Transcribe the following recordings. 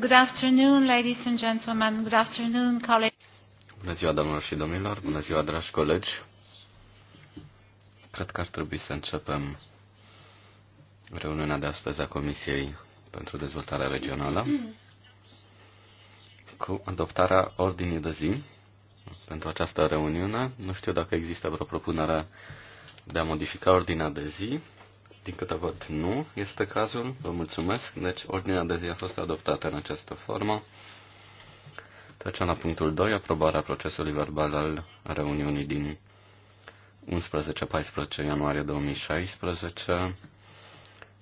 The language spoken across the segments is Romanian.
Good afternoon, ladies and gentlemen. Good afternoon, colleagues. Bună ziua, doamnelor și domnilor. Bună ziua, dragi colegi. Cred că ar trebui să începem reuniunea de astăzi a Comisiei pentru Dezvoltare Regională cu adoptarea ordinii de zi pentru această reuniune. Nu știu dacă există vreo propunere de a modifica ordinea de zi. Din câte văd, nu este cazul. Vă mulțumesc. Deci, ordinea de zi a fost adoptată în această formă. Trecem la punctul 2, aprobarea procesului verbal al reuniunii din 11-14 ianuarie 2016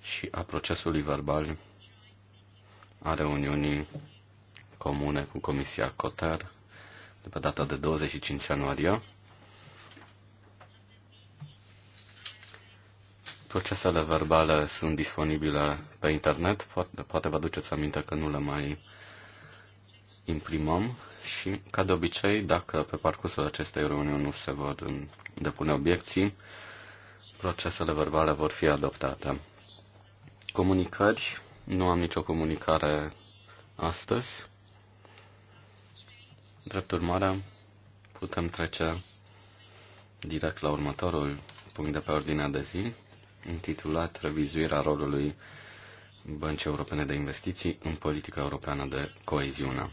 și a procesului verbal a reuniunii comune cu Comisia Cotar de pe data de 25 ianuarie. Procesele verbale sunt disponibile pe internet. Poate, poate vă aduceți aminte că nu le mai imprimăm și, ca de obicei, dacă pe parcursul acestei reuniuni nu se vor depune obiecții, procesele verbale vor fi adoptate. Comunicări. Nu am nicio comunicare astăzi. Drept urmare, putem trece direct la următorul punct de pe ordinea de zi intitulat Revizuirea rolului Băncii Europene de Investiții în politica europeană de coeziune.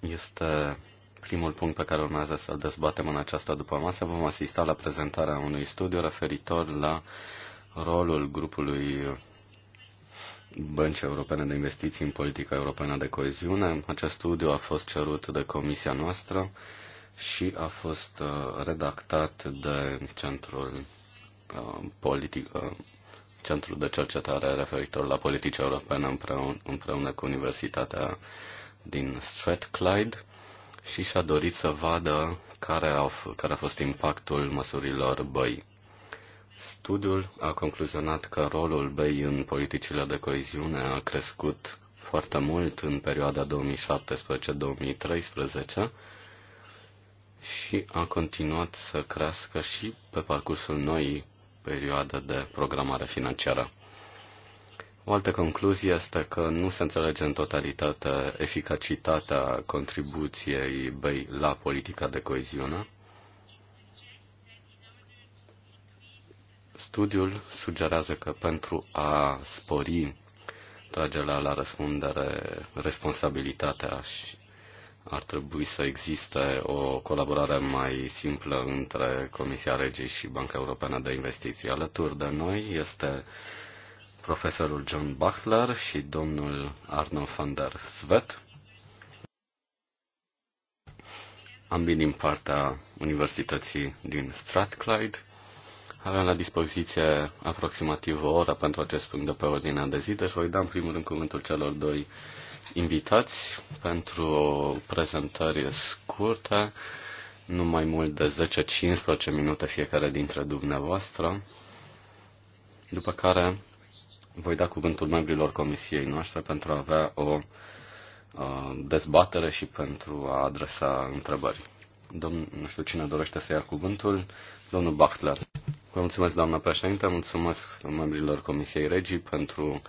Este primul punct pe care urmează să-l dezbatem în această după masă. Vom asista la prezentarea unui studiu referitor la rolul grupului Băncii Europene de Investiții în Politica Europeană de Coeziune. Acest studiu a fost cerut de comisia noastră și a fost uh, redactat de Centrul Uh, politică, centru de cercetare referitor la politici europene împreună, împreună cu Universitatea din Strathclyde și și-a dorit să vadă care, au, care a fost impactul măsurilor băi. Studiul a concluzionat că rolul băi în politicile de coeziune a crescut foarte mult în perioada 2017-2013 și a continuat să crească și pe parcursul noii perioadă de programare financiară. O altă concluzie este că nu se înțelege în totalitate eficacitatea contribuției BEI la politica de coeziune. Studiul sugerează că pentru a spori tragerea la răspundere, responsabilitatea și ar trebui să existe o colaborare mai simplă între Comisia Regii și Banca Europeană de Investiții. Alături de noi este profesorul John Bachler și domnul Arno van der Svet, ambii din partea Universității din Strathclyde. Avem la dispoziție aproximativ o oră pentru acest punct de pe ordinea de zi, deci voi da în primul rând cuvântul celor doi invitați pentru o prezentare scurtă, nu mai mult de 10-15 minute fiecare dintre dumneavoastră, după care voi da cuvântul membrilor comisiei noastre pentru a avea o uh, dezbatere și pentru a adresa întrebări. Domn, nu știu cine dorește să ia cuvântul. Domnul Bachtler. Vă mulțumesc, doamna președinte, mulțumesc membrilor Comisiei Regii pentru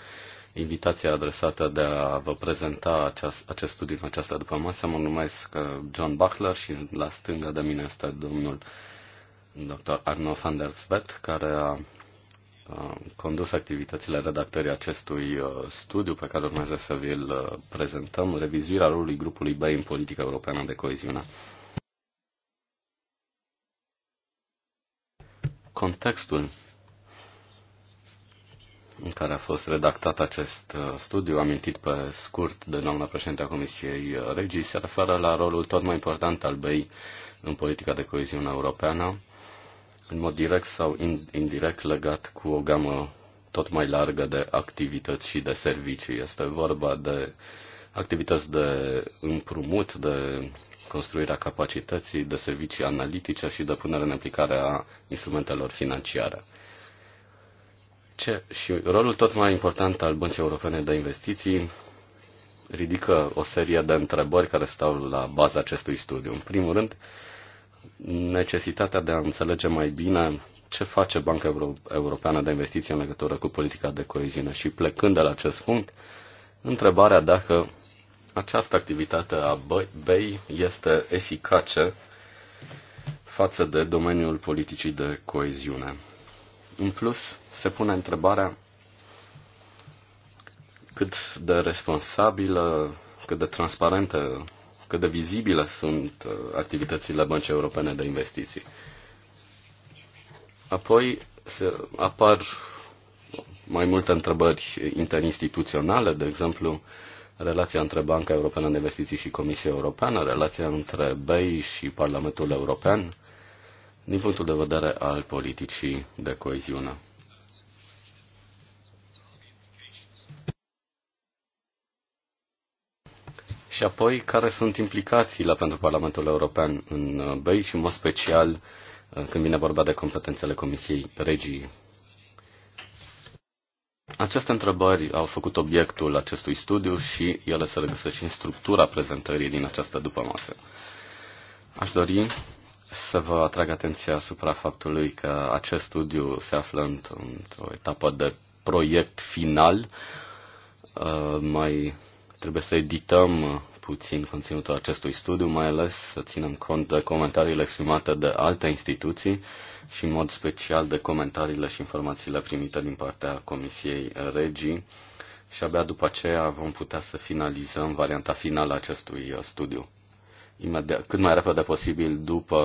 invitația adresată de a vă prezenta aceast, acest studiu în această după masă. Mă numesc uh, John Bachler și la stânga de mine este domnul dr. Arno van der Zvet, care a condus activitățile redactării acestui uh, studiu pe care urmează să vi-l uh, prezentăm, revizuirea rolului grupului B în politica europeană de coeziune. Contextul în care a fost redactat acest uh, studiu, amintit pe scurt de doamna președinte a Comisiei Regii, se referă la rolul tot mai important al BEI în politica de coeziune europeană, în mod direct sau indirect legat cu o gamă tot mai largă de activități și de servicii. Este vorba de activități de împrumut, de construirea capacității, de servicii analitice și de punere în aplicare a instrumentelor financiare. Ce, și rolul tot mai important al Băncii Europene de Investiții ridică o serie de întrebări care stau la baza acestui studiu. În primul rând, necesitatea de a înțelege mai bine ce face Banca Euro- Europeană de Investiții în legătură cu politica de coeziune și plecând de la acest punct, întrebarea dacă această activitate a BEI este eficace față de domeniul politicii de coeziune. În plus, se pune întrebarea cât de responsabilă, cât de transparentă, cât de vizibile sunt uh, activitățile Băncii Europene de Investiții. Apoi se apar mai multe întrebări interinstituționale, de exemplu, relația între Banca Europeană de Investiții și Comisia Europeană, relația între BEI și Parlamentul European, din punctul de vedere al politicii de coeziune. Și apoi, care sunt implicațiile pentru Parlamentul European în uh, BEI și, în mod special, uh, când vine vorba de competențele Comisiei Regii? Aceste întrebări au făcut obiectul acestui studiu și ele se regăsesc și în structura prezentării din această dupămasă. Aș dori să vă atrag atenția asupra faptului că acest studiu se află într-o etapă de proiect final. Uh, mai trebuie să edităm puțin conținutul acestui studiu, mai ales să ținem cont de comentariile exprimate de alte instituții și în mod special de comentariile și informațiile primite din partea Comisiei Regii și abia după aceea vom putea să finalizăm varianta finală a acestui uh, studiu cât mai repede posibil după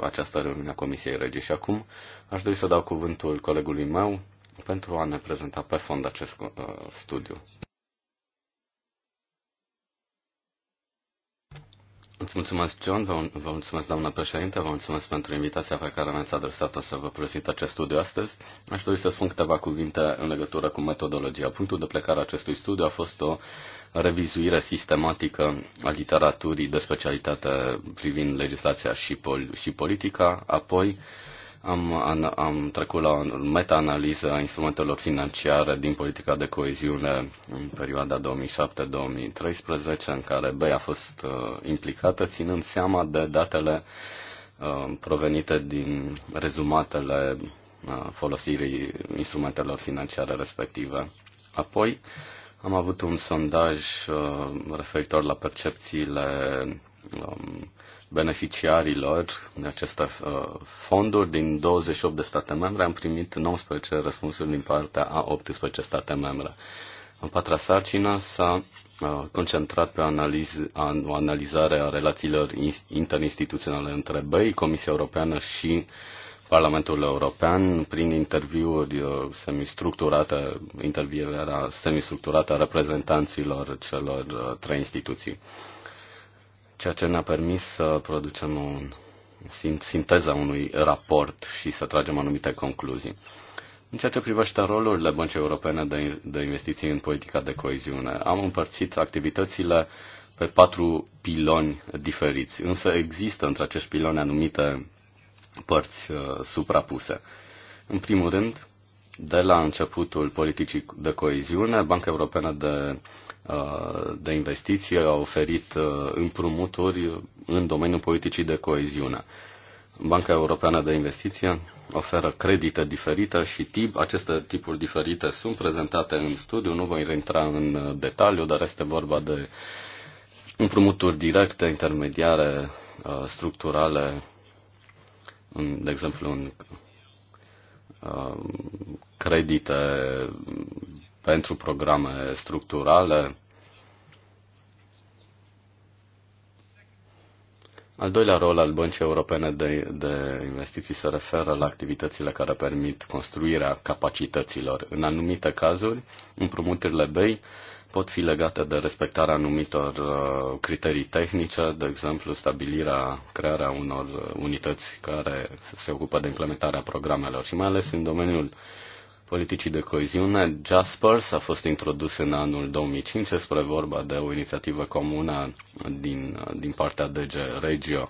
această reuniune a Comisiei Regii. Și acum aș dori să dau cuvântul colegului meu pentru a ne prezenta pe fond acest uh, studiu. Îți mulțumesc, John, vă, vă mulțumesc, doamnă președinte, vă mulțumesc pentru invitația pe care mi-ați adresat-o să vă prezint acest studiu astăzi. Aș dori să spun câteva cuvinte în legătură cu metodologia. Punctul de plecare a acestui studiu a fost o revizuire sistematică a literaturii de specialitate privind legislația și, pol- și politica, apoi am, an, am trecut la o meta-analiză a instrumentelor financiare din politica de coeziune în perioada 2007-2013, în care BEI a fost uh, implicată, ținând seama de datele uh, provenite din rezumatele uh, folosirii instrumentelor financiare respective. Apoi, uh, am avut un sondaj uh, referitor la percepțiile um, beneficiarilor de aceste uh, fonduri din 28 de state membre. Am primit 19 răspunsuri din partea a 18 state membre. În patra sarcină s-a uh, concentrat pe analiz, o analizare a relațiilor interinstituționale între BEI, Comisia Europeană și uh, Parlamentul European prin interviuri uh, semistructurate, intervierea semistructurată a reprezentanților celor uh, trei instituții. Ceea ce ne-a permis să producem o sinteză unui raport și să tragem anumite concluzii. În ceea ce privește rolurile Băncii Europene de, de Investiții în politica de coeziune, am împărțit activitățile pe patru piloni diferiți, însă există între acești piloni anumite părți uh, suprapuse. În primul rând, de la începutul politicii de coeziune, Banca Europeană de, uh, de Investiție a oferit uh, împrumuturi în domeniul politicii de coeziune. Banca Europeană de Investiție oferă credite diferite și tip, aceste tipuri diferite sunt prezentate în studiu, nu voi intra în detaliu, dar este vorba de împrumuturi directe, intermediare, structurale în, de exemplu, în uh, credite pentru programe structurale. Al doilea rol al Băncii Europene de, de Investiții se referă la activitățile care permit construirea capacităților. În anumite cazuri, împrumuturile BEI pot fi legate de respectarea anumitor uh, criterii tehnice, de exemplu stabilirea, crearea unor uh, unități care se ocupă de implementarea programelor și mai ales în domeniul politicii de coeziune. Jaspers a fost introdus în anul 2005, spre vorba de o inițiativă comună din, din partea DG Regio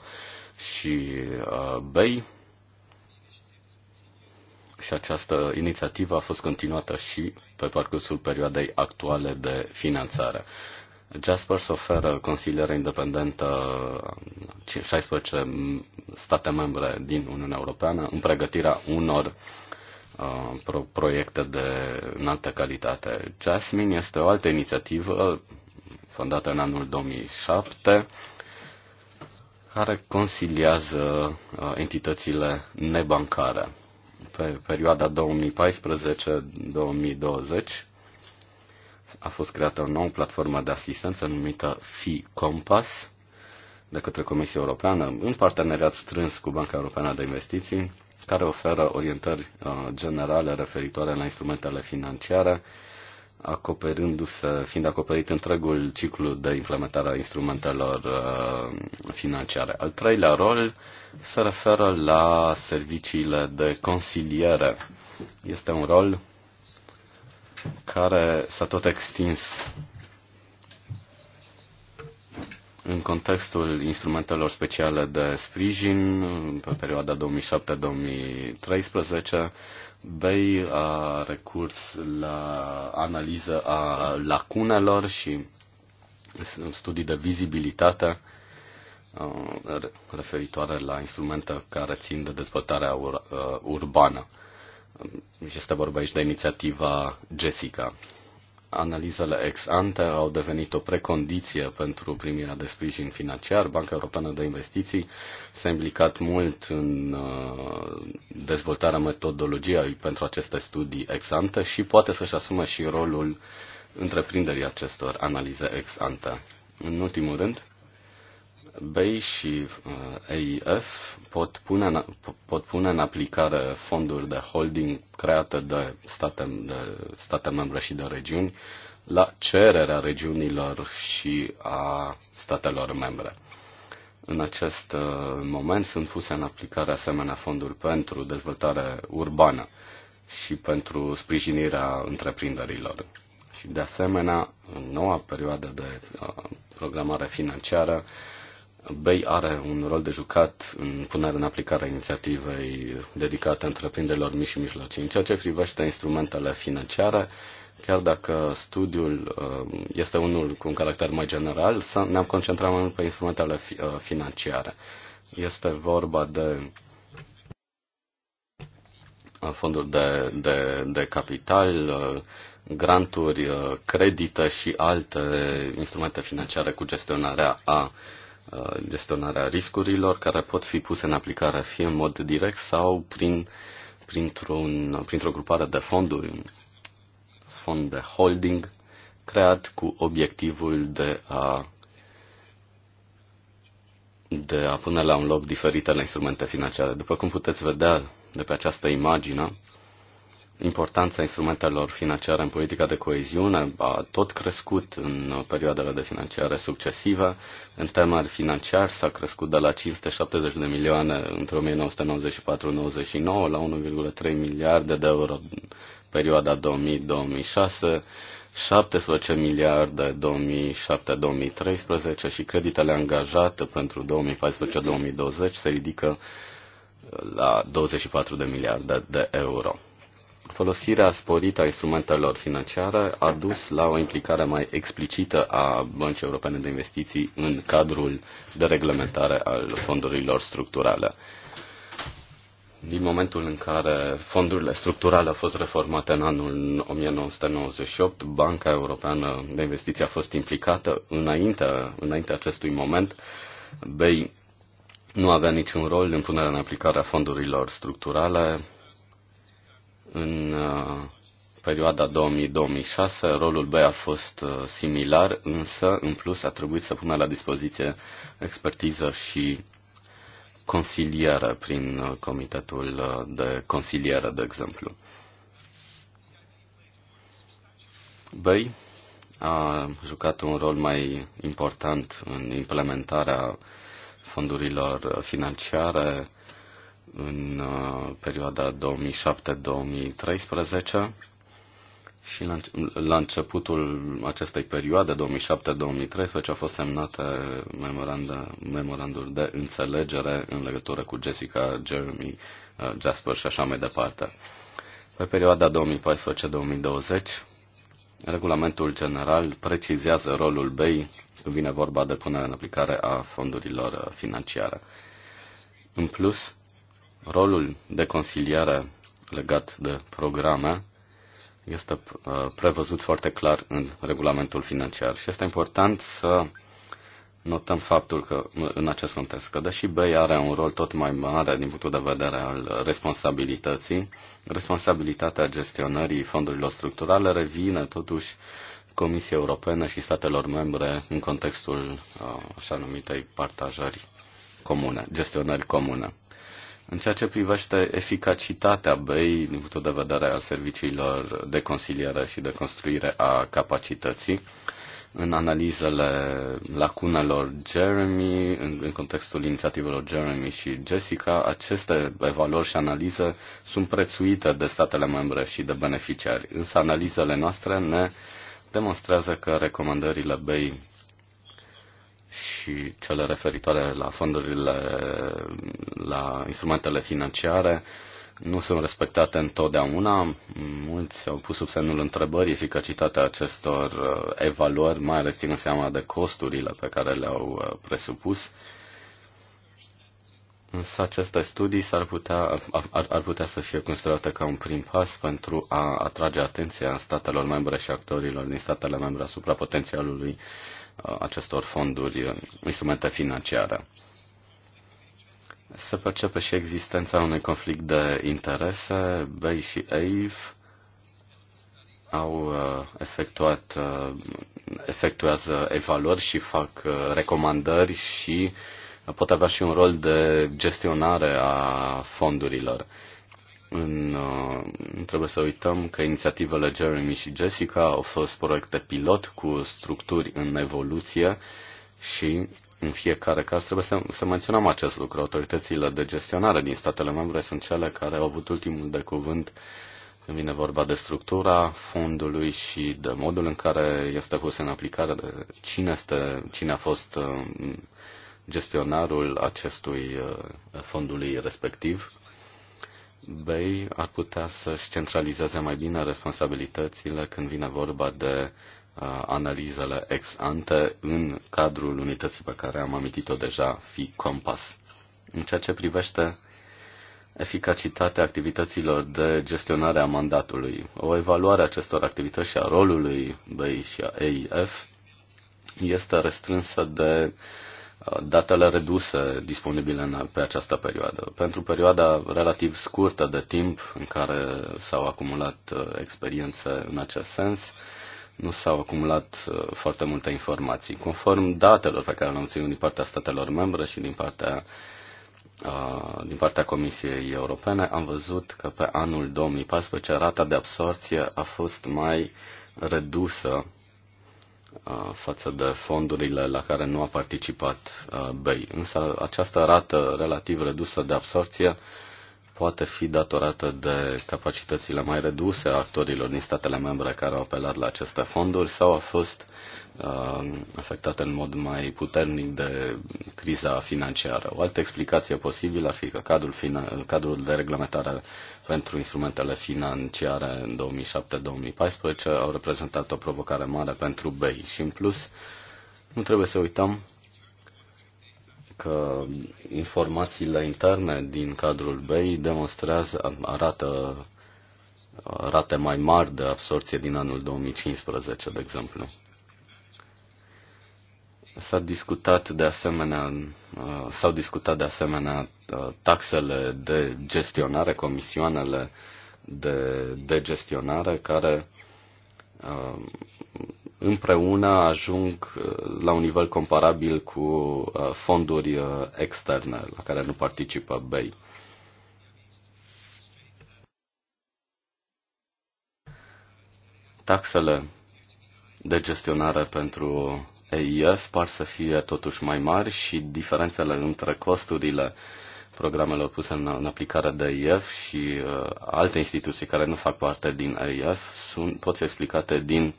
și uh, BEI și această inițiativă a fost continuată și pe parcursul perioadei actuale de finanțare. Jaspers oferă consiliere independentă 16 state membre din Uniunea Europeană în pregătirea unor uh, proiecte de înaltă calitate. Jasmine este o altă inițiativă fondată în anul 2007 care consiliază uh, entitățile nebancare pe perioada 2014-2020 a fost creată o nouă platformă de asistență numită FI Compass de către Comisia Europeană în parteneriat strâns cu Banca Europeană de Investiții, care oferă orientări uh, generale referitoare la instrumentele financiare, acoperindu-se, fiind acoperit întregul ciclu de implementare a instrumentelor uh, financiare. Al treilea rol se referă la serviciile de consiliere. Este un rol care s-a tot extins în contextul instrumentelor speciale de sprijin, pe perioada 2007-2013, BEI a recurs la analiză a lacunelor și studii de vizibilitate uh, referitoare la instrumente care țin de dezvoltarea ur- uh, urbană. Este vorba aici de inițiativa Jessica analizele ex ante au devenit o precondiție pentru primirea de sprijin financiar. Banca Europeană de Investiții s-a implicat mult în uh, dezvoltarea metodologiei pentru aceste studii ex ante și poate să-și asume și rolul întreprinderii acestor analize ex ante. În ultimul rând, BEI și EIF uh, pot pune, în, pot pune în aplicare fonduri de holding create de state, de state membre și de regiuni la cererea regiunilor și a statelor membre. În acest uh, moment sunt puse în aplicare asemenea fonduri pentru dezvoltare urbană și pentru sprijinirea întreprinderilor. Și de asemenea, în noua perioadă de uh, programare financiară, BEI are un rol de jucat în punerea în aplicare a inițiativei dedicate întreprinderilor mici și mijlocii. În ceea ce privește instrumentele financiare, chiar dacă studiul uh, este unul cu un caracter mai general, ne-am concentrat mai mult pe instrumentele uh, financiare. Este vorba de uh, fonduri de, de, de capital, granturi, credite și alte instrumente financiare cu gestionarea a Uh, gestionarea riscurilor care pot fi puse în aplicare fie în mod direct sau prin, printr-un, printr-o grupare de fonduri, un fond de holding creat cu obiectivul de a de a pune la un loc diferitele instrumente financiare. După cum puteți vedea de pe această imagine, importanța instrumentelor financiare în politica de coeziune a tot crescut în perioadele de finanțare succesive. În tema financiar s-a crescut de la 570 de milioane între 1994-99 la 1,3 miliarde de euro în perioada 2000-2006. 17 miliarde 2007-2013 și creditele angajate pentru 2014-2020 se ridică la 24 de miliarde de euro. Folosirea sporită a instrumentelor financiare a dus la o implicare mai explicită a Băncii Europene de Investiții în cadrul de reglementare al fondurilor structurale. Din momentul în care fondurile structurale au fost reformate în anul 1998, Banca Europeană de Investiții a fost implicată. Înainte, înainte acestui moment, BEI nu avea niciun rol în punerea în aplicare a fondurilor structurale, în uh, perioada 2000-2006 rolul B a fost uh, similar, însă în plus a trebuit să pună la dispoziție expertiză și consiliere prin uh, comitetul de consiliere, de exemplu. Bay a jucat un rol mai important în implementarea fondurilor financiare, în uh, perioada 2007-2013 și la, începutul acestei perioade, 2007-2013, au fost semnate memoranduri de înțelegere în legătură cu Jessica, Jeremy, uh, Jasper și așa mai departe. Pe perioada 2014-2020, regulamentul general precizează rolul BEI când vine vorba de punerea în aplicare a fondurilor uh, financiare. În plus, rolul de consiliere legat de programe este uh, prevăzut foarte clar în regulamentul financiar și este important să notăm faptul că în acest context că deși BEI are un rol tot mai mare din punctul de vedere al responsabilității, responsabilitatea gestionării fondurilor structurale revine totuși Comisiei Europene și statelor membre în contextul uh, așa numitei partajări comune, gestionări comune. În ceea ce privește eficacitatea BEI din punctul de vedere al serviciilor de consiliere și de construire a capacității, în analizele lacunelor Jeremy, în, în contextul inițiativelor Jeremy și Jessica, aceste evaluări și analize sunt prețuite de statele membre și de beneficiari. Însă analizele noastre ne demonstrează că recomandările BEI și cele referitoare la fondurile, la instrumentele financiare, nu sunt respectate întotdeauna. Mulți au pus sub semnul întrebării eficacitatea acestor uh, evaluări, mai ales ținând seama de costurile pe care le-au uh, presupus. Însă aceste studii s-ar putea, ar, ar putea să fie construite ca un prim pas pentru a atrage atenția statelor membre și actorilor din statele membre asupra potențialului acestor fonduri, instrumente financiare. Se percepe și existența unui conflict de interese. Bay și EIF au uh, efectuat, uh, efectuează evaluări și fac uh, recomandări și pot avea și un rol de gestionare a fondurilor în, uh, trebuie să uităm că inițiativele Jeremy și Jessica au fost proiecte pilot cu structuri în evoluție și în fiecare caz trebuie să, să menționăm acest lucru. Autoritățile de gestionare din statele membre sunt cele care au avut ultimul de cuvânt când vine vorba de structura fondului și de modul în care este pus în aplicare, de cine, este, cine a fost uh, gestionarul acestui uh, fondului respectiv. Bay ar putea să-și centralizeze mai bine responsabilitățile când vine vorba de uh, analizele ex ante în cadrul unității pe care am amintit-o deja, fi Compass. În ceea ce privește eficacitatea activităților de gestionare a mandatului, o evaluare a acestor activități și a rolului BEI și a EIF este restrânsă de uh, datele reduse disponibile în, pe această perioadă. Pentru perioada relativ scurtă de timp în care s-au acumulat uh, experiențe în acest sens, nu s-au acumulat uh, foarte multe informații. Conform datelor pe care le-am obținut din partea statelor membre și din partea, uh, din partea Comisiei Europene, am văzut că pe anul 2014 rata de absorție a fost mai redusă față de fondurile la care nu a participat BEI. Însă această rată relativ redusă de absorție poate fi datorată de capacitățile mai reduse a actorilor din statele membre care au apelat la aceste fonduri sau a fost uh, afectată în mod mai puternic de criza financiară. O altă explicație posibilă ar fi că cadrul, cadrul de reglementare pentru instrumentele financiare în 2007-2014 au reprezentat o provocare mare pentru BEI și în plus nu trebuie să uităm că informațiile interne din cadrul BEI demonstrează, arată rate mai mari de absorție din anul 2015, de exemplu. S-a discutat de asemenea, uh, s-au discutat de asemenea uh, taxele de gestionare, comisioanele de, de gestionare care uh, împreună ajung uh, la un nivel comparabil cu uh, fonduri uh, externe la care nu participă BEI. Taxele de gestionare pentru EIF par să fie totuși mai mari și diferențele între costurile programelor puse în, în aplicare de EIF și uh, alte instituții care nu fac parte din EIF sunt, pot fi explicate din uh,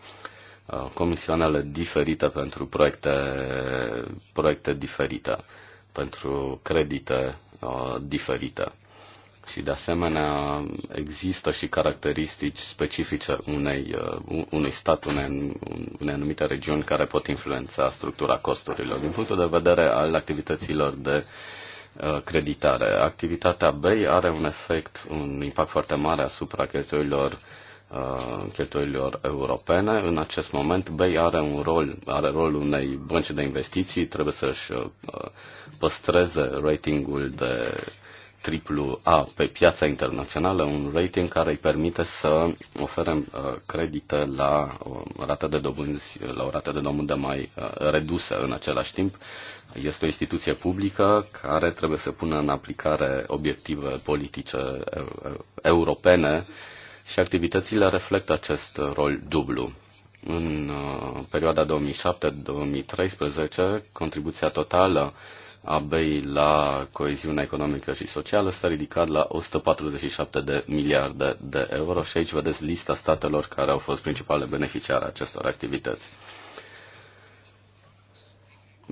Uh, comisioanele diferite pentru proiecte, proiecte diferite, pentru credite uh, diferite. Și de asemenea există și caracteristici specifice unei, uh, unui stat, unei, unei anumite regiuni care pot influența structura costurilor. Din punctul de vedere al activităților de creditare, activitatea BEI are un efect, un impact foarte mare asupra cheltuielilor Uh, cheltuielilor europene. În acest moment, BEI are un rol, are rolul unei bănci de investiții, trebuie să-și uh, păstreze ratingul de triplu A pe piața internațională, un rating care îi permite să ofere uh, credite la o rată de dobânzi, la o rată de dobândă mai redusă în același timp. Este o instituție publică care trebuie să pună în aplicare obiective politice europene și activitățile reflectă acest rol dublu. În uh, perioada 2007-2013, contribuția totală a BEI la coeziunea economică și socială s-a ridicat la 147 de miliarde de euro și aici vedeți lista statelor care au fost principale beneficiare acestor activități.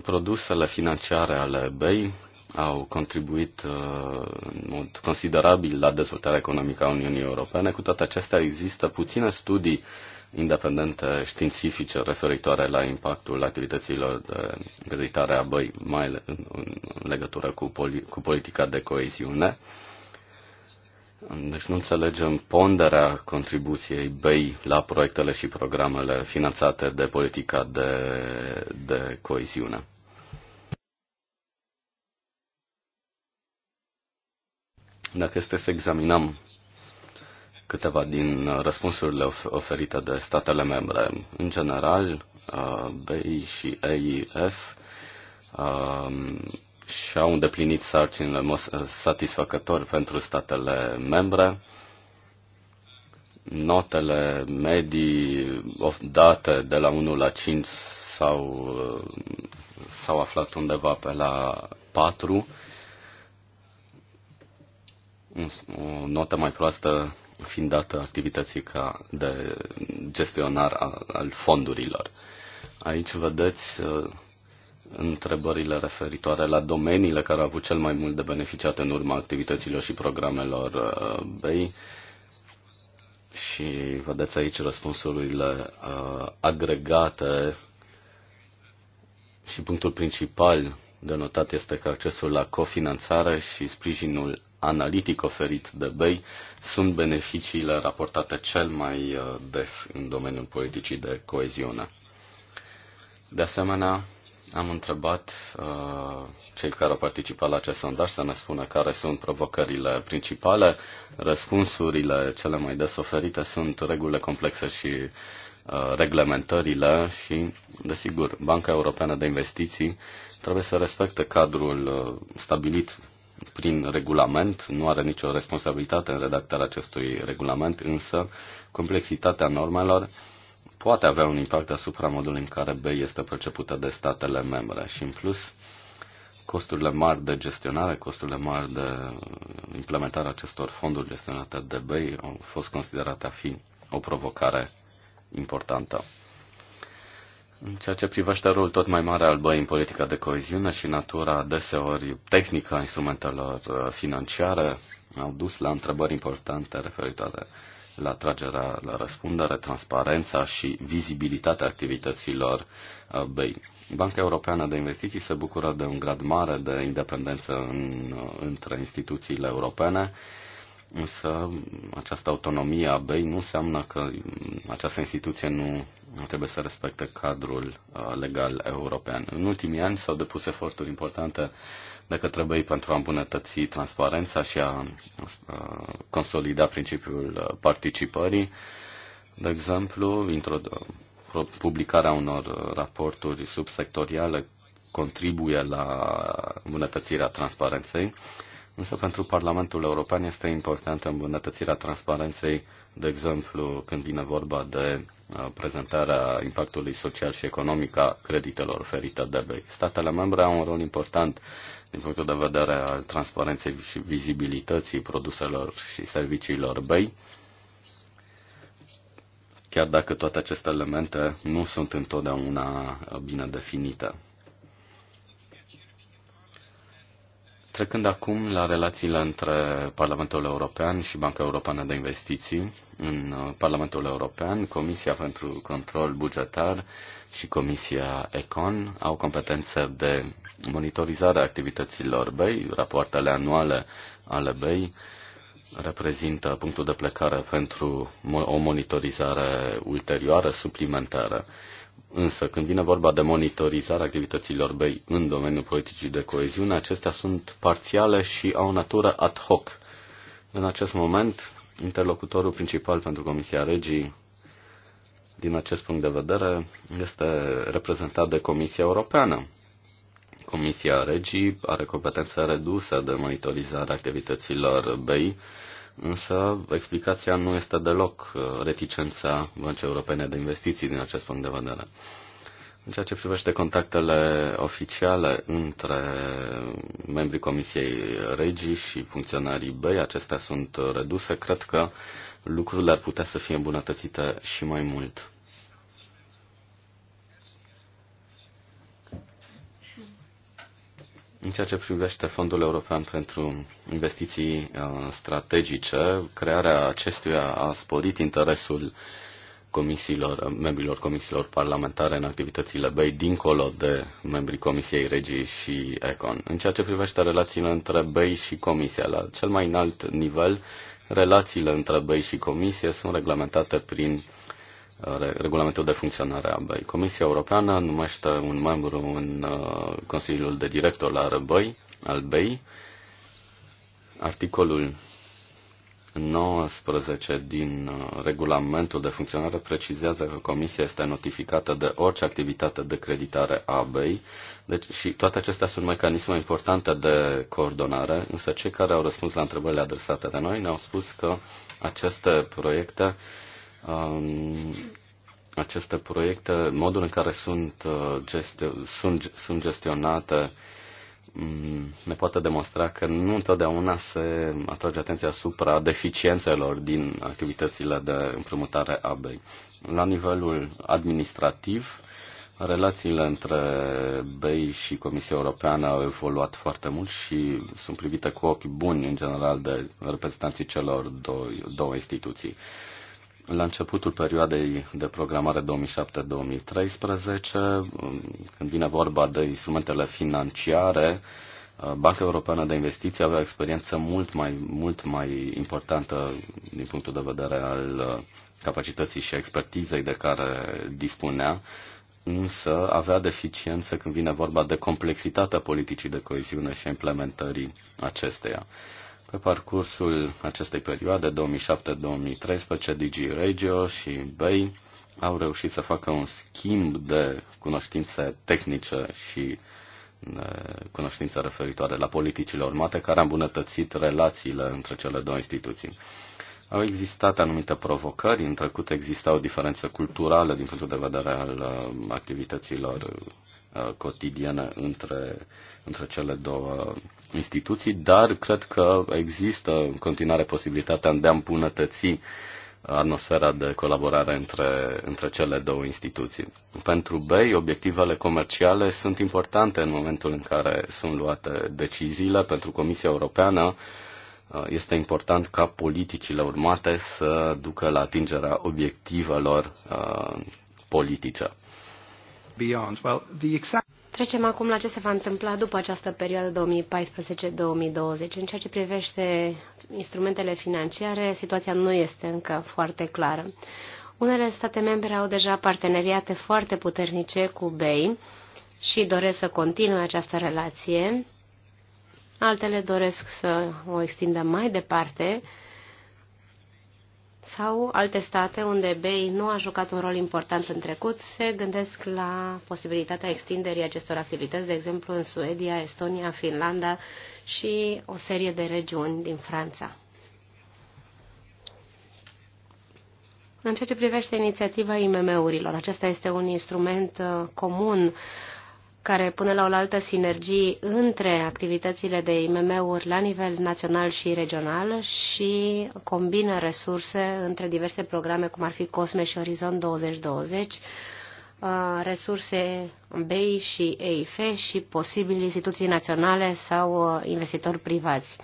Produsele financiare ale BEI au contribuit uh, în mod considerabil la dezvoltarea economică a Uniunii Europene. Cu toate acestea, există puține studii independente științifice referitoare la impactul activităților de creditare a băi, mai în legătură cu, poli, cu politica de coeziune. Deci nu înțelegem ponderea contribuției BEI la proiectele și programele finanțate de politica de, de coeziune. Dacă este să examinăm câteva din răspunsurile oferite de statele membre, în general, uh, B și AIF um, și-au îndeplinit sarcinile uh, satisfăcător pentru statele membre. Notele medii date de la 1 la 5 s-au, uh, s-au aflat undeva pe la 4 o notă mai proastă fiind dată activității ca de gestionar al fondurilor. Aici vedeți uh, întrebările referitoare la domeniile care au avut cel mai mult de beneficiat în urma activităților și programelor uh, BEI și vedeți aici răspunsurile uh, agregate și punctul principal de notat este că accesul la cofinanțare și sprijinul analitic oferit de BEI sunt beneficiile raportate cel mai uh, des în domeniul politicii de coeziune. De asemenea, am întrebat uh, cei care au participat la acest sondaj să ne spună care sunt provocările principale. Răspunsurile cele mai des oferite sunt regulile complexe și uh, reglementările și, desigur, Banca Europeană de Investiții trebuie să respecte cadrul uh, stabilit prin regulament, nu are nicio responsabilitate în redactarea acestui regulament, însă complexitatea normelor poate avea un impact asupra modului în care B este percepută de statele membre și, în plus, costurile mari de gestionare, costurile mari de uh, implementare acestor fonduri gestionate de BEI au fost considerate a fi o provocare importantă. În ceea ce privește rolul tot mai mare al BEI în politica de coeziune și natura deseori tehnică a instrumentelor uh, financiare, au dus la întrebări importante referitoare la tragerea la răspundere, transparența și vizibilitatea activităților uh, BEI. Banca Europeană de Investiții se bucură de un grad mare de independență în, uh, între instituțiile europene, Însă această autonomie a BEI nu înseamnă că această instituție nu trebuie să respecte cadrul uh, legal european. În ultimii ani s-au depus eforturi importante de către BEI pentru a îmbunătăți transparența și a uh, consolida principiul uh, participării. De exemplu, publicarea unor raporturi subsectoriale contribuie la îmbunătățirea transparenței Însă pentru Parlamentul European este importantă îmbunătățirea transparenței, de exemplu, când vine vorba de uh, prezentarea impactului social și economic a creditelor oferite de BEI. Statele membre au un rol important din punctul de vedere al transparenței și vizibilității produselor și serviciilor BEI, chiar dacă toate aceste elemente nu sunt întotdeauna bine definite. Trecând acum la relațiile între Parlamentul European și Banca Europeană de Investiții, în uh, Parlamentul European, Comisia pentru Control Bugetar și Comisia Econ au competențe de monitorizare a activităților BEI, rapoartele anuale ale BEI reprezintă punctul de plecare pentru o monitorizare ulterioară, suplimentară. Însă, când vine vorba de monitorizarea activităților BEI în domeniul politicii de coeziune, acestea sunt parțiale și au natură ad hoc. În acest moment, interlocutorul principal pentru Comisia Regii, din acest punct de vedere, este reprezentat de Comisia Europeană. Comisia Regii are competențe reduse de monitorizare activităților BEI, Însă explicația nu este deloc uh, reticența Băncii Europene de Investiții din acest punct de vedere. În ceea ce privește contactele oficiale între membrii Comisiei Regii și funcționarii BEI, acestea sunt reduse. Cred că lucrurile ar putea să fie îmbunătățite și mai mult. În ceea ce privește Fondul European pentru Investiții uh, Strategice, crearea acestuia a sporit interesul comisiilor, membrilor comisiilor parlamentare în activitățile BEI, dincolo de membrii Comisiei Regii și ECON. În ceea ce privește relațiile între BEI și Comisia, la cel mai înalt nivel, relațiile între BEI și Comisie sunt reglementate prin regulamentul de funcționare a BEI. Comisia Europeană numește un membru în uh, Consiliul de Director la RBEI, al BEI. Articolul 19 din uh, regulamentul de funcționare precizează că comisia este notificată de orice activitate de creditare a BEI deci, și toate acestea sunt mecanisme importante de coordonare, însă cei care au răspuns la întrebările adresate de noi ne-au spus că aceste proiecte uh, um, aceste proiecte, modul în care sunt, uh, gestio- sunt, sunt gestionate, mm, ne poate demonstra că nu întotdeauna se atrage atenția asupra deficiențelor din activitățile de împrumutare a BEI. La nivelul administrativ, relațiile între BEI și Comisia Europeană au evoluat foarte mult și sunt privite cu ochi buni, în general, de reprezentanții celor două, două instituții. La începutul perioadei de programare 2007-2013, când vine vorba de instrumentele financiare, Banca Europeană de Investiții avea o experiență mult mai, mult mai importantă din punctul de vedere al capacității și expertizei de care dispunea, însă avea deficiențe când vine vorba de complexitatea politicii de coeziune și a implementării acesteia. Pe parcursul acestei perioade, 2007-2013, Digi Regio și Bay au reușit să facă un schimb de cunoștințe tehnice și uh, cunoștințe referitoare la politicile urmate, care a îmbunătățit relațiile între cele două instituții. Au existat anumite provocări, în trecut exista o diferență culturală din punctul de vedere al uh, activităților uh, cotidiene între, între cele două instituții, dar cred că există în continuare posibilitatea de a îmbunătăți atmosfera de colaborare între, între cele două instituții. Pentru BEI, obiectivele comerciale sunt importante în momentul în care sunt luate deciziile. Pentru Comisia Europeană este important ca politicile urmate să ducă la atingerea obiectivelor uh, politice. Beyond. Well, the exact... Trecem acum la ce se va întâmpla după această perioadă 2014-2020. În ceea ce privește instrumentele financiare, situația nu este încă foarte clară. Unele state membre au deja parteneriate foarte puternice cu BEI și doresc să continue această relație. Altele doresc să o extindă mai departe sau alte state unde BEI nu a jucat un rol important în trecut se gândesc la posibilitatea extinderii acestor activități, de exemplu în Suedia, Estonia, Finlanda și o serie de regiuni din Franța. În ceea ce privește inițiativa IMM-urilor, acesta este un instrument uh, comun uh, care pune la oaltă sinergii între activitățile de IMM-uri la nivel național și regional și combină resurse între diverse programe, cum ar fi COSME și Orizont 2020, uh, resurse BEI și EIF și posibil instituții naționale sau uh, investitori privați.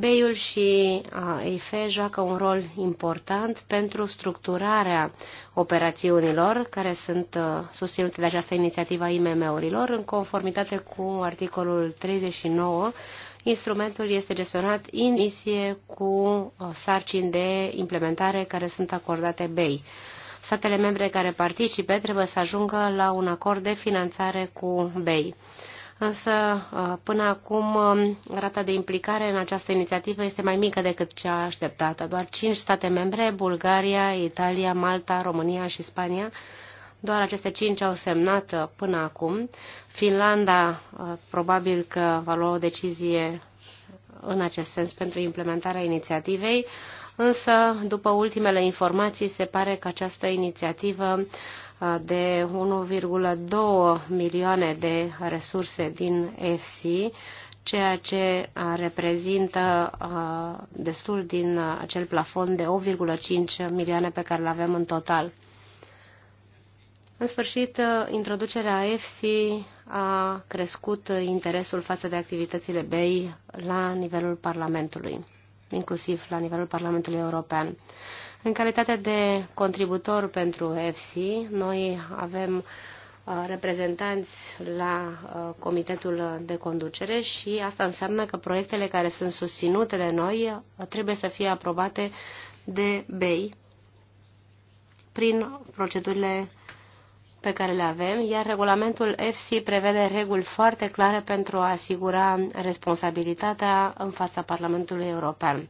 Beiul și EIFE joacă un rol important pentru structurarea operațiunilor care sunt susținute de această inițiativă a IMM-urilor în conformitate cu articolul 39 Instrumentul este gestionat în misie cu sarcini de implementare care sunt acordate BEI. Statele membre care participe trebuie să ajungă la un acord de finanțare cu BEI însă uh, până acum um, rata de implicare în această inițiativă este mai mică decât cea așteptată. Doar cinci state membre, Bulgaria, Italia, Malta, România și Spania, doar aceste cinci au semnat uh, până acum. Finlanda uh, probabil că va lua o decizie în acest sens pentru implementarea inițiativei, însă, după ultimele informații, se pare că această inițiativă de 1,2 milioane de resurse din EFSI, ceea ce reprezintă destul din acel plafon de 8,5 milioane pe care îl avem în total. În sfârșit, introducerea EFSI a crescut interesul față de activitățile BEI la nivelul Parlamentului, inclusiv la nivelul Parlamentului European. În calitate de contributor pentru FC, noi avem uh, reprezentanți la uh, comitetul de conducere și asta înseamnă că proiectele care sunt susținute de noi uh, trebuie să fie aprobate de BEI prin procedurile pe care le avem, iar regulamentul FC prevede reguli foarte clare pentru a asigura responsabilitatea în fața Parlamentului European.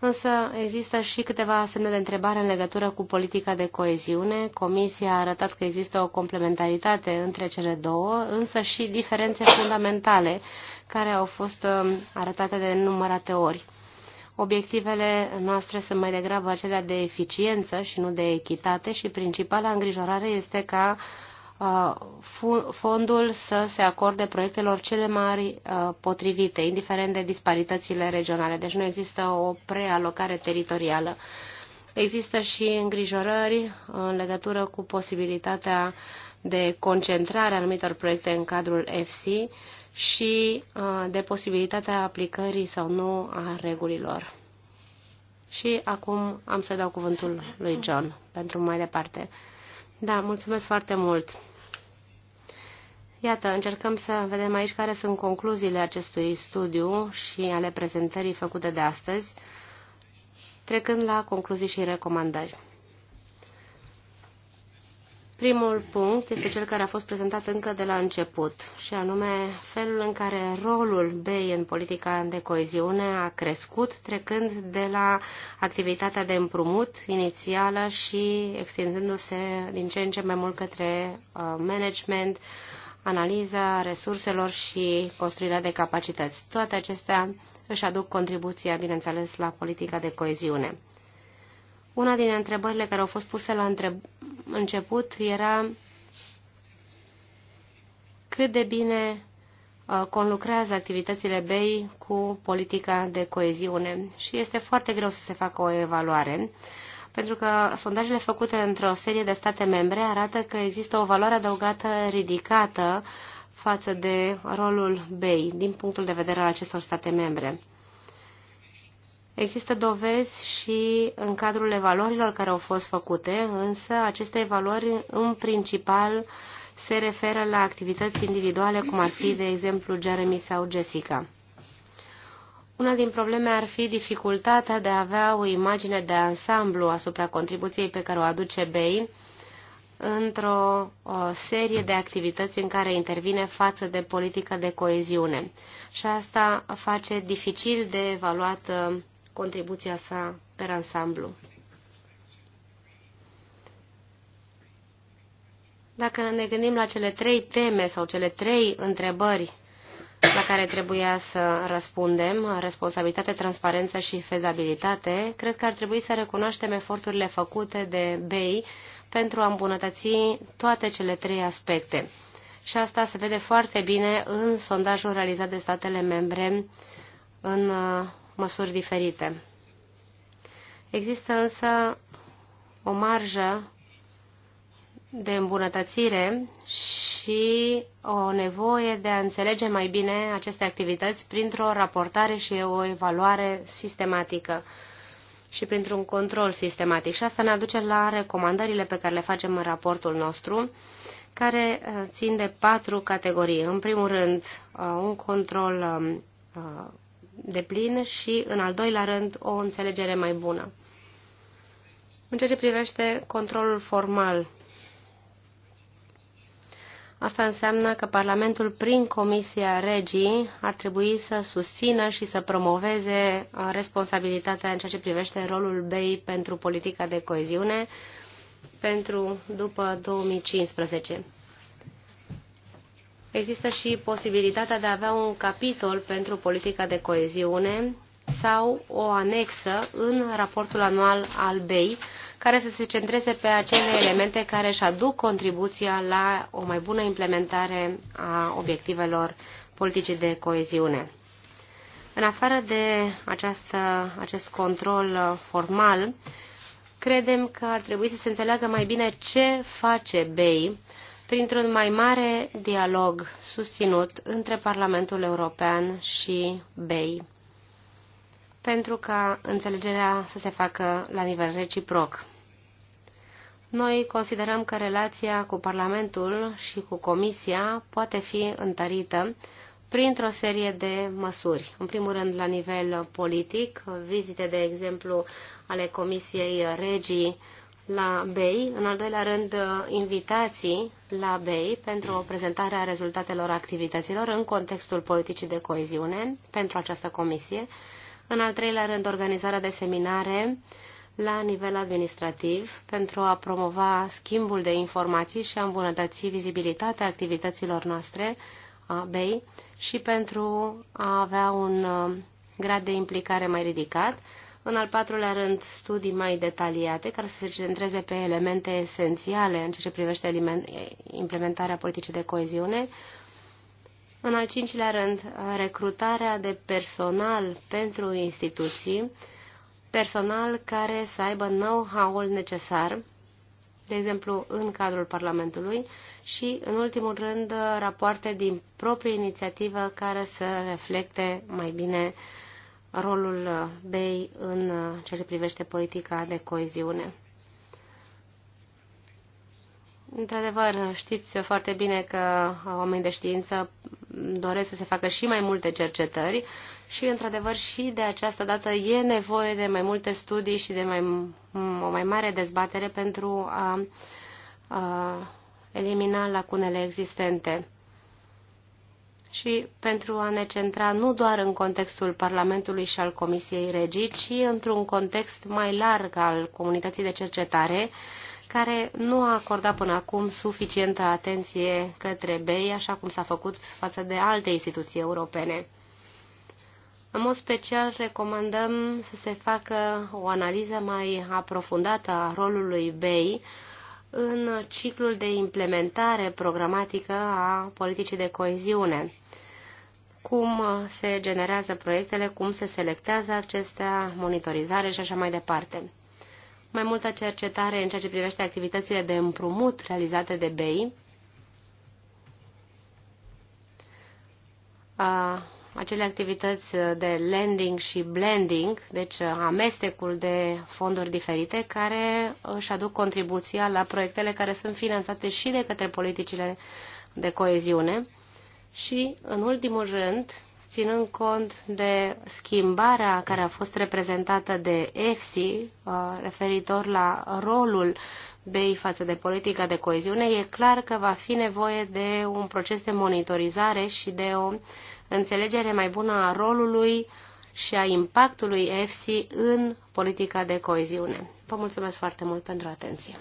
Însă există și câteva semne de întrebare în legătură cu politica de coeziune. Comisia a arătat că există o complementaritate între cele două, însă și diferențe fundamentale care au fost um, arătate de numărate ori. Obiectivele noastre sunt mai degrabă acelea de eficiență și nu de echitate și principala îngrijorare este ca uh, fondul să se acorde proiectelor cele mari potrivite, indiferent de disparitățile regionale. Deci nu există o prealocare teritorială. Există și îngrijorări în legătură cu posibilitatea de concentrare a anumitor proiecte în cadrul FC și de posibilitatea aplicării sau nu a regulilor. Și acum am să dau cuvântul lui John pentru mai departe. Da, mulțumesc foarte mult. Iată, încercăm să vedem aici care sunt concluziile acestui studiu și ale prezentării făcute de astăzi, trecând la concluzii și recomandări. Primul punct este cel care a fost prezentat încă de la început, și anume felul în care rolul BEI în politica de coeziune a crescut, trecând de la activitatea de împrumut inițială și extinzându-se din ce în ce mai mult către uh, management, analiza resurselor și construirea de capacități. Toate acestea își aduc contribuția, bineînțeles, la politica de coeziune. Una din întrebările care au fost puse la început era cât de bine uh, conlucrează activitățile BEI cu politica de coeziune și este foarte greu să se facă o evaluare pentru că sondajele făcute într-o serie de state membre arată că există o valoare adăugată ridicată față de rolul BEI din punctul de vedere al acestor state membre. Există dovezi și în cadrul evaluărilor care au fost făcute, însă aceste evaluări în principal se referă la activități individuale, cum ar fi, de exemplu, Jeremy sau Jessica. Una din probleme ar fi dificultatea de a avea o imagine de ansamblu asupra contribuției pe care o aduce BEI într-o serie de activități în care intervine față de politică de coeziune. Și asta face dificil de evaluat uh, contribuția sa per ansamblu. Dacă ne gândim la cele trei teme sau cele trei întrebări la care trebuia să răspundem, responsabilitate, transparență și fezabilitate, cred că ar trebui să recunoaștem eforturile făcute de BEI pentru a îmbunătăți toate cele trei aspecte. Și asta se vede foarte bine în sondajul realizat de statele membre în uh, măsuri diferite. Există însă o marjă de îmbunătățire și o nevoie de a înțelege mai bine aceste activități printr-o raportare și o evaluare sistematică și printr-un control sistematic. Și asta ne aduce la recomandările pe care le facem în raportul nostru, care uh, țin de patru categorii. În primul rând, uh, un control um, uh, de plin și, în al doilea rând, o înțelegere mai bună. În ceea ce privește controlul formal Asta înseamnă că Parlamentul, prin Comisia Regii, ar trebui să susțină și să promoveze uh, responsabilitatea în ceea ce privește rolul BEI pentru politica de coeziune pentru după 2015. Există și posibilitatea de a avea un capitol pentru politica de coeziune sau o anexă în raportul anual al BEI care să se centreze pe acele elemente care își aduc contribuția la o mai bună implementare a obiectivelor politicii de coeziune. În afară de această, acest control uh, formal, credem că ar trebui să se înțeleagă mai bine ce face BEI printr-un mai mare dialog susținut între Parlamentul European și BEI, pentru ca înțelegerea să se facă la nivel reciproc. Noi considerăm că relația cu Parlamentul și cu Comisia poate fi întărită printr-o serie de măsuri. În primul rând, la nivel politic, vizite, de exemplu, ale Comisiei Regii la BEI, în al doilea rând, invitații la BEI pentru o prezentare a rezultatelor activităților în contextul politicii de coeziune pentru această comisie, în al treilea rând, organizarea de seminare la nivel administrativ pentru a promova schimbul de informații și a îmbunătăți vizibilitatea activităților noastre a BEI și pentru a avea un uh, grad de implicare mai ridicat. În al patrulea rând, studii mai detaliate care să se centreze pe elemente esențiale în ceea ce privește implementarea politicii de coeziune. În al cincilea rând, recrutarea de personal pentru instituții personal care să aibă know-how-ul necesar, de exemplu în cadrul Parlamentului, și, în ultimul rând, rapoarte din proprie inițiativă care să reflecte mai bine rolul BEI în ceea ce privește politica de coeziune. Într-adevăr, știți foarte bine că oamenii de știință doresc să se facă și mai multe cercetări și, într-adevăr, și de această dată e nevoie de mai multe studii și de mai, o mai mare dezbatere pentru a, a elimina lacunele existente și pentru a ne centra nu doar în contextul Parlamentului și al Comisiei Regii, ci într-un context mai larg al comunității de cercetare, care nu a acordat până acum suficientă atenție către BEI, așa cum s-a făcut față de alte instituții europene. În mod special, recomandăm să se facă o analiză mai aprofundată a rolului BEI în ciclul de implementare programatică a politicii de coeziune. Cum se generează proiectele, cum se selectează acestea, monitorizare și așa mai departe. Mai multă cercetare în ceea ce privește activitățile de împrumut realizate de BEI, acele activități de lending și blending, deci amestecul de fonduri diferite, care își aduc contribuția la proiectele care sunt finanțate și de către politicile de coeziune și, în ultimul rând, ținând cont de schimbarea care a fost reprezentată de EFSI uh, referitor la rolul BEI față de politica de coeziune, e clar că va fi nevoie de un proces de monitorizare și de o înțelegere mai bună a rolului și a impactului EFSI în politica de coeziune. Vă mulțumesc foarte mult pentru atenție.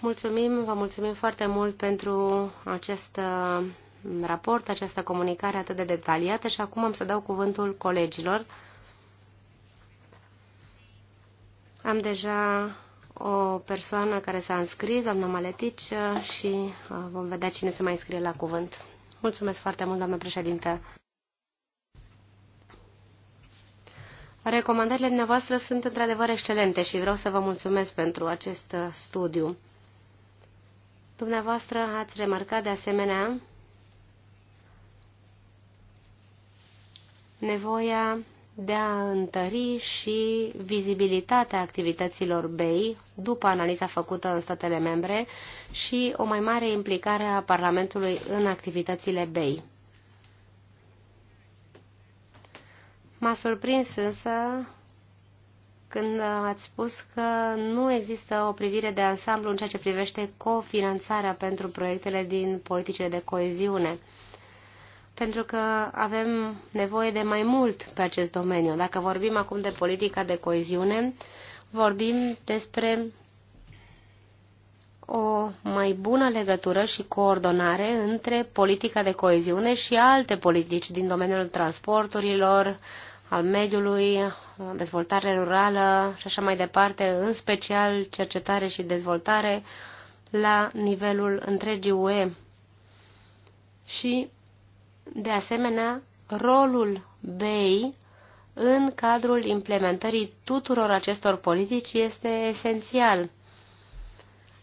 Mulțumim, vă mulțumim foarte mult pentru acest uh, raport, această comunicare atât de detaliată și acum am să dau cuvântul colegilor. Am deja o persoană care s-a înscris, doamna Maletici, uh, și uh, vom vedea cine se mai înscrie la cuvânt. Mulțumesc foarte mult, doamnă președinte. Recomandările dumneavoastră sunt într-adevăr excelente și vreau să vă mulțumesc pentru acest uh, studiu. Dumneavoastră ați remarcat de asemenea nevoia de a întări și vizibilitatea activităților BEI după analiza făcută în statele membre și o mai mare implicare a Parlamentului în activitățile BEI. M-a surprins însă când ați spus că nu există o privire de ansamblu în ceea ce privește cofinanțarea pentru proiectele din politicile de coeziune pentru că avem nevoie de mai mult pe acest domeniu. Dacă vorbim acum de politica de coeziune, vorbim despre o mai bună legătură și coordonare între politica de coeziune și alte politici din domeniul transporturilor, al mediului, dezvoltare rurală și așa mai departe, în special cercetare și dezvoltare la nivelul întregii UE. Și de asemenea, rolul BEI în cadrul implementării tuturor acestor politici este esențial,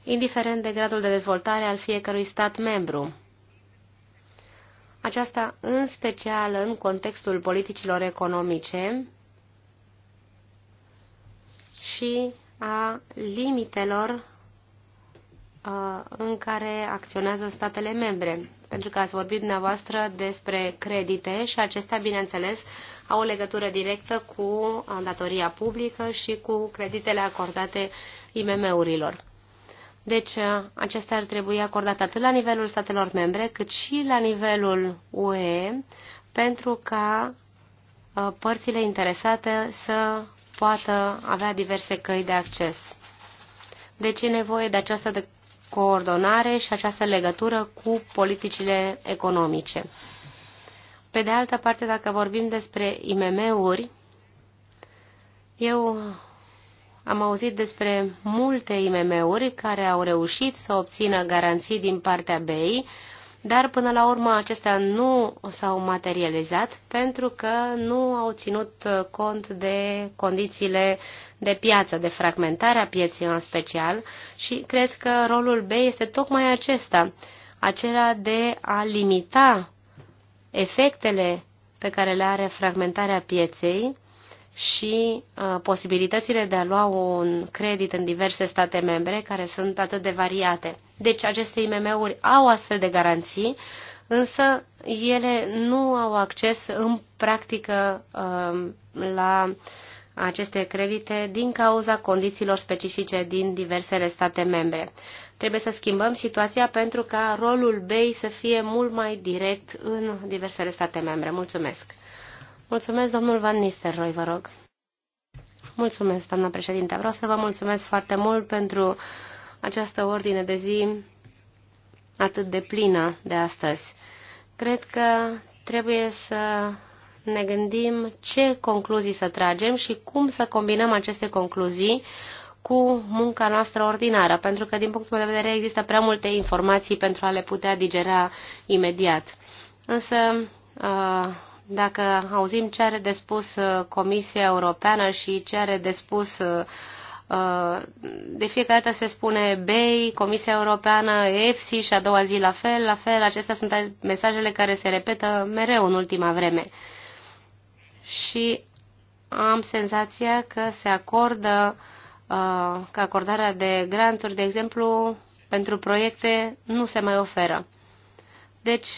indiferent de gradul de dezvoltare al fiecărui stat membru. Aceasta în special în contextul politicilor economice și a limitelor uh, în care acționează statele membre pentru că ați vorbit dumneavoastră despre credite și acestea, bineînțeles, au o legătură directă cu uh, datoria publică și cu creditele acordate IMM-urilor. Deci, uh, acestea ar trebui acordate atât la nivelul statelor membre, cât și la nivelul UE, pentru ca uh, părțile interesate să poată avea diverse căi de acces. Deci e nevoie de această coordonare și această legătură cu politicile economice. Pe de altă parte, dacă vorbim despre IMM-uri, eu am auzit despre multe IMM-uri care au reușit să obțină garanții din partea BEI dar până la urmă acestea nu s-au materializat pentru că nu au ținut cont de condițiile de piață, de fragmentarea pieței în special și cred că rolul B este tocmai acesta, acela de a limita efectele pe care le are fragmentarea pieței și uh, posibilitățile de a lua un credit în diverse state membre care sunt atât de variate. Deci aceste IMM-uri au astfel de garanții, însă ele nu au acces în practică um, la aceste credite din cauza condițiilor specifice din diversele state membre. Trebuie să schimbăm situația pentru ca rolul BEI să fie mult mai direct în diversele state membre. Mulțumesc! Mulțumesc, domnul Van Nistelrooy, vă rog. Mulțumesc, doamna președinte. Vreau să vă mulțumesc foarte mult pentru această ordine de zi atât de plină de astăzi. Cred că trebuie să ne gândim ce concluzii să tragem și cum să combinăm aceste concluzii cu munca noastră ordinară, pentru că, din punctul meu de vedere, există prea multe informații pentru a le putea digera imediat. Însă, uh, dacă auzim ce are de spus uh, Comisia Europeană și ce are de spus uh, uh, de fiecare dată se spune BEI, Comisia Europeană, EFSI și a doua zi la fel, la fel, acestea sunt mesajele care se repetă mereu în ultima vreme. Și am senzația că se acordă, că acordarea de granturi, de exemplu, pentru proiecte nu se mai oferă. Deci,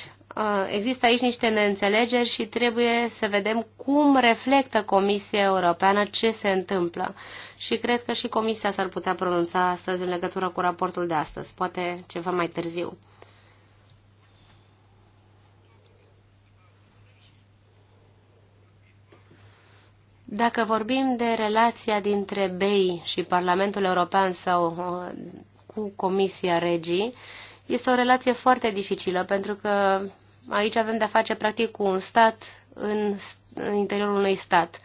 există aici niște neînțelegeri și trebuie să vedem cum reflectă Comisia Europeană ce se întâmplă. Și cred că și Comisia s-ar putea pronunța astăzi în legătură cu raportul de astăzi, poate ceva mai târziu. Dacă vorbim de relația dintre BEI și Parlamentul European sau uh, cu Comisia Regii, este o relație foarte dificilă, pentru că aici avem de-a face practic cu un stat în, în interiorul unui stat.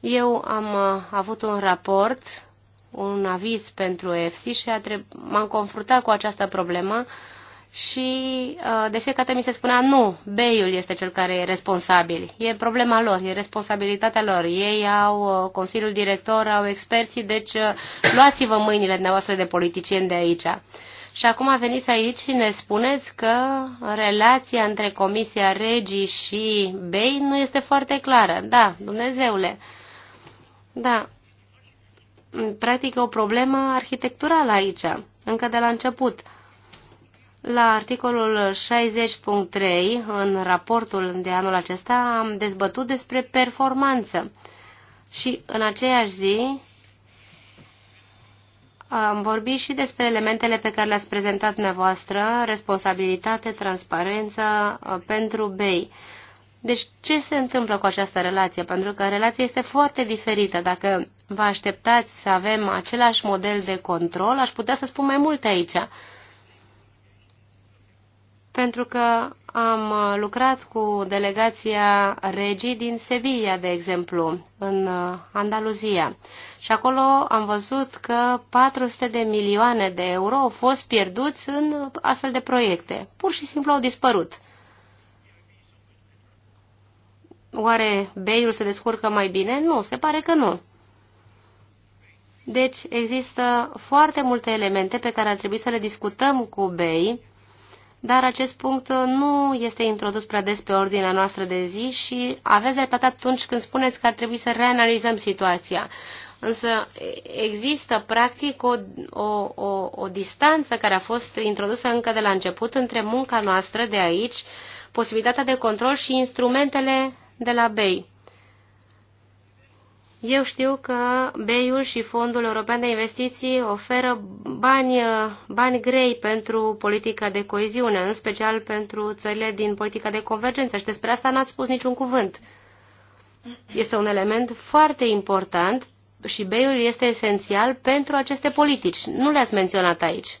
Eu am uh, avut un raport, un aviz pentru EFSI și m-am confruntat cu această problemă și uh, de fiecare dată mi se spunea nu, Beiul este cel care e responsabil, e problema lor, e responsabilitatea lor, ei au uh, Consiliul Director, au experții, deci luați-vă mâinile dumneavoastră de politicieni de aici. Și acum veniți aici și ne spuneți că relația între Comisia Regii și BEI nu este foarte clară. Da, Dumnezeule. Da. Practic e o problemă arhitecturală aici, încă de la început. La articolul 60.3, în raportul de anul acesta, am dezbătut despre performanță. Și în aceeași zi am vorbit și despre elementele pe care le-ați prezentat dumneavoastră, responsabilitate, transparență uh, pentru BEI. Deci ce se întâmplă cu această relație? Pentru că relația este foarte diferită. Dacă vă așteptați să avem același model de control, aș putea să spun mai multe aici pentru că am uh, lucrat cu delegația regii din Sevilla, de exemplu, în uh, Andaluzia. Și acolo am văzut că 400 de milioane de euro au fost pierduți în astfel de proiecte. Pur și simplu au dispărut. Oare beiul se descurcă mai bine? Nu, se pare că nu. Deci există foarte multe elemente pe care ar trebui să le discutăm cu bei dar acest punct uh, nu este introdus prea des pe ordinea noastră de zi și aveți dreptate atunci când spuneți că ar trebui să reanalizăm situația. Însă există practic o, o, o, o distanță care a fost introdusă încă de la început între munca noastră de aici, posibilitatea de control și instrumentele de la BEI. Eu știu că BEI-ul și Fondul European de Investiții oferă bani, bani grei pentru politica de coeziune, în special pentru țările din politica de convergență și despre asta n-ați spus niciun cuvânt. Este un element foarte important și BEI-ul este esențial pentru aceste politici. Nu le-ați menționat aici.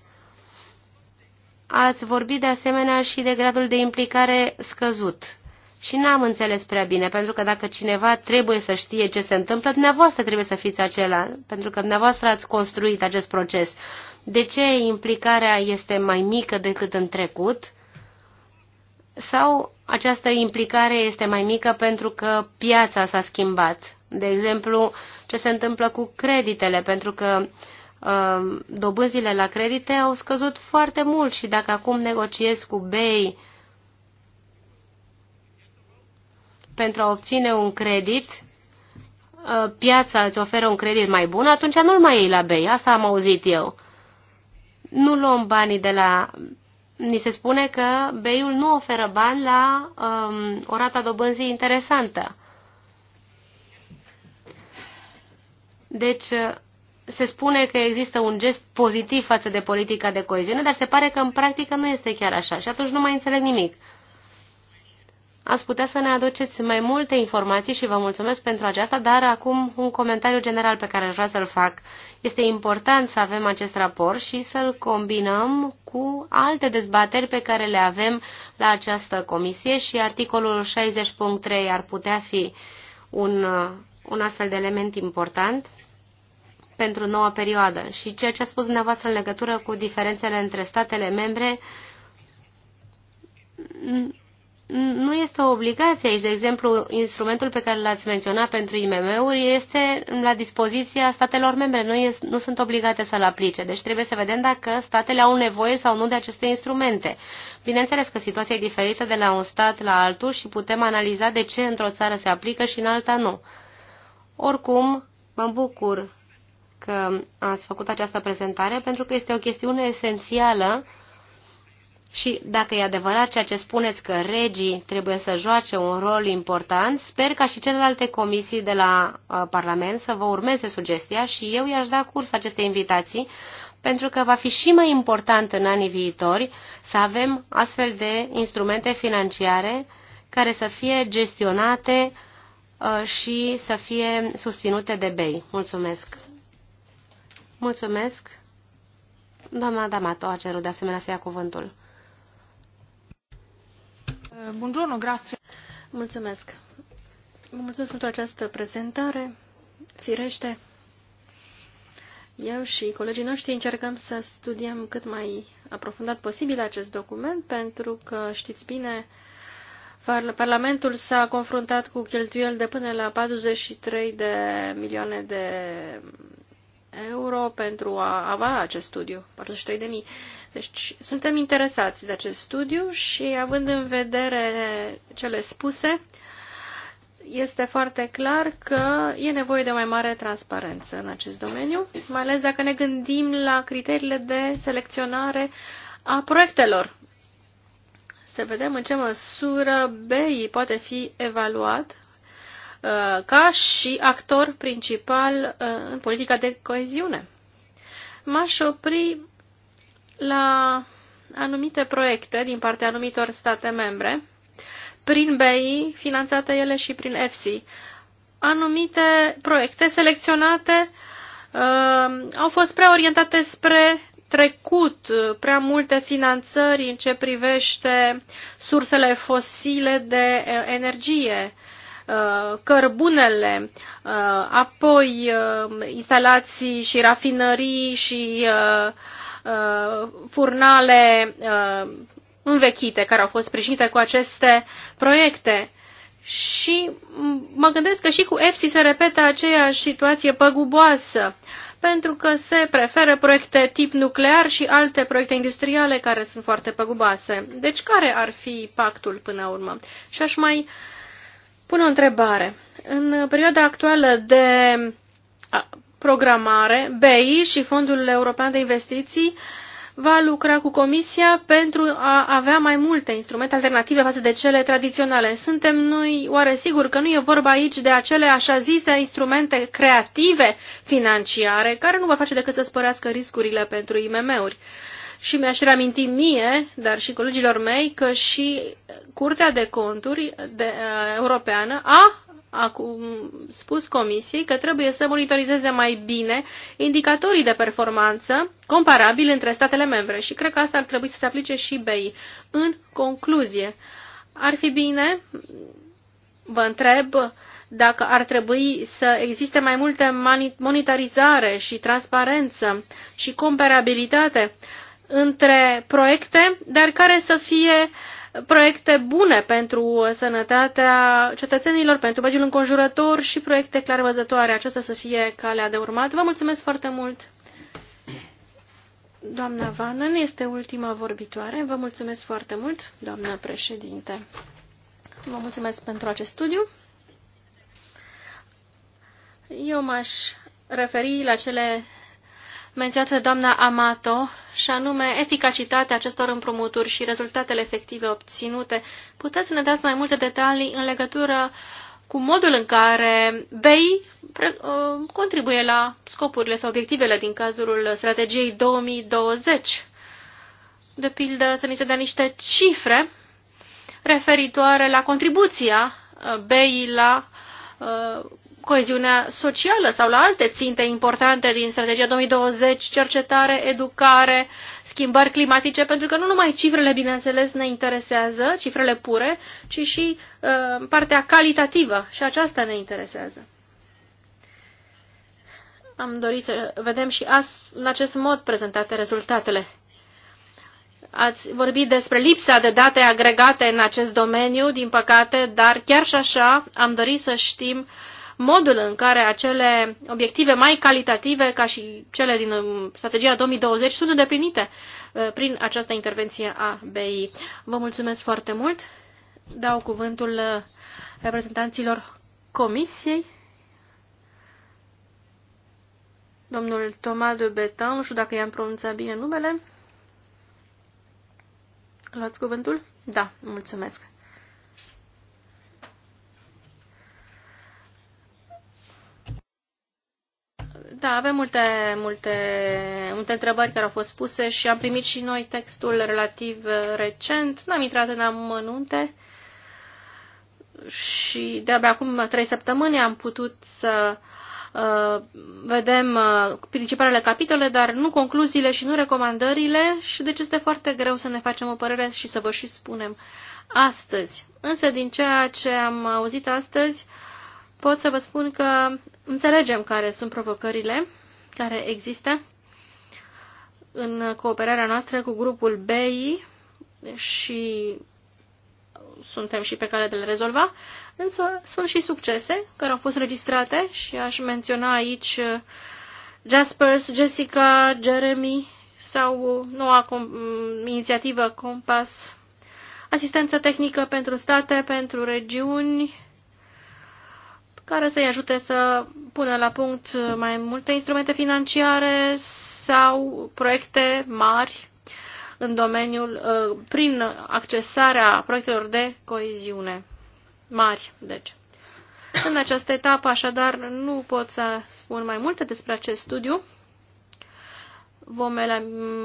Ați vorbit de asemenea și de gradul de implicare scăzut și n-am înțeles prea bine, pentru că dacă cineva trebuie să știe ce se întâmplă, dumneavoastră trebuie să fiți acela, pentru că dumneavoastră ați construit acest proces. De ce implicarea este mai mică decât în trecut? Sau această implicare este mai mică pentru că piața s-a schimbat? De exemplu, ce se întâmplă cu creditele, pentru că uh, dobânzile la credite au scăzut foarte mult și dacă acum negociez cu BEI, pentru a obține un credit, uh, piața îți oferă un credit mai bun, atunci nu-l mai iei la bei. Asta am auzit eu. Nu luăm banii de la... Ni se spune că beiul nu oferă bani la um, o rata dobânzii interesantă. Deci, uh, se spune că există un gest pozitiv față de politica de coeziune, dar se pare că în practică nu este chiar așa și atunci nu mai înțeleg nimic. Ați putea să ne aduceți mai multe informații și vă mulțumesc pentru aceasta, dar acum un comentariu general pe care aș vrea să-l fac. Este important să avem acest raport și să-l combinăm cu alte dezbateri pe care le avem la această comisie și articolul 60.3 ar putea fi un, un astfel de element important pentru noua perioadă. Și ceea ce a spus dumneavoastră în legătură cu diferențele între statele membre nu este o obligație aici. De exemplu, instrumentul pe care l-ați menționat pentru IMM-uri este la dispoziția statelor membre. Nu, este, nu sunt obligate să-l aplice. Deci trebuie să vedem dacă statele au nevoie sau nu de aceste instrumente. Bineînțeles că situația e diferită de la un stat la altul și putem analiza de ce într-o țară se aplică și în alta nu. Oricum, mă bucur că ați făcut această prezentare pentru că este o chestiune esențială și dacă e adevărat ceea ce spuneți că regii trebuie să joace un rol important, sper ca și celelalte comisii de la uh, Parlament să vă urmeze sugestia și eu i-aș da curs acestei invitații, pentru că va fi și mai important în anii viitori să avem astfel de instrumente financiare care să fie gestionate uh, și să fie susținute de BEI. Mulțumesc! Mulțumesc! Doamna Damato a cerut de asemenea să ia cuvântul. Buongiorno, grazie. Mulțumesc. Vă mulțumesc pentru această prezentare. Firește, eu și colegii noștri încercăm să studiem cât mai aprofundat posibil acest document, pentru că, știți bine, Parlamentul s-a confruntat cu cheltuieli de până la 43 de milioane de euro pentru a avea acest studiu, 43.000. Deci suntem interesați de acest studiu și având în vedere cele spuse, este foarte clar că e nevoie de mai mare transparență în acest domeniu, mai ales dacă ne gândim la criteriile de selecționare a proiectelor. Să vedem în ce măsură BEI poate fi evaluat Uh, ca și actor principal uh, în politica de coeziune. M-aș opri la anumite proiecte din partea anumitor state membre, prin BI, finanțate ele și prin EFSI. Anumite proiecte selecționate uh, au fost prea orientate spre trecut, prea multe finanțări în ce privește sursele fosile de energie, Uh, cărbunele, uh, apoi uh, instalații și rafinării și furnale învechite care au fost sprijinite cu aceste proiecte. Și mă gândesc că și cu EFSI se repetă aceeași situație păguboasă, pentru că se preferă proiecte tip nuclear și alte proiecte industriale care sunt foarte păguboase. Deci care ar fi pactul până la urmă? Și aș mai uh, pun o întrebare. În perioada actuală de programare, BEI și Fondul European de Investiții va lucra cu Comisia pentru a avea mai multe instrumente alternative față de cele tradiționale. Suntem noi oare sigur că nu e vorba aici de acele așa zise instrumente creative financiare care nu vor face decât să spărească riscurile pentru IMM-uri? și mi-aș reaminti mie, dar și colegilor mei, că și Curtea de Conturi de, uh, Europeană a acum spus Comisiei că trebuie să monitorizeze mai bine indicatorii de performanță comparabili între statele membre și cred că asta ar trebui să se aplice și BEI. În concluzie, ar fi bine, vă întreb, dacă ar trebui să existe mai multe monitorizare și transparență și comparabilitate între proiecte, dar care să fie proiecte bune pentru sănătatea cetățenilor, pentru mediul înconjurător și proiecte clarvăzătoare. Aceasta să fie calea de urmat. Vă mulțumesc foarte mult! Doamna Vanen este ultima vorbitoare. Vă mulțumesc foarte mult, doamna președinte. Vă mulțumesc pentru acest studiu. Eu m-aș referi la cele menționată doamna Amato, și anume eficacitatea acestor împrumuturi și rezultatele efective obținute. Puteți să ne dați mai multe detalii în legătură cu modul în care BEI uh, contribuie la scopurile sau obiectivele din cadrul strategiei 2020. De pildă, să ni se dea niște cifre referitoare la contribuția uh, BEI la uh, coeziunea socială sau la alte ținte importante din strategia 2020, cercetare, educare, schimbări climatice, pentru că nu numai cifrele, bineînțeles, ne interesează, cifrele pure, ci și uh, partea calitativă și aceasta ne interesează. Am dorit să vedem și azi în acest mod prezentate rezultatele. Ați vorbit despre lipsa de date agregate în acest domeniu, din păcate, dar chiar și așa am dorit să știm uh, modul în care acele obiective mai calitative, ca și cele din um, strategia 2020, sunt îndeplinite uh, prin această intervenție a BI. Vă mulțumesc foarte mult. Dau cuvântul uh, reprezentanților Comisiei. Domnul Thomas de Betan, nu știu dacă i-am pronunțat bine numele. Luați cuvântul? Da, mulțumesc. Da, avem multe, multe, multe întrebări care au fost puse și am primit și noi textul relativ uh, recent. N-am intrat în amănunte și de-abia acum trei săptămâni am putut să uh, vedem uh, principalele capitole, dar nu concluziile și nu recomandările și deci este foarte greu să ne facem o părere și să vă și spunem astăzi. Însă din ceea ce am auzit astăzi, pot să vă spun că Înțelegem care sunt provocările care există în cooperarea noastră cu grupul BI și suntem și pe care de le rezolva, însă sunt și succese care au fost registrate și aș menționa aici uh, Jaspers, Jessica, Jeremy sau noua com- mm, inițiativă Compass, asistență tehnică pentru state, pentru regiuni, care să-i ajute să pună la punct mai multe instrumente financiare sau proiecte mari în domeniul, uh, prin accesarea proiectelor de coeziune. Mari, deci. În această etapă, așadar, nu pot să spun mai multe despre acest studiu, Vom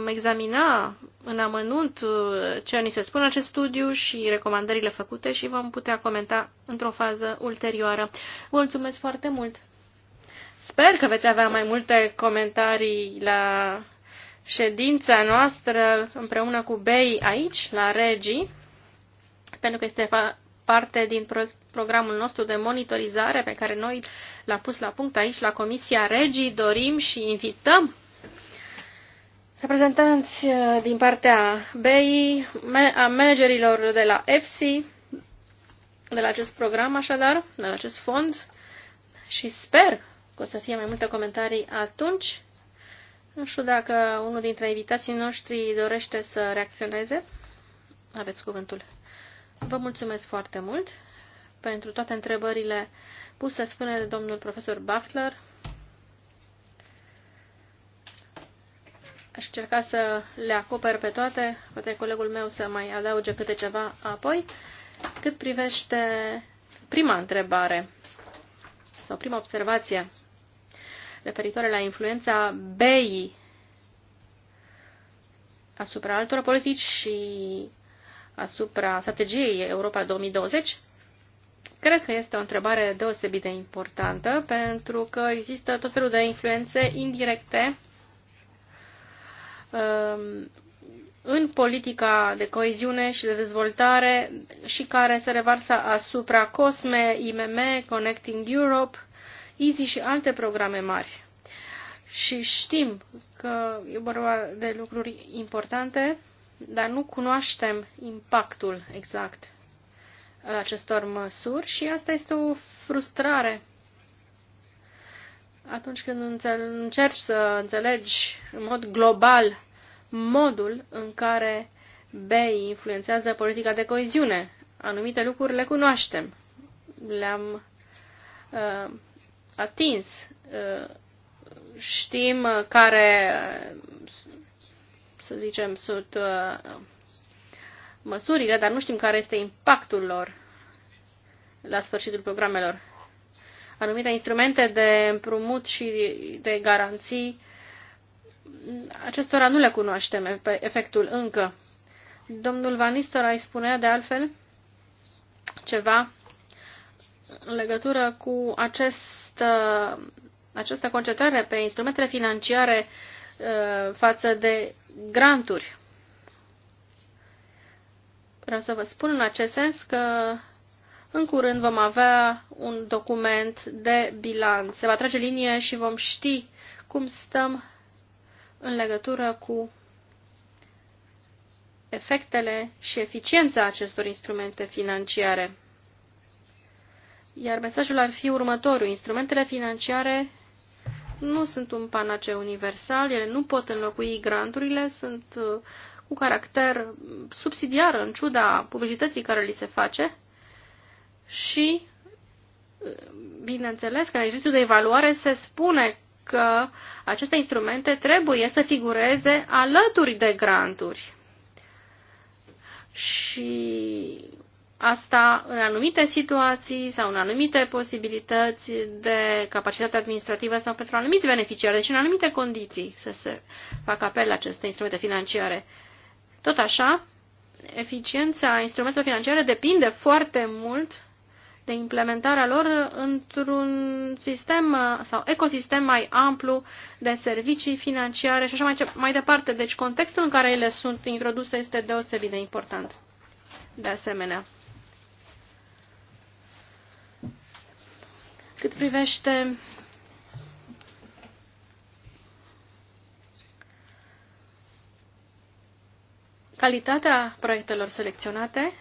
examina în amănunt uh, ce ni se spune acest studiu și recomandările făcute și vom putea comenta într-o fază ulterioară. Vă mulțumesc foarte mult! Sper că veți avea mai multe comentarii la ședința noastră împreună cu Bei aici, la Regii, pentru că este parte din programul nostru de monitorizare pe care noi l-am pus la punct aici, la Comisia Regii. Dorim și invităm reprezentanți uh, din partea BEI, a managerilor de la EFSI, de la acest program, așadar, de la acest fond și sper că o să fie mai multe comentarii atunci. Nu știu dacă unul dintre invitații noștri dorește să reacționeze. Aveți cuvântul. Vă mulțumesc foarte mult pentru toate întrebările puse, spune domnul profesor Bachler. Aș încerca să le acoper pe toate, poate colegul meu să mai adauge câte ceva apoi. Cât privește prima întrebare sau prima observație referitoare la influența BEI asupra altor politici și asupra strategiei Europa 2020, Cred că este o întrebare deosebit de importantă, pentru că există tot felul de influențe indirecte Um, în politica de coeziune și de dezvoltare și care se revarsă asupra COSME, IMM, Connecting Europe, EASY și alte programe mari. Și știm că e vorba de lucruri importante, dar nu cunoaștem impactul exact al acestor măsuri și asta este o frustrare atunci când încerci să înțelegi în mod global modul în care BEI influențează politica de coeziune. Anumite lucruri le cunoaștem, le-am uh, atins, uh, știm care, să zicem, sunt uh, măsurile, dar nu știm care este impactul lor la sfârșitul programelor anumite instrumente de împrumut și de garanții, acestora nu le cunoaștem efectul încă. Domnul Van Nistelrooy spunea de altfel ceva în legătură cu acest, această concentrare pe instrumentele financiare uh, față de granturi. Vreau să vă spun în acest sens că în curând vom avea un document de bilanț. Se va trage linie și vom ști cum stăm în legătură cu efectele și eficiența acestor instrumente financiare. Iar mesajul ar fi următorul. Instrumentele financiare nu sunt un panace universal, ele nu pot înlocui granturile, sunt uh, cu caracter subsidiar în ciuda publicității care li se face și, bineînțeles, că în exercițiul de evaluare se spune că aceste instrumente trebuie să figureze alături de granturi. Și asta în anumite situații sau în anumite posibilități de capacitate administrativă sau pentru anumiți beneficiari, deci în anumite condiții să se facă apel la aceste instrumente financiare. Tot așa, eficiența instrumentelor financiare depinde foarte mult de implementarea lor într-un sistem uh, sau ecosistem mai amplu de servicii financiare și așa mai, mai departe. Deci contextul în care ele sunt introduse este deosebit de important. De asemenea. Cât privește calitatea proiectelor selecționate,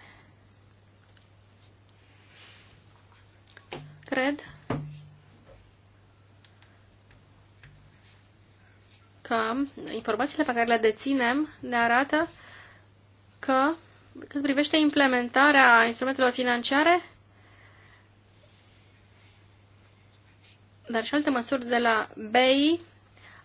Cred că informațiile pe care le deținem ne arată că, cât privește implementarea instrumentelor financiare, dar și alte măsuri de la BEI,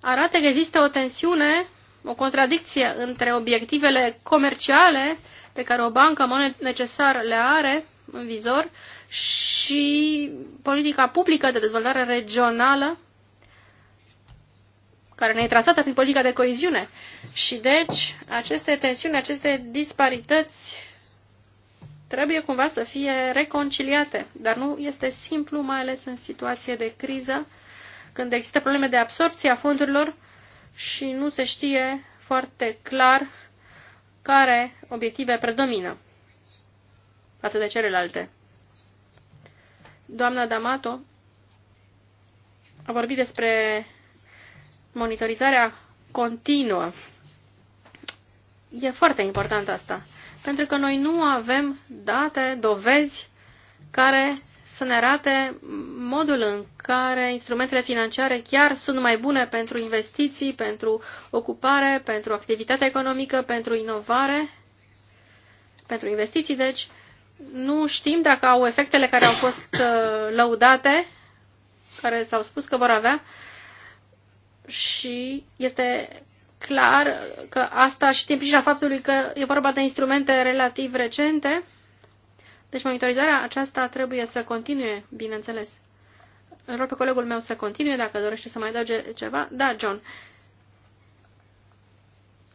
arată că există o tensiune, o contradicție între obiectivele comerciale pe care o bancă necesar le are în vizor și politica publică de dezvoltare regională care ne-e trasată prin politica de coeziune. Și deci aceste tensiuni, aceste disparități trebuie cumva să fie reconciliate, dar nu este simplu, mai ales în situație de criză, când există probleme de absorpție a fondurilor și nu se știe foarte clar care obiective predomină față de celelalte. Doamna D'Amato a vorbit despre monitorizarea continuă. E foarte important asta, pentru că noi nu avem date, dovezi care să ne arate modul în care instrumentele financiare chiar sunt mai bune pentru investiții, pentru ocupare, pentru activitatea economică, pentru inovare, pentru investiții, deci, nu știm dacă au efectele care au fost uh, lăudate, care s-au spus că vor avea, și este clar că asta și din pricina faptului că e vorba de instrumente relativ recente, deci monitorizarea aceasta trebuie să continue, bineînțeles. Îl rog pe colegul meu să continue, dacă dorește să mai adauge ceva. Da, John.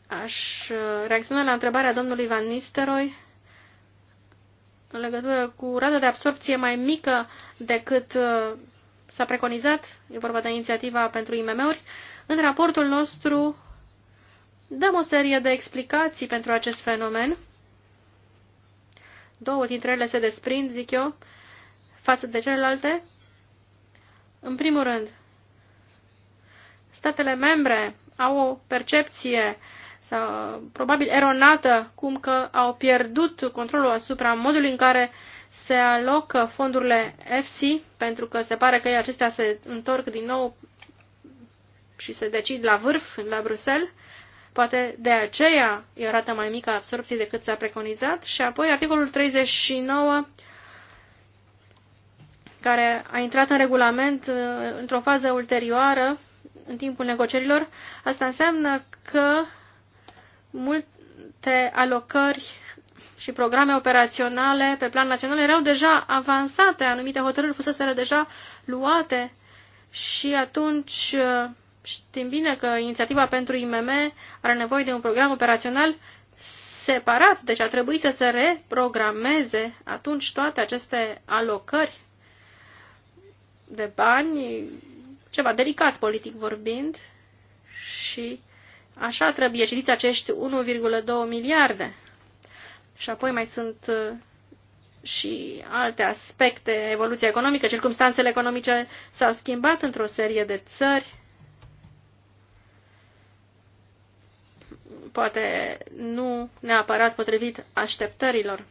Aș uh, reacționa la întrebarea domnului Van Nisteroy în legătură cu rata de absorpție mai mică decât uh, s-a preconizat, e vorba de inițiativa pentru IMM-uri, în raportul nostru dăm o serie de explicații pentru acest fenomen. Două dintre ele se desprind, zic eu, față de celelalte. În primul rând, statele membre au o percepție uh, sau probabil eronată, cum că au pierdut controlul asupra modului în care se alocă fondurile FC, pentru că se pare că acestea se întorc din nou și se decid la vârf, la Bruxelles. Poate de aceea e o rată mai mică a absorpției decât s-a preconizat. Și apoi articolul 39, care a intrat în regulament uh, într-o fază ulterioară, în timpul negocierilor, asta înseamnă că multe alocări și programe operaționale pe plan național erau deja avansate, anumite hotărâri fuseseră deja luate și atunci uh, știm bine că inițiativa pentru IMM are nevoie de un program operațional separat, deci a trebuit să se reprogrameze atunci toate aceste alocări de bani, ceva delicat politic vorbind, și Așa trebuie citiți acești 1,2 miliarde. Și apoi mai sunt uh, și alte aspecte, evoluția economică, circumstanțele economice s-au schimbat într-o serie de țări. Poate nu neapărat potrivit așteptărilor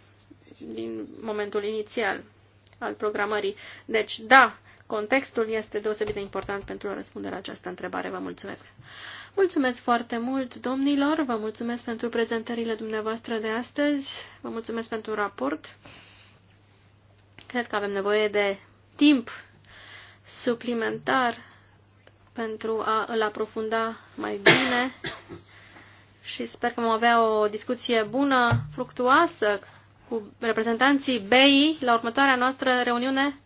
din momentul inițial al programării. Deci, da, contextul este deosebit de important pentru a răspunde la această întrebare. Vă mulțumesc! Mulțumesc foarte mult, domnilor, vă mulțumesc pentru prezentările dumneavoastră de astăzi, vă mulțumesc pentru raport. Cred că avem nevoie de timp suplimentar pentru a îl aprofunda mai bine și sper că vom avea o discuție bună, fructuoasă cu reprezentanții BEI la următoarea noastră reuniune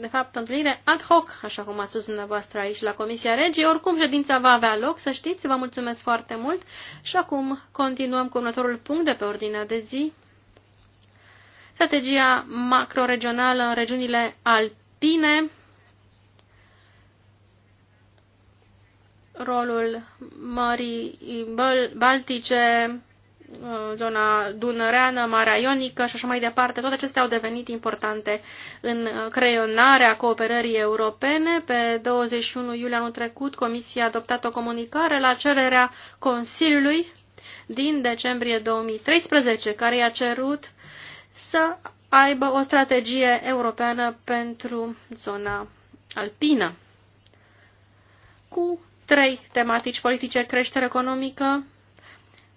de fapt, o întâlnire ad hoc, așa cum a spus dumneavoastră aici la Comisia Regii. Oricum, ședința va avea loc, să știți. Vă mulțumesc foarte mult. Și acum continuăm cu următorul punct de pe ordinea de zi. Strategia macroregională în regiunile alpine. Rolul Mării Baltice, Uh, zona dunăreană, Marea Ionică și așa mai departe. Toate acestea au devenit importante în creionarea cooperării europene. Pe 21 iulie anul trecut, Comisia a adoptat o comunicare la cererea Consiliului din decembrie 2013, care i-a cerut să aibă o strategie europeană pentru zona alpină cu trei tematici politice, creștere economică,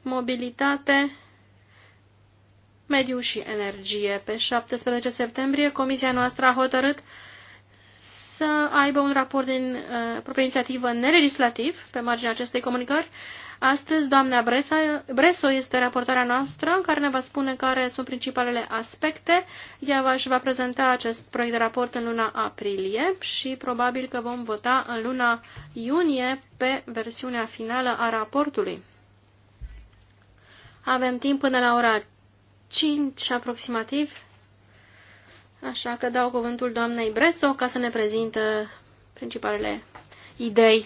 mobilitate, mediu și energie. Pe 17 septembrie, comisia noastră a hotărât să aibă un raport din uh, proprie inițiativă nelegislativ pe marginea acestei comunicări. Astăzi, doamna Bresa, Breso este raportarea noastră, care ne va spune care sunt principalele aspecte. Ea va, și va prezenta acest proiect de raport în luna aprilie și probabil că vom vota în luna iunie pe versiunea finală a raportului. Avem timp până la ora 5 aproximativ, așa că dau cuvântul doamnei Bresso ca să ne prezintă principalele idei.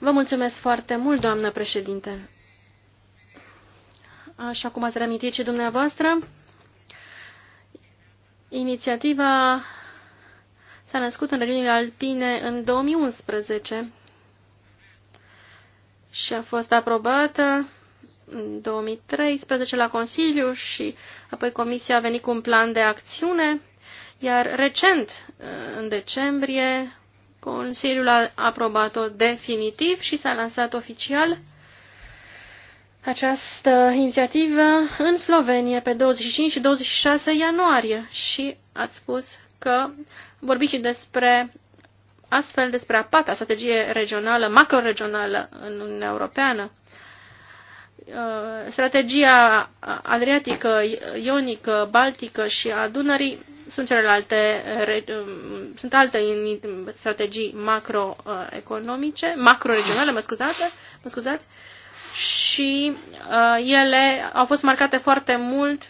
Vă mulțumesc foarte mult, doamnă președinte. Așa cum ați reamintit și dumneavoastră, inițiativa s-a născut în regiunile alpine în 2011 și a fost aprobată în 2013 la Consiliu și apoi Comisia a venit cu un plan de acțiune, iar recent, în decembrie, Consiliul a aprobat-o definitiv și s-a lansat oficial această inițiativă în Slovenia pe 25 și 26 ianuarie și ați spus că vorbiți și despre astfel despre a pata strategie regională, macro-regională în Uniunea Europeană. Uh, strategia adriatică, ionică, baltică și a Dunării sunt celelalte, um, sunt alte strategii macroeconomice, macroregionale, mă scuzați, mă scuzați, și uh, ele au fost marcate foarte mult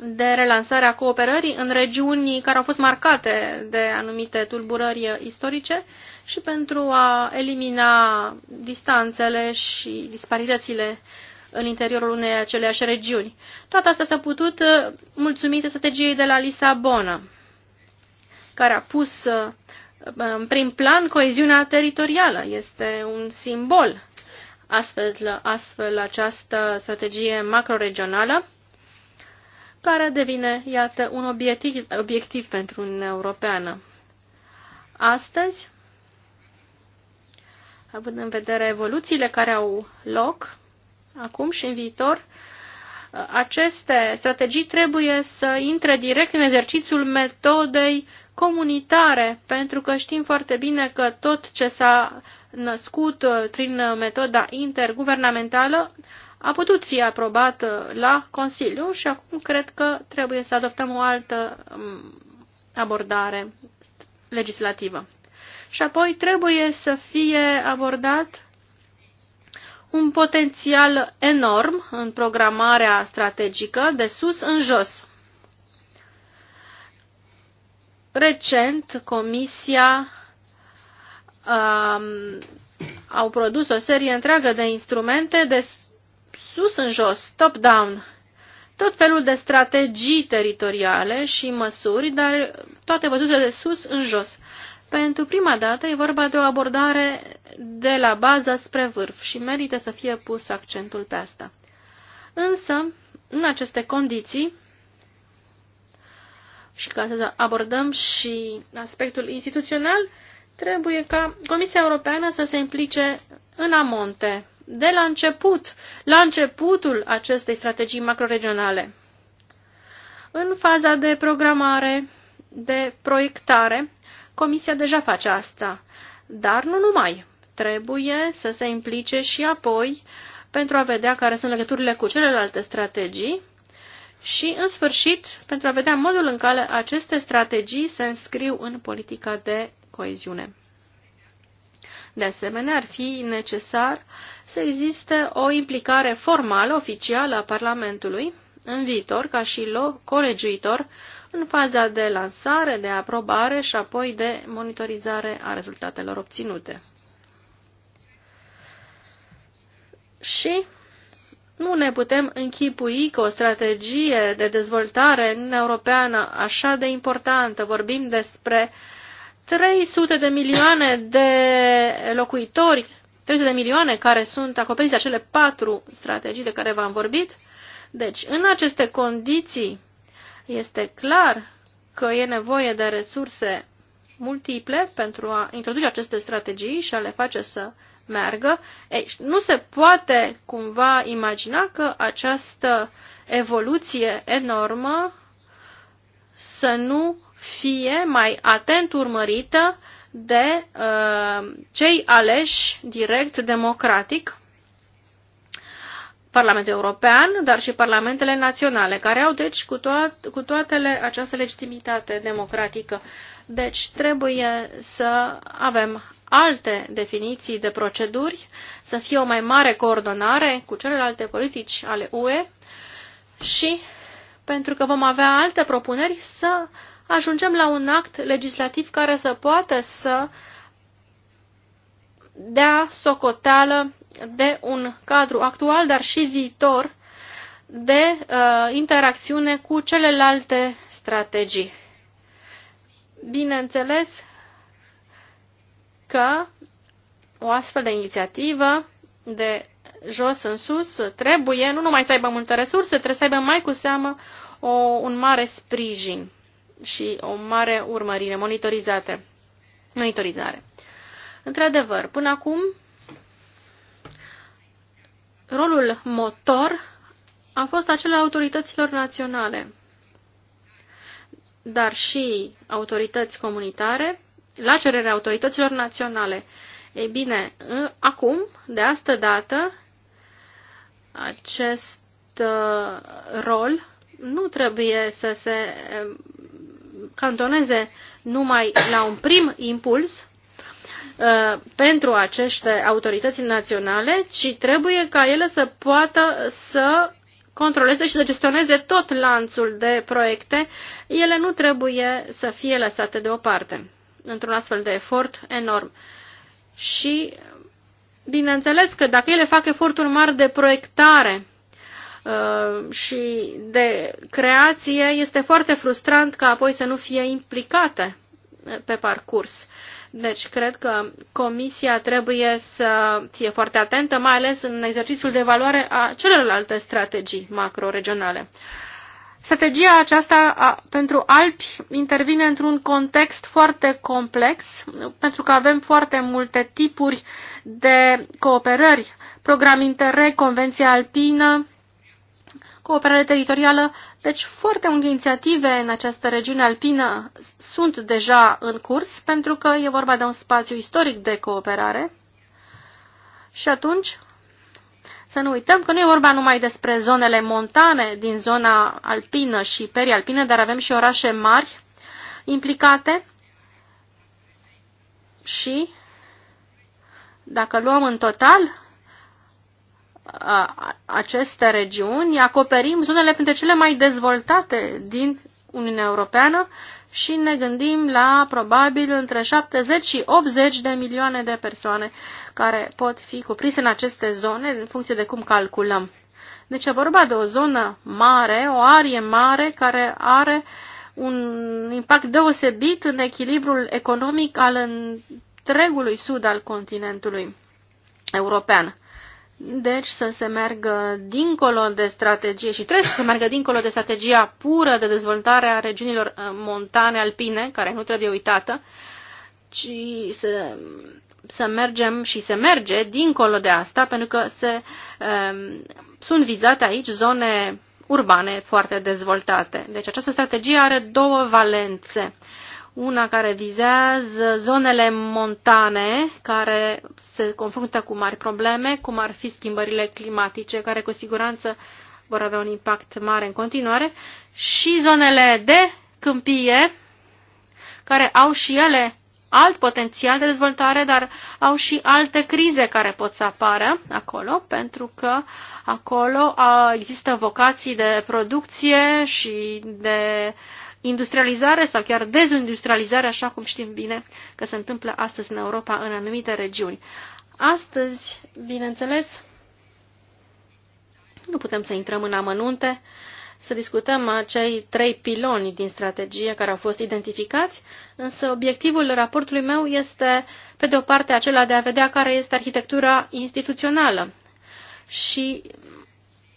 de relansarea cooperării în regiuni care au fost marcate de anumite tulburări istorice și pentru a elimina distanțele și disparitățile în interiorul unei aceleași regiuni. Toate astea s-a putut uh, mulțumită strategiei de la Lisabona, care a pus uh, în prim plan coeziunea teritorială. Este un simbol astfel, astfel această strategie macroregională care devine, iată, un obiectiv, obiectiv pentru Uniunea Europeană. Astăzi având în vedere evoluțiile care au loc acum și în viitor, aceste strategii trebuie să intre direct în exercițiul metodei comunitare, pentru că știm foarte bine că tot ce s-a născut uh, prin metoda interguvernamentală a putut fi aprobat uh, la Consiliu și acum cred că trebuie să adoptăm o altă mm, abordare legislativă și apoi trebuie să fie abordat un potențial enorm în programarea strategică de sus în jos. Recent, Comisia um, au produs o serie întreagă de instrumente de sus în jos, top-down, tot felul de strategii teritoriale și măsuri, dar toate văzute de sus în jos. Pentru prima dată e vorba de o abordare de la bază spre vârf și merită să fie pus accentul pe asta. Însă, în aceste condiții, și ca să abordăm și aspectul instituțional, trebuie ca Comisia Europeană să se implice în amonte, de la început, la începutul acestei strategii macroregionale. În faza de programare, de proiectare, Comisia deja face asta, dar nu numai. Trebuie să se implice și apoi pentru a vedea care sunt legăturile cu celelalte strategii și, în sfârșit, pentru a vedea modul în care aceste strategii se înscriu în politica de coeziune. De asemenea, ar fi necesar să existe o implicare formală, oficială a Parlamentului în viitor, ca și colegiuitor, în faza de lansare, de aprobare și apoi de monitorizare a rezultatelor obținute. Și nu ne putem închipui că o strategie de dezvoltare în europeană așa de importantă, vorbim despre 300 de milioane de locuitori, 300 de milioane care sunt acoperiți de acele patru strategii de care v-am vorbit. Deci, în aceste condiții, este clar că e nevoie de resurse multiple pentru a introduce aceste strategii și a le face să meargă. Ei, nu se poate cumva imagina că această evoluție enormă să nu fie mai atent urmărită de uh, cei aleși direct democratic Parlamentul European, dar și parlamentele naționale, care au deci cu, toat, cu toatele această legitimitate democratică. Deci trebuie să avem alte definiții de proceduri, să fie o mai mare coordonare cu celelalte politici ale UE și, pentru că vom avea alte propuneri, să ajungem la un act legislativ care să poată să dea socoteală de un cadru actual, dar și viitor, de uh, interacțiune cu celelalte strategii. Bineînțeles că o astfel de inițiativă de jos în sus trebuie nu numai să aibă multe resurse, trebuie să aibă mai cu seamă o, un mare sprijin și o mare urmărire, monitorizate, monitorizare. Într-adevăr, până acum rolul motor a fost acela autorităților naționale, dar și autorități comunitare, la cererea autorităților naționale. Ei bine, ă, acum, de astă dată, acest ă, rol nu trebuie să se ă, cantoneze numai la un prim impuls, Uh, pentru aceste autorități naționale, ci trebuie ca ele să poată să controleze și să gestioneze tot lanțul de proiecte. Ele nu trebuie să fie lăsate deoparte într-un astfel de efort enorm. Și bineînțeles că dacă ele fac efortul mari de proiectare uh, și de creație, este foarte frustrant ca apoi să nu fie implicate pe parcurs. Uh, deci, cred că Comisia trebuie să fie foarte atentă, mai ales în exercițiul de evaluare a celorlalte strategii macroregionale. Strategia aceasta a, pentru Alpi intervine într-un context foarte complex, pentru că avem foarte multe tipuri de cooperări, program Interreg, Convenția Alpină, cooperare teritorială. Deci foarte multe inițiative în această regiune alpină sunt deja în curs, pentru că e vorba de un spațiu istoric de cooperare. Și atunci să nu uităm că nu e vorba numai despre zonele montane din zona alpină și perialpină, dar avem și orașe mari implicate și dacă luăm în total aceste regiuni, acoperim zonele printre cele mai dezvoltate din Uniunea Europeană și ne gândim la probabil între 70 și 80 de milioane de persoane care pot fi cuprinse în aceste zone în funcție de cum calculăm. Deci e vorba de o zonă mare, o arie mare care are un impact deosebit în echilibrul economic al întregului sud al continentului european. Deci să se meargă dincolo de strategie și trebuie să se meargă dincolo de strategia pură de dezvoltare a regiunilor uh, montane alpine, care nu trebuie uitată, ci să, să mergem și se merge dincolo de asta, pentru că se, um, sunt vizate aici zone urbane foarte dezvoltate. Deci această strategie are două valențe. Uh, una care vizează zonele montane care se confruntă cu mari probleme, cum ar fi schimbările climatice, care cu siguranță vor avea un impact mare în continuare, și zonele de câmpie, care au și ele alt potențial de dezvoltare, dar au și alte crize care pot să apară acolo, pentru că acolo există vocații de producție și de uh, industrializare sau chiar dezindustrializare, așa cum știm bine că se întâmplă astăzi în Europa, în anumite regiuni. Astăzi, bineînțeles, nu putem să intrăm în amănunte, să discutăm acei trei piloni din strategie care au fost identificați, însă obiectivul raportului meu este, pe de o parte, acela de a vedea care este arhitectura instituțională și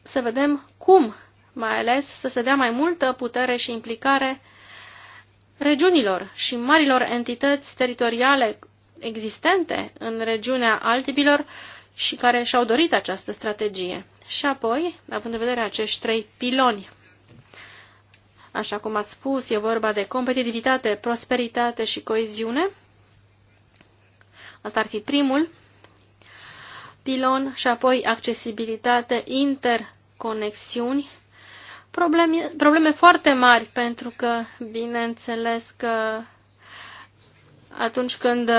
să vedem cum mai ales să se dea mai multă putere și implicare regiunilor și marilor entități teritoriale existente în regiunea Altibilor și care și-au dorit această strategie. Și apoi, având în vedere acești trei piloni, așa cum ați spus, e vorba de competitivitate, prosperitate și coeziune, asta ar fi primul pilon, și apoi accesibilitate, interconexiuni probleme, probleme foarte mari, pentru că, bineînțeles, că atunci când,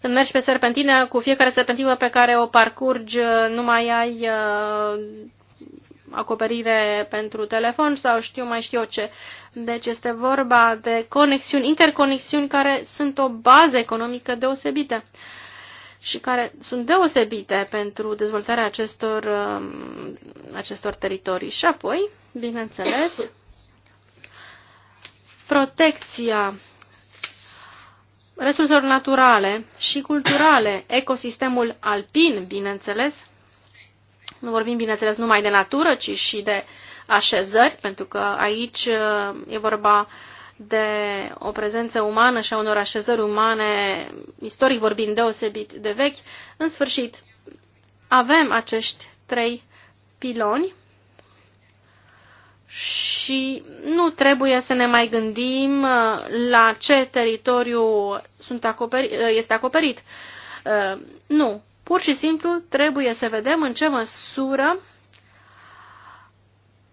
când mergi pe serpentină, cu fiecare serpentină pe care o parcurgi, nu mai ai uh, acoperire pentru telefon sau știu mai știu ce. Deci este vorba de conexiuni, interconexiuni care sunt o bază economică deosebită. Uh, și care sunt deosebite pentru dezvoltarea acestor, um, acestor teritorii. Și apoi, bineînțeles, protecția resurselor naturale și culturale, ecosistemul alpin, bineînțeles, nu vorbim, bineînțeles, numai de natură, ci și de așezări, pentru că aici uh, e vorba de o prezență umană și a unor așezări umane, istoric vorbind deosebit de vechi, în sfârșit avem acești trei piloni și nu trebuie să ne mai gândim uh, la ce teritoriu sunt acoperi, uh, este acoperit. Uh, nu, pur și simplu trebuie să vedem în ce măsură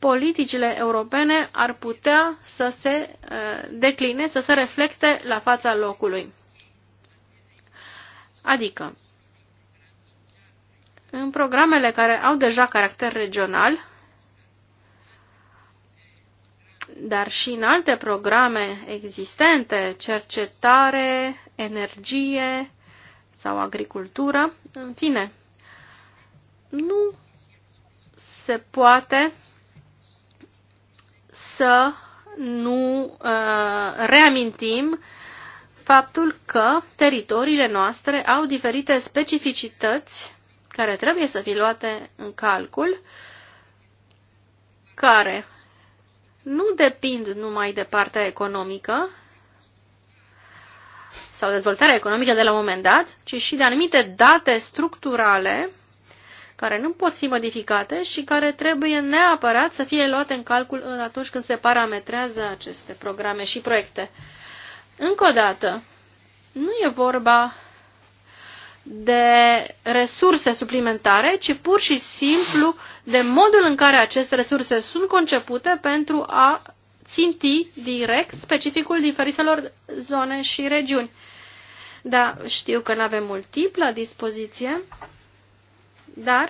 politicile europene ar putea să se eh, decline, să se reflecte la fața locului. Adică, în programele care au deja caracter regional, dar și în alte programe existente, cercetare, energie sau agricultură, în fine, nu se poate să nu uh, reamintim faptul că teritoriile noastre au diferite specificități care trebuie să fie luate în calcul, care nu depind numai de partea economică sau dezvoltarea economică de la un moment dat, ci și de anumite date structurale care nu pot fi modificate și care trebuie neapărat să fie luate în calcul în atunci când se parametrează aceste programe și proiecte. Încă o dată, nu e vorba de resurse suplimentare, ci pur și simplu de modul în care aceste resurse sunt concepute pentru a ținti direct specificul diferitelor zone și regiuni. Da, știu că nu avem mult timp la dispoziție, dar,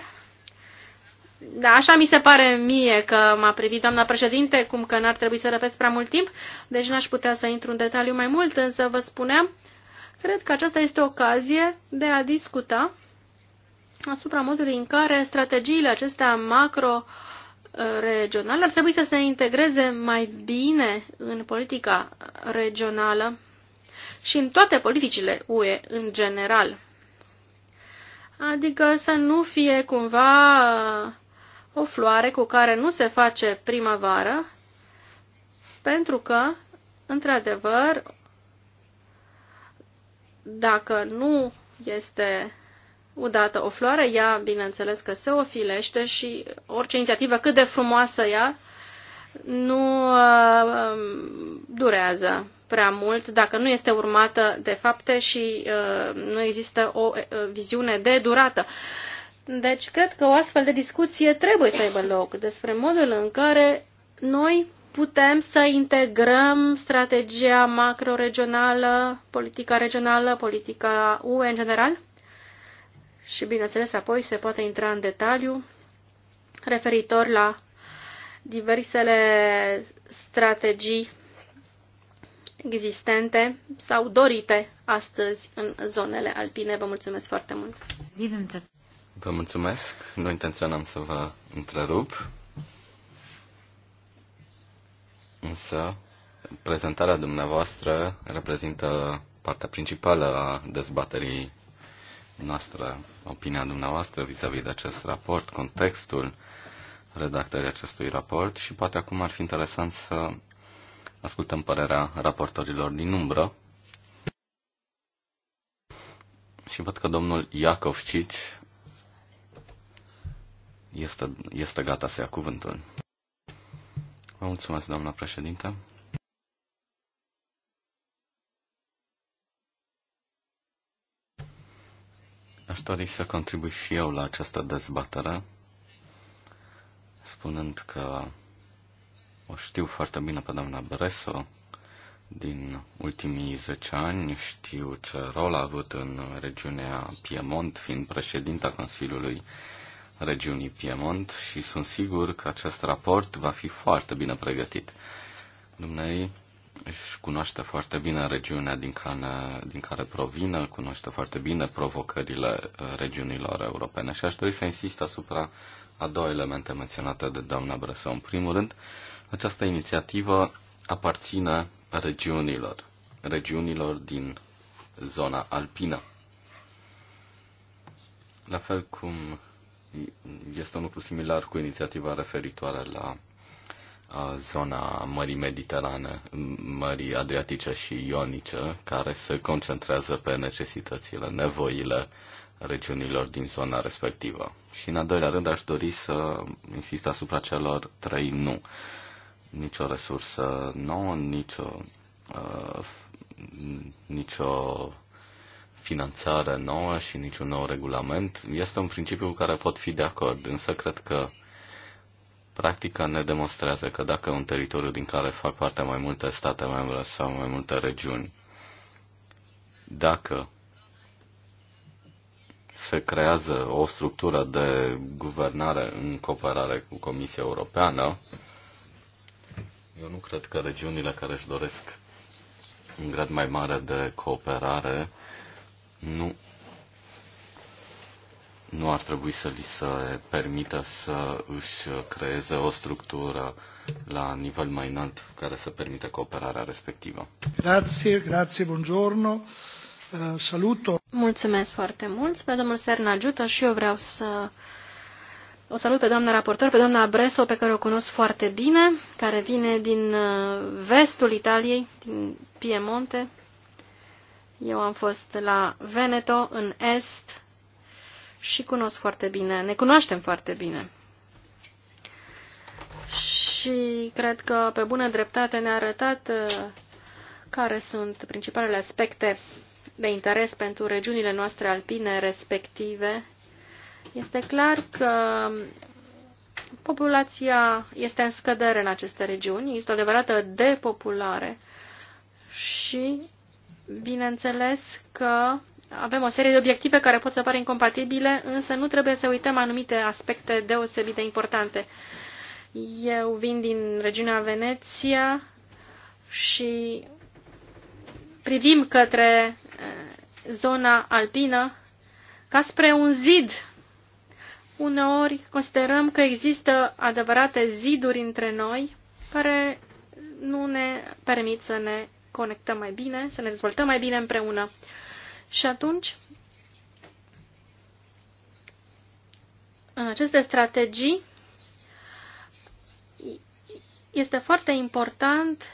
da, așa mi se pare mie că m-a privit doamna președinte, cum că n-ar trebui să răpesc prea mult timp, deci n-aș putea să intru în detaliu mai mult, însă vă spuneam, cred că aceasta este ocazie de a discuta asupra modului în care strategiile acestea macro regionale ar trebui să se integreze mai bine în politica regională și în toate politicile UE în general. Adică să nu fie cumva o floare cu care nu se face primăvară, pentru că, într-adevăr, dacă nu este udată o floare, ea, bineînțeles că se ofilește și orice inițiativă cât de frumoasă ea, nu uh, durează prea mult dacă nu este urmată de fapte și uh, nu există o uh, viziune de durată. Deci, cred că o astfel de discuție trebuie să aibă loc despre modul în care noi putem să integrăm strategia macroregională, politica regională, politica UE în general și, bineînțeles, apoi se poate intra în detaliu referitor la diversele strategii existente sau dorite astăzi în zonele alpine. Vă mulțumesc foarte mult! Vă mulțumesc! Nu intenționam să vă întrerup, însă prezentarea dumneavoastră reprezintă partea principală a dezbaterii noastră, opinia dumneavoastră vis-a-vis -vis de acest raport, contextul redactării acestui raport și poate acum ar fi interesant să ascultăm părerea raportorilor din umbră. Și văd că domnul Iacov Cici este, este gata să ia cuvântul. Vă mulțumesc, doamna președinte. Aș dori să contribui și eu la această dezbatere spunând că o știu foarte bine pe doamna Bresso din ultimii 10 ani, știu ce rol a avut în regiunea Piemont, fiind președinta Consiliului regiunii Piemont și sunt sigur că acest raport va fi foarte bine pregătit. Dumnezeu își cunoaște foarte bine regiunea din care, din care provine, cunoaște foarte bine provocările eh, regiunilor europene și aș dori să insist asupra a două elemente menționate de doamna Brăsău. În primul rând, această inițiativă aparține regiunilor, regiunilor din zona alpină. La fel cum este un lucru similar cu inițiativa referitoare la zona Mării Mediterane, Mării Adriatice și Ionice, care se concentrează pe necesitățile, nevoile regiunilor din zona respectivă. Și în al doilea rând aș dori să insist asupra celor trei nu. Nicio resursă nouă, nicio, uh, nicio finanțare nouă și niciun nou regulament. Este un principiu cu care pot fi de acord, însă cred că practica ne demonstrează că dacă un teritoriu din care fac parte mai multe state membre sau mai multe regiuni, dacă se creează o structură de guvernare în cooperare cu Comisia Europeană. Eu nu cred că regiunile care își doresc un grad mai mare de cooperare nu, nu ar trebui să li se permită să își creeze o structură la nivel mai înalt care să permită cooperarea respectivă. Grazie, grazie, buongiorno. Eh, saluto. Mulțumesc foarte mult. Spre domnul Serna ajută și eu vreau să o salut pe doamna raportor, pe doamna Breso, pe care o cunosc foarte bine, care vine din eh, vestul Italiei, din Piemonte. Eu am fost la Veneto, în Est, și cunosc foarte bine, ne cunoaștem foarte bine. Și cred că pe bună dreptate ne-a arătat eh, care sunt principalele aspecte de interes pentru regiunile noastre alpine respective, este clar că populația este în scădere în aceste regiuni, este o adevărată depopulare și, bineînțeles, că avem o serie de obiective care pot să pară incompatibile, însă nu trebuie să uităm anumite aspecte deosebit de importante. Eu vin din regiunea Veneția și privim către zona alpină ca spre un zid. Uneori considerăm că există adevărate ziduri între noi care nu ne permit să ne conectăm mai bine, să ne dezvoltăm mai bine împreună. Și atunci, în aceste strategii, este foarte important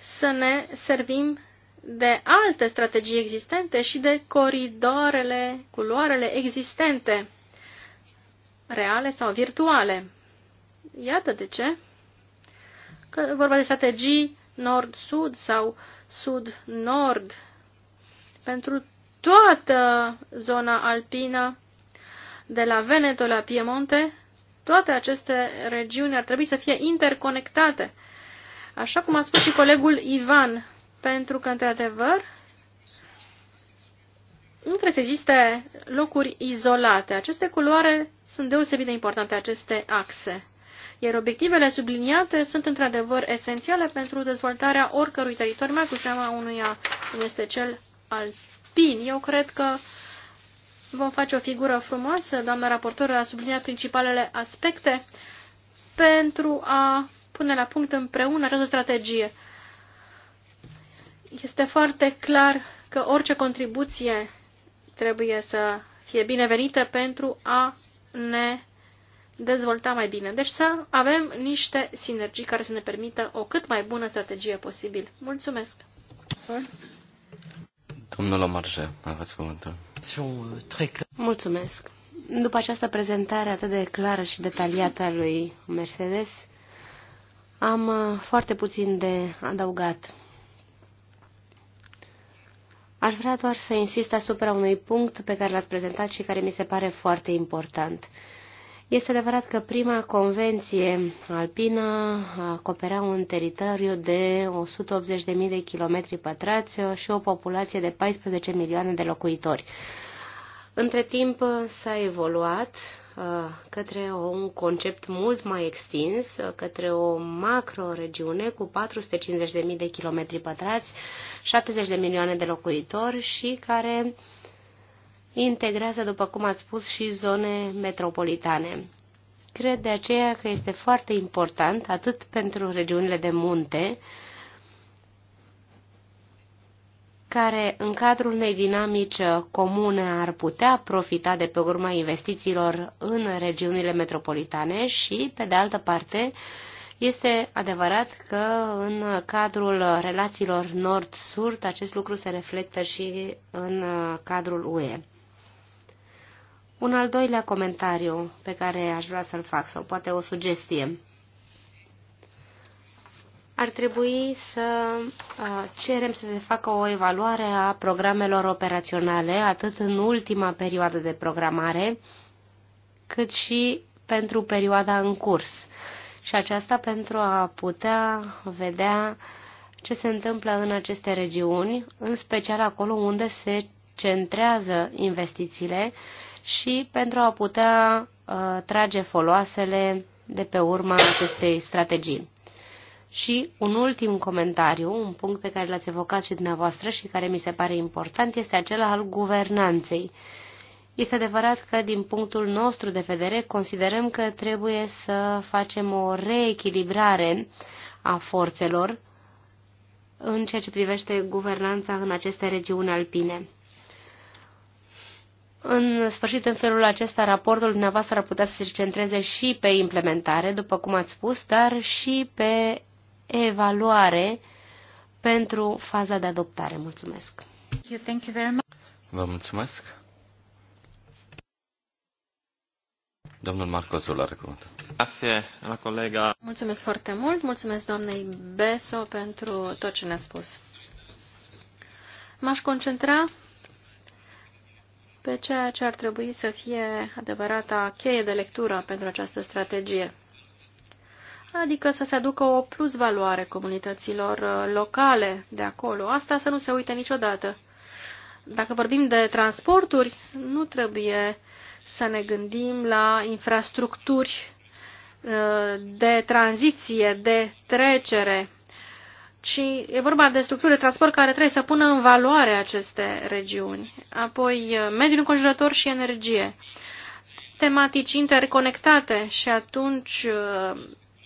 să ne servim de alte strategii existente și de coridoarele, culoarele existente, reale sau virtuale. Iată de ce. Că vorba de strategii nord-sud sau sud-nord pentru toată zona alpină, de la Veneto la Piemonte, toate aceste regiuni ar trebui să fie interconectate. Așa cum a spus și colegul Ivan, pentru că, într-adevăr, nu trebuie să existe locuri izolate. Aceste culoare sunt deosebit de importante, aceste axe. Iar obiectivele subliniate sunt într-adevăr esențiale pentru dezvoltarea oricărui teritoriu, mai cu seama unuia cum este cel alpin. Eu cred că vom face o figură frumoasă. Doamna raportor a subliniat principalele aspecte pentru a pune la punct împreună această strategie este foarte clar că orice contribuție trebuie să fie binevenită pentru a ne dezvolta mai bine. Deci să avem niște sinergii care să ne permită o cât mai bună strategie posibil. Mulțumesc! Domnul Omarje, aveți cuvântul. Mulțumesc! După această prezentare atât de clară și detaliată a lui Mercedes, am uh, foarte puțin de adăugat. Aș vrea doar să insist asupra unui punct pe care l-ați prezentat și care mi se pare foarte important. Este adevărat că prima convenție alpină acoperea un teritoriu de 180.000 de km pătrați și o populație de 14 milioane de locuitori. Între timp s-a evoluat Uh, către un concept mult mai extins, uh, către o macro-regiune cu 450.000 de kilometri pătrați, 70 de milioane de locuitori și care integrează, după cum ați spus, și zone metropolitane. Cred de aceea că este foarte important, atât pentru regiunile de munte, care în cadrul unei dinamici uh, comune ar putea profita de pe urma investițiilor în regiunile metropolitane și, pe de altă parte, este adevărat că în cadrul relațiilor nord-sud acest lucru se reflectă și în uh, cadrul UE. Un al doilea comentariu pe care aș vrea să-l fac, sau poate o sugestie ar trebui să cerem să se facă o evaluare a programelor operaționale, atât în ultima perioadă de programare, cât și pentru perioada în curs. Și aceasta pentru a putea vedea ce se întâmplă în aceste regiuni, în special acolo unde se centrează investițiile și pentru a putea uh, trage foloasele de pe urma acestei strategii. Și un ultim comentariu, un punct pe care l-ați evocat și dumneavoastră și care mi se pare important, este acela al guvernanței. Este adevărat că, din punctul nostru de vedere, considerăm că trebuie să facem o reechilibrare a forțelor în ceea ce privește guvernanța în aceste regiuni alpine. În sfârșit, în felul acesta, raportul dumneavoastră ar putea să se centreze și pe implementare, după cum ați spus, dar și pe evaluare pentru faza de adoptare. Mulțumesc! Thank you very much. Vă mulțumesc! Domnul Marco Zola la colega. Mulțumesc foarte mult, mulțumesc doamnei Beso pentru tot ce ne-a spus. M-aș concentra pe ceea ce ar trebui să fie adevărata cheie de lectură pentru această strategie adică să se aducă o plus valoare comunităților uh, locale de acolo. Asta să nu se uite niciodată. Dacă vorbim de transporturi, nu trebuie să ne gândim la infrastructuri uh, de tranziție, de trecere, ci e vorba de structuri de transport care trebuie să pună în valoare aceste regiuni. Apoi, uh, mediul înconjurător și energie tematici interconectate și atunci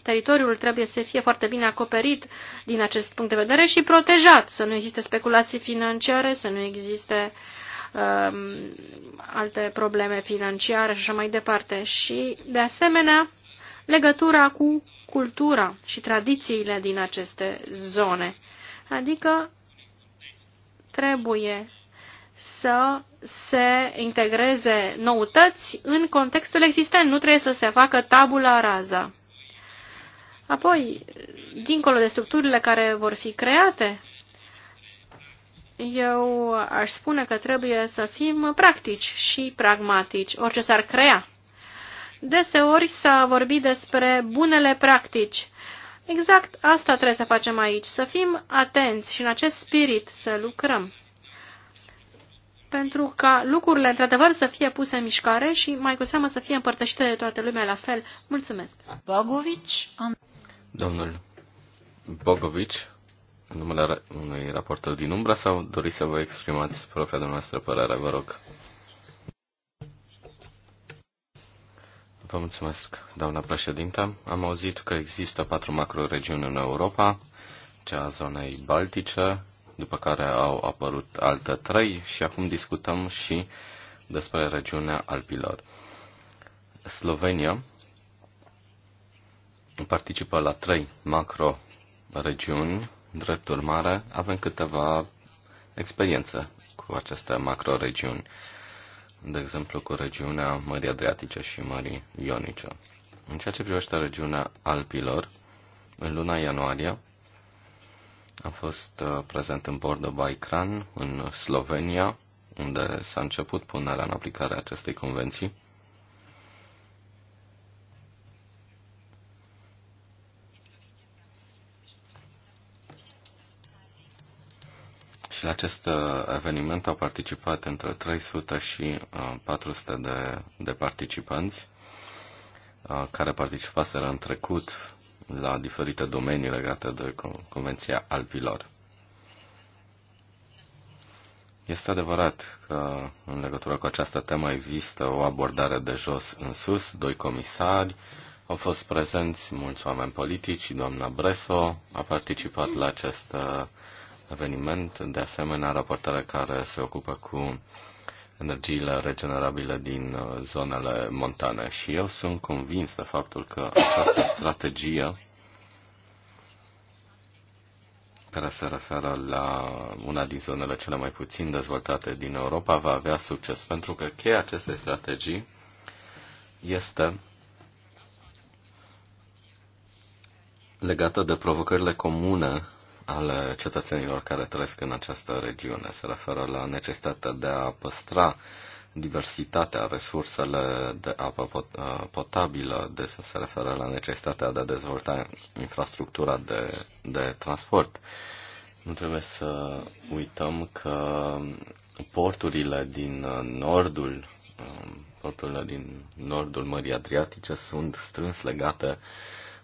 teritoriul trebuie să fie foarte bine acoperit din acest punct de vedere și protejat, să nu existe speculații financiare, să nu existe um, alte probleme financiare și așa mai departe. Și, de asemenea, legătura cu cultura și tradițiile din aceste zone. Adică trebuie să se integreze noutăți în contextul existent. Nu trebuie să se facă tabula raza. Apoi, dincolo de structurile care vor fi create, eu aș spune că trebuie să fim practici și pragmatici, orice s-ar crea. Deseori s-a vorbit despre bunele practici. Exact asta trebuie să facem aici, să fim atenți și în acest spirit să lucrăm. Pentru ca lucrurile, într-adevăr, să fie puse în mișcare și, mai cu seamă, să fie împărtășite de toată lumea la fel. Mulțumesc! Bogovici, Domnul Bogovic, în numele unui raportor din umbra sau doriți să vă exprimați propria dumneavoastră părere, vă rog. Vă mulțumesc, doamna președintă. Am auzit că există patru macroregiuni în Europa, cea a zonei Baltice, după care au apărut alte trei și acum discutăm și despre regiunea Alpilor. Slovenia participă la trei macro-regiuni. Drept urmare, avem câteva experiențe cu aceste macro-regiuni, de exemplu cu regiunea Mării Adriatice și Mării Ionice. În ceea ce privește regiunea Alpilor, în luna ianuarie am fost uh, prezent în Bordo Baikran, în Slovenia, unde s-a început punerea în aplicare a acestei convenții. la acest uh, eveniment au participat între 300 și 400 uh, de, de participanți uh, care participaseră în trecut la diferite domenii legate de Convenția Alpilor. Este adevărat că în legătură cu această temă există o abordare de jos în sus, doi comisari, au fost prezenți mulți oameni politici, doamna Breso a participat la această uh, eveniment. De asemenea, raportare care se ocupă cu energiile regenerabile din uh, zonele montane. Și eu sunt convins de faptul că această strategie care se referă la una din zonele cele mai puțin dezvoltate din Europa va avea succes, pentru că cheia acestei strategii este legată de provocările comune al cetățenilor care trăiesc în această regiune. Se referă la necesitatea de a păstra diversitatea, resursele de apă uh, potabilă, de, se referă la necesitatea de a dezvolta infrastructura de, de transport. Nu trebuie să uităm că porturile din uh, nordul um, porturile din nordul Mării Adriatice sunt strâns legate uh,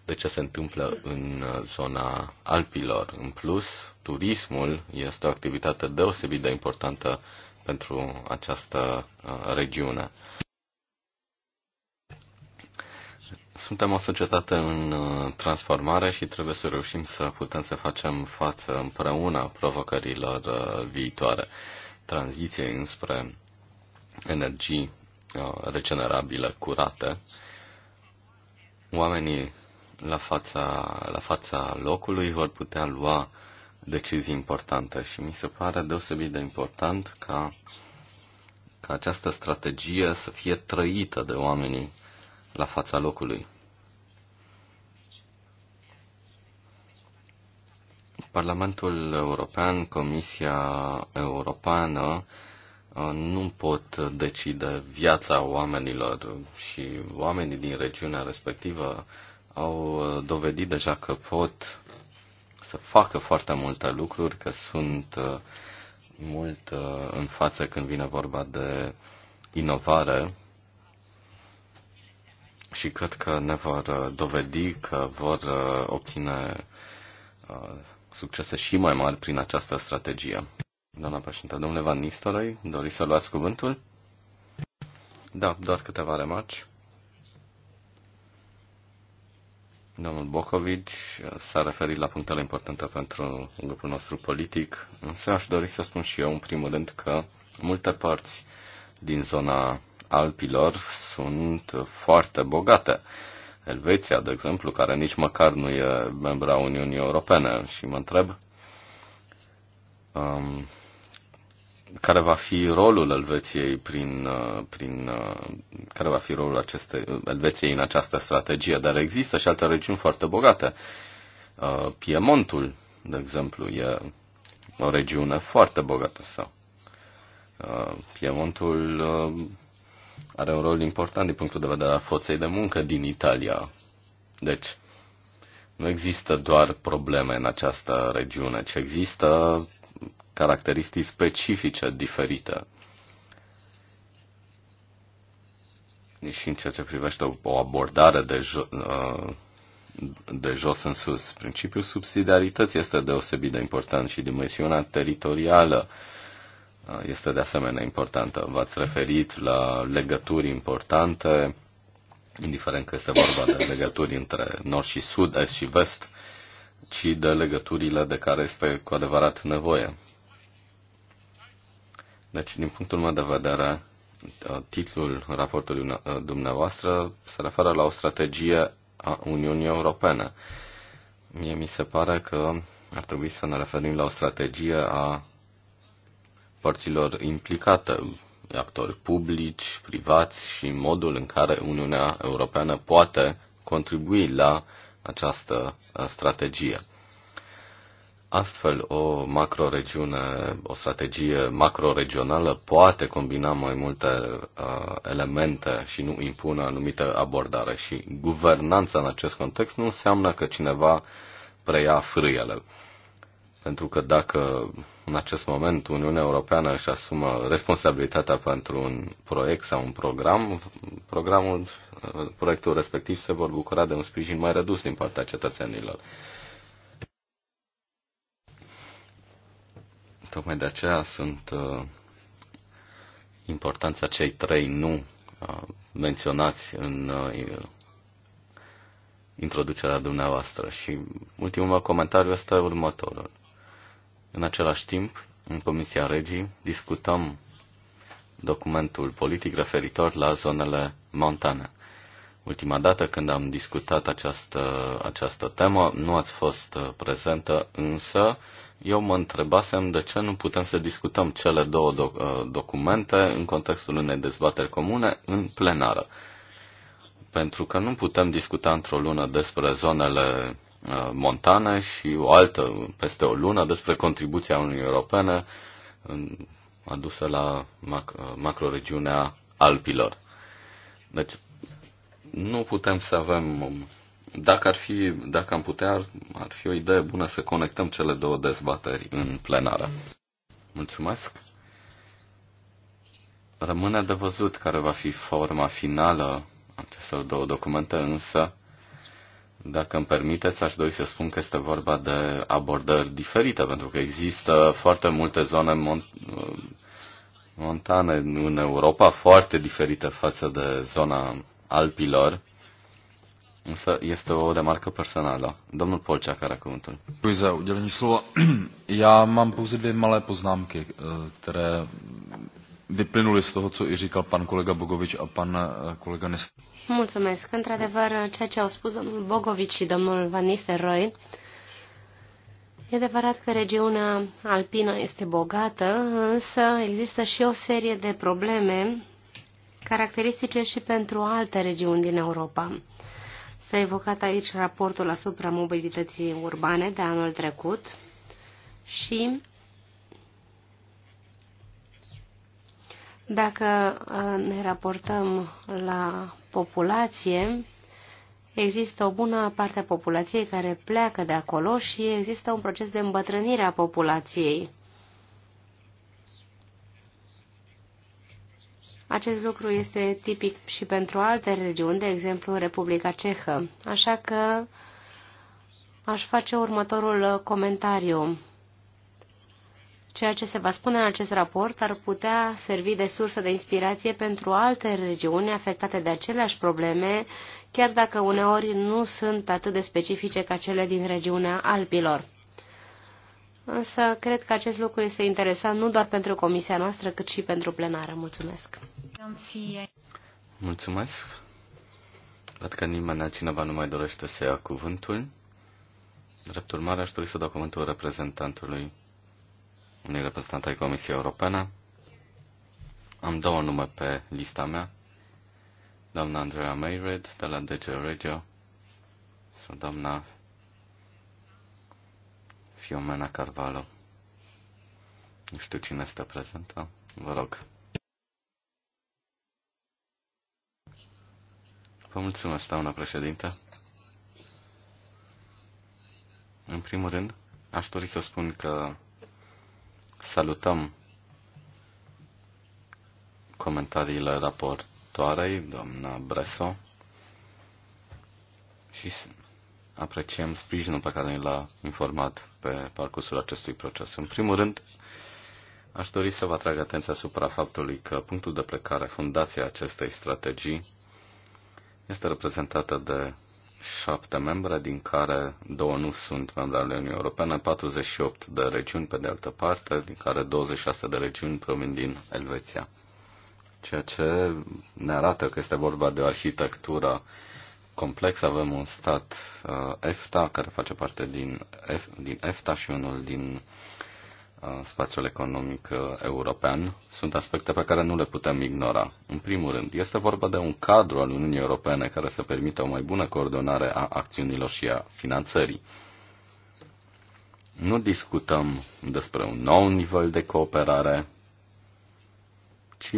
de ce se întâmplă în uh, zona Alpilor. În plus, turismul este o activitate deosebit de importantă pentru această uh, regiune. Suntem o societate în uh, transformare și trebuie să reușim să putem să facem față împreună provocărilor viitoare. Tranziție înspre energii regenerabile, curate. Oamenii la fața, la fața locului vor putea lua decizii importante și mi se pare deosebit de important ca, ca această strategie să fie trăită de oamenii la fața locului. Parlamentul European, Comisia Europeană uh, nu pot decide viața oamenilor și oamenii din regiunea respectivă au uh, dovedit deja că pot să facă foarte multe lucruri, că sunt uh, mult uh, în față când vine vorba de inovare și cred că ne vor dovedi că vor obține succese și mai mari prin această strategie. Doamna președinte, domnule Van Nistelrooy, doriți să luați cuvântul? Da, doar câteva remarci. Domnul Bocovici s-a referit la punctele importante pentru grupul nostru politic, însă aș dori să spun și eu, în primul rând, că multe părți din zona Alpilor sunt foarte bogate. Elveția, de exemplu, care nici măcar nu e membra Uniunii Europene. Și mă întreb um, care va fi rolul Elveției prin, uh, prin uh, care va fi rolul aceste, uh, Elveției în această strategie, dar există și alte regiuni foarte bogate. Piemontul, de exemplu, e o regiune foarte bogată sau Piemontul are un rol important din punctul de vedere al forței de muncă din Italia. Deci, nu există doar probleme în această regiune, ci există caracteristici specifice diferite. Și în ceea ce privește o abordare de, jo- uh, de jos în sus, principiul subsidiarității este deosebit de important și dimensiunea teritorială uh, este de asemenea importantă. V-ați referit la legături importante, indiferent că este vorba de legături între nord și sud, est și vest, ci de legăturile de care este cu adevărat nevoie. Deci, din punctul meu de vedere, uh, titlul raportului uh, dumneavoastră se referă la o strategie a Uniunii Europene. Mie mi se pare că ar trebui să ne referim la o strategie a părților implicate, actori publici, privați și modul în care Uniunea Europeană poate contribui la această uh, strategie. Astfel, o macroregiune, o strategie macroregională poate combina mai multe uh, elemente și nu impune anumită abordare. Și guvernanța în acest context nu înseamnă că cineva preia frâiele. Pentru că dacă în acest moment Uniunea Europeană își asumă responsabilitatea pentru un proiect sau un program, programul, proiectul respectiv se vor bucura de un sprijin mai redus din partea cetățenilor. Tocmai de aceea sunt uh, importanța cei trei nu uh, menționați în uh, introducerea dumneavoastră. Și ultimul meu comentariu este următorul. În același timp, în Comisia Regii discutăm documentul politic referitor la zonele montane. Ultima dată când am discutat această, această temă, nu ați fost uh, prezentă, însă eu mă întrebasem de ce nu putem să discutăm cele două doc- uh, documente în contextul unei dezbateri comune în plenară. Pentru că nu putem discuta într-o lună despre zonele Uh, Montana și o altă peste o lună despre contribuția Uniunii Europene adusă la mac- uh, macroregiunea Alpilor. Deci nu putem să avem um, dacă ar fi, dacă am putea, ar, ar fi o idee bună să conectăm cele două dezbateri în plenară. Mulțumesc. Rămâne de văzut care va fi forma finală acestor două documente, însă dacă îmi permiteți, aș dori să spun că este vorba de abordări diferite, pentru că există foarte multe zone mont- montane în Europa, foarte diferite față de zona Alpilor, însă este o remarcă personală. Domnul Polcea, care a cuvântul. Děkuji za udělení slova. Já mám pouze dvě malé poznámky, eh, které vyplynuli z toho, co i říkal pan kolega Bogovič a pan eh, kolega Nestor. Mulțumesc. Într-adevăr, ceea ce au spus domnul Bogovic și domnul Van Nistelrooy, E adevărat că regiunea alpină este bogată, însă există și o serie de probleme caracteristice și pentru alte regiuni din Europa. S-a evocat aici raportul asupra mobilității urbane de anul trecut și Dacă uh, ne raportăm la populație, există o bună parte a populației care pleacă de acolo și există un proces de îmbătrânire a populației. Acest lucru este tipic și pentru alte regiuni, de exemplu Republica Cehă. Așa că aș face următorul uh, comentariu. Ceea ce se va spune în acest raport ar putea servi de sursă de inspirație pentru alte regiuni afectate de aceleași probleme, chiar dacă uneori nu sunt atât de specifice ca cele din regiunea Alpilor. Însă cred că acest lucru este interesant nu doar pentru comisia noastră, cât și pentru plenară. Mulțumesc! Mulțumesc! Văd că nimeni altcineva nu mai dorește să ia cuvântul. Drept urmare, aș dori să dau cuvântul reprezentantului unui reprezentant al Comisiei Europene. Am două nume pe lista mea. Doamna Andrea Mayred de la DG Radio sau doamna Fiomena Carvalho. Nu știu cine este prezentă. Vă rog. Vă mulțumesc, doamna președinte. În primul rând, aș dori să spun că Salutăm comentariile raportoarei, doamna Breso, și apreciem sprijinul pe care ni l-a informat pe parcursul acestui proces. În primul rând, aș dori să vă atrag atenția asupra faptului că punctul de plecare, fundația acestei strategii, este reprezentată de șapte membre, din care două nu sunt membre ale Uniunii Europene, 48 de regiuni pe de altă parte, din care 26 de regiuni provin din Elveția. Ceea ce ne arată că este vorba de o arhitectură complexă. Avem un stat uh, EFTA, care face parte din, F, din EFTA și unul din spațiul economic uh, european sunt aspecte pe care nu le putem ignora. În primul rând, este vorba de un cadru al Uniunii Europene care să permită o mai bună coordonare a acțiunilor și a finanțării. Nu discutăm despre un nou nivel de cooperare, ci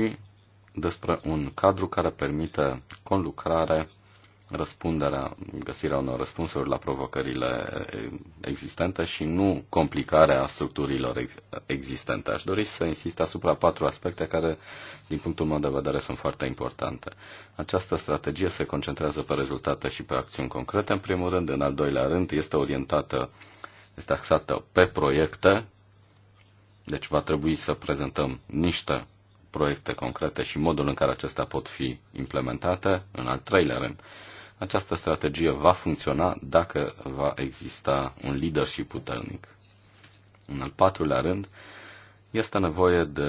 despre un cadru care permite conlucrare răspunderea, găsirea unor răspunsuri la provocările existente și nu complicarea structurilor existente. Aș dori să insist asupra patru aspecte care, din punctul meu de vedere, sunt foarte importante. Această strategie se concentrează pe rezultate și pe acțiuni concrete, în primul rând, în al doilea rând, este orientată, este axată pe proiecte, deci va trebui să prezentăm niște proiecte concrete și modul în care acestea pot fi implementate, în al treilea rând această strategie va funcționa dacă va exista un lider și puternic. În al patrulea rând, este nevoie de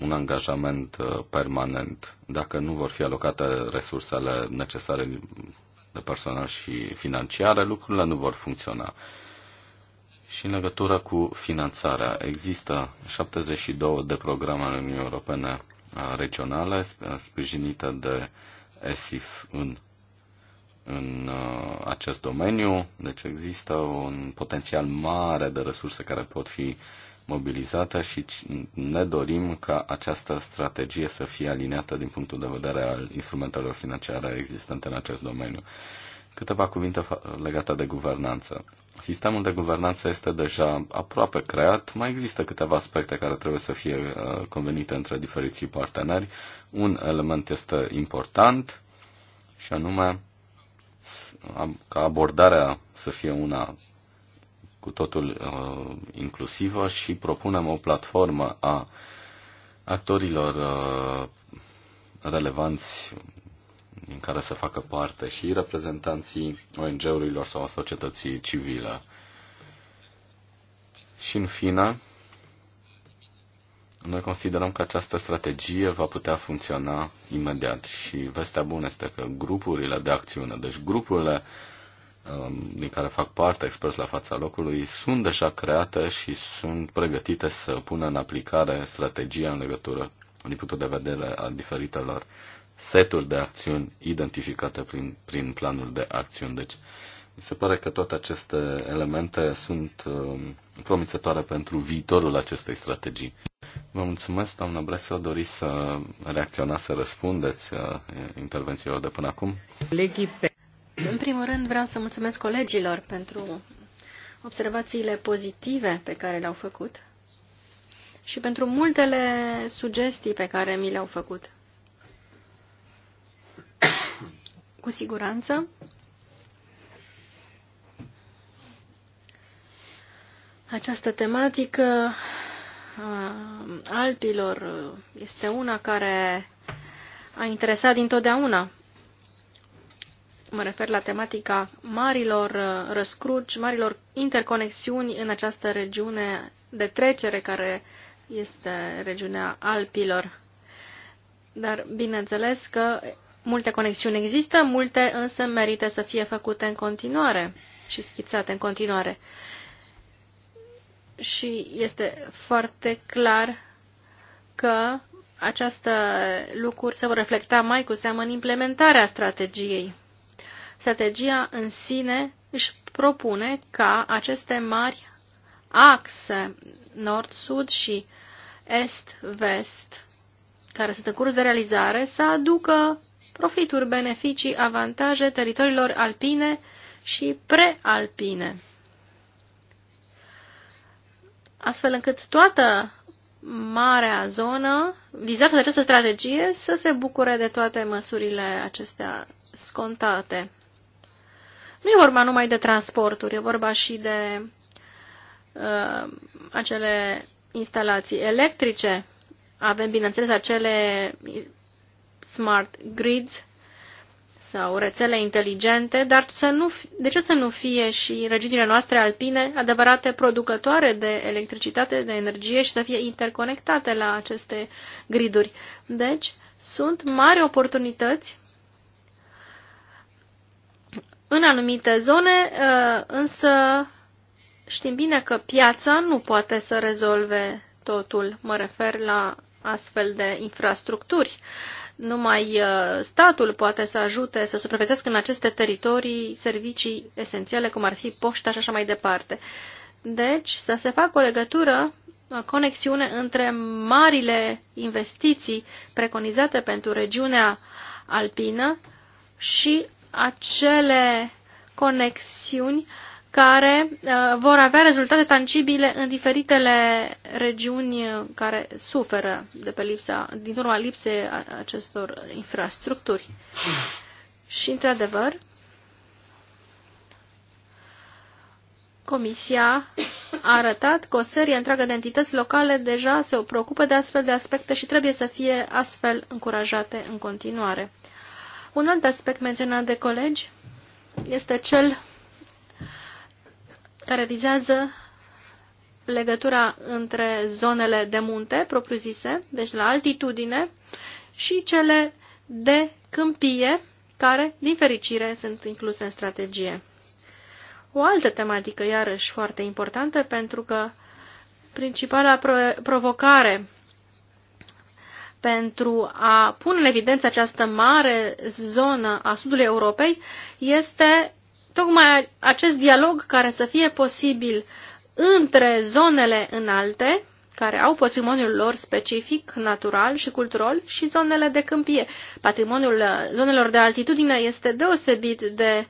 un angajament uh, permanent. Dacă nu vor fi alocate resursele necesare de personal și financiare, lucrurile nu vor funcționa. Și în legătură cu finanțarea, există 72 de programe ale Uniunii Europene uh, regionale sprijinite de ESIF în în uh, acest domeniu, deci există un potențial mare de resurse care pot fi mobilizate și ne dorim ca această strategie să fie aliniată din punctul de vedere al instrumentelor financiare existente în acest domeniu. Câteva cuvinte legate de guvernanță. Sistemul de guvernanță este deja aproape creat, mai există câteva aspecte care trebuie să fie uh, convenite între diferiții parteneri. Un element este important și anume ca abordarea să fie una cu totul uh, inclusivă și propunem o platformă a actorilor uh, relevanți din care să facă parte și reprezentanții ONG-urilor sau a societății civile. Și în fine, noi considerăm că această strategie va putea funcționa imediat și vestea bună este că grupurile de acțiune, deci grupurile um, din care fac parte expres la fața locului, sunt deja create și sunt pregătite să pună în aplicare strategia în legătură, din punctul de vedere al diferitelor seturi de acțiuni identificate prin, prin planul de acțiuni. Deci, mi se pare că toate aceste elemente sunt um, promițătoare pentru viitorul acestei strategii. Vă mulțumesc, doamnă Bresă. Doriți să reacționați, să răspundeți uh, intervențiilor de până acum? În primul rând vreau să mulțumesc colegilor pentru observațiile pozitive pe care le-au făcut și pentru multele sugestii pe care mi le-au făcut. Cu siguranță această tematică Alpilor este una care a interesat dintotdeauna. Mă refer la tematica marilor uh, răscruci, marilor interconexiuni în această regiune de trecere care este regiunea Alpilor. Dar bineînțeles că multe conexiuni există, multe însă merită să fie făcute în continuare și schițate în continuare și este foarte clar că această lucruri se vor reflecta mai cu seamă în implementarea strategiei. Strategia în sine își propune ca aceste mari axe nord-sud și est-vest, care sunt în curs de realizare, să aducă profituri, beneficii, avantaje teritoriilor alpine și prealpine astfel încât toată marea zonă vizată de această strategie să se bucure de toate măsurile acestea scontate. Nu e vorba numai de transporturi, e vorba și de uh, acele instalații electrice. Avem, bineînțeles, acele smart grids sau rețele inteligente, dar să nu, de ce să nu fie și regiunile noastre alpine adevărate producătoare de electricitate, de energie și să fie interconectate la aceste griduri? Deci, sunt mari oportunități în anumite zone, uh, însă știm bine că piața nu poate să rezolve totul. Mă refer la astfel de infrastructuri. Uh, numai uh, statul poate să ajute să supraviețească în aceste teritorii servicii esențiale, cum ar fi poșta și așa mai departe. Deci, să se facă o legătură, o conexiune între marile investiții preconizate pentru regiunea alpină și acele conexiuni uh, care uh, vor avea rezultate tangibile în diferitele regiuni care suferă de pe lipsa, din urma lipsei acestor infrastructuri. Și, într-adevăr, Comisia a arătat că o serie întreagă de entități locale deja se preocupă de astfel de aspecte și trebuie să fie astfel încurajate în continuare. Un alt aspect menționat de colegi este cel care vizează legătura între zonele de munte, propriu-zise, deci la altitudine, și cele de câmpie, care, din fericire, sunt incluse în strategie. O altă tematică, iarăși, foarte importantă, pentru că principala provocare pentru a pune în evidență această mare zonă a sudului Europei este tocmai acest dialog care să fie posibil între zonele înalte, care au patrimoniul lor specific, natural și cultural, și zonele de câmpie. Patrimoniul uh, zonelor de altitudine este deosebit de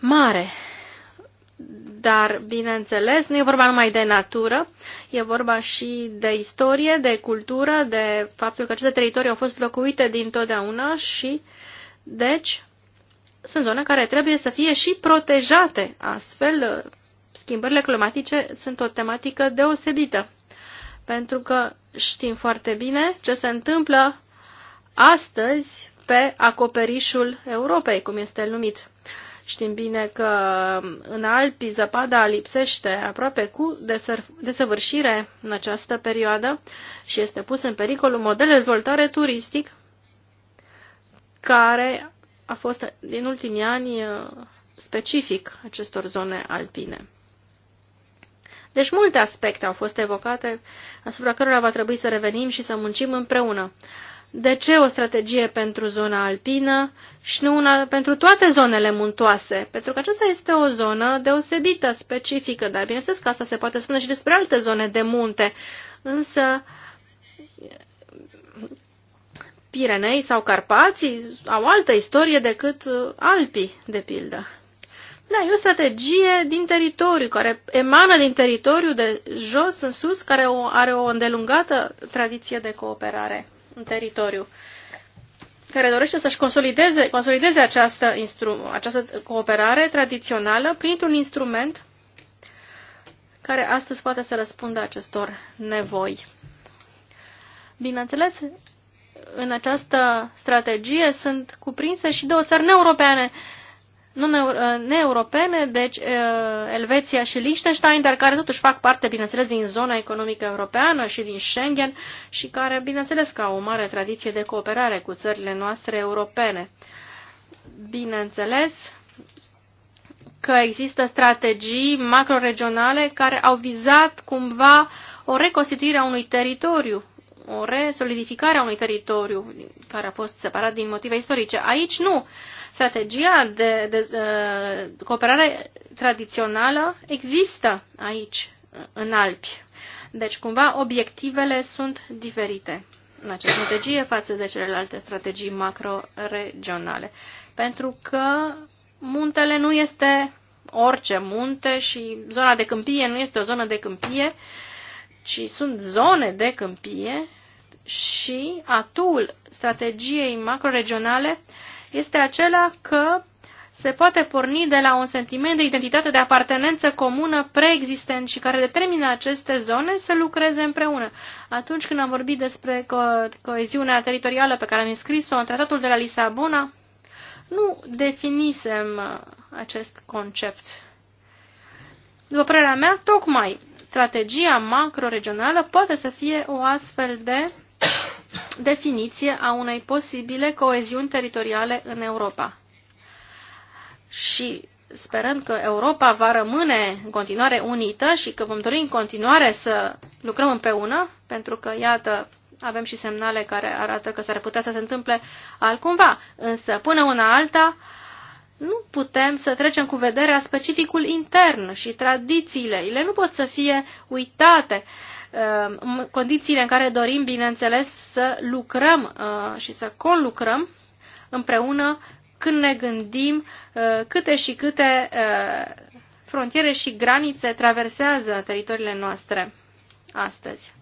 mare. Dar, bineînțeles, nu e vorba numai de natură, e vorba și de istorie, de cultură, de faptul că aceste teritorii au fost locuite dintotdeauna și, deci, sunt zone care trebuie să fie și protejate. Astfel, uh, schimbările climatice sunt o tematică deosebită, pentru că știm foarte bine ce se întâmplă astăzi pe acoperișul Europei, cum este numit. Știm bine că uh, în Alpi zăpada lipsește aproape cu desăvârșire în această perioadă și este pus în pericol un model de dezvoltare turistic care a fost din ultimii ani uh, specific acestor zone alpine. Deci multe aspecte au fost evocate asupra cărora va trebui să revenim și să muncim împreună. De ce o strategie pentru zona alpină și nu una pentru toate zonele muntoase? Pentru că aceasta este o zonă deosebită, specifică, dar bineînțeles că asta se poate spune și despre alte zone de munte. Însă Pirenei sau Carpații au altă istorie decât uh, Alpii, de pildă. Da, e o strategie din teritoriu, care emană din teritoriu de jos în sus, care o, are o îndelungată tradiție de cooperare în teritoriu, care dorește să-și consolideze, consolideze această, instru, această cooperare tradițională printr-un instrument care astăzi poate să răspundă acestor nevoi. Bineînțeles, în această strategie sunt cuprinse și două țări neeuropene, nu uh, neeuropene, deci uh, Elveția și Liechtenstein, dar care totuși fac parte, bineînțeles, din zona economică europeană și din Schengen și care, bineînțeles, că au o mare tradiție de cooperare cu țările noastre europene. Bineînțeles că există strategii macroregionale care au vizat cumva o reconstituire a unui teritoriu o resolidificare a unui teritoriu care a fost separat din motive istorice. Aici nu. Strategia de, de, de uh, cooperare tradițională există aici, uh, în Alpi. Deci, cumva, obiectivele sunt diferite în această strategie față de celelalte strategii macro-regionale. Pentru că muntele nu este orice munte și zona de câmpie nu este o zonă de câmpie, ci sunt zone de câmpie și atul strategiei macroregionale este acela că se poate porni de la un sentiment de identitate, de apartenență comună preexistent și care determină aceste zone să lucreze împreună. Atunci când am vorbit despre co- coeziunea teritorială pe care am înscris-o în tratatul de la Lisabona, nu definisem uh, acest concept. După părerea mea, tocmai strategia macroregională poate să fie o astfel de definiție a unei posibile coeziuni teritoriale în Europa. Și sperând că Europa va rămâne în continuare unită și că vom dori în continuare să lucrăm împreună, pentru că, iată, avem și semnale care arată că s-ar putea să se întâmple altcumva. Însă, până una alta, nu putem să trecem cu vederea specificul intern și tradițiile. Ele nu pot să fie uitate. Uh, Ehm, condițiile în care dorim, bineînțeles, să lucrăm uh, și să conlucrăm împreună când ne gândim uh, câte și câte uh, frontiere și granițe traversează teritoriile noastre astăzi.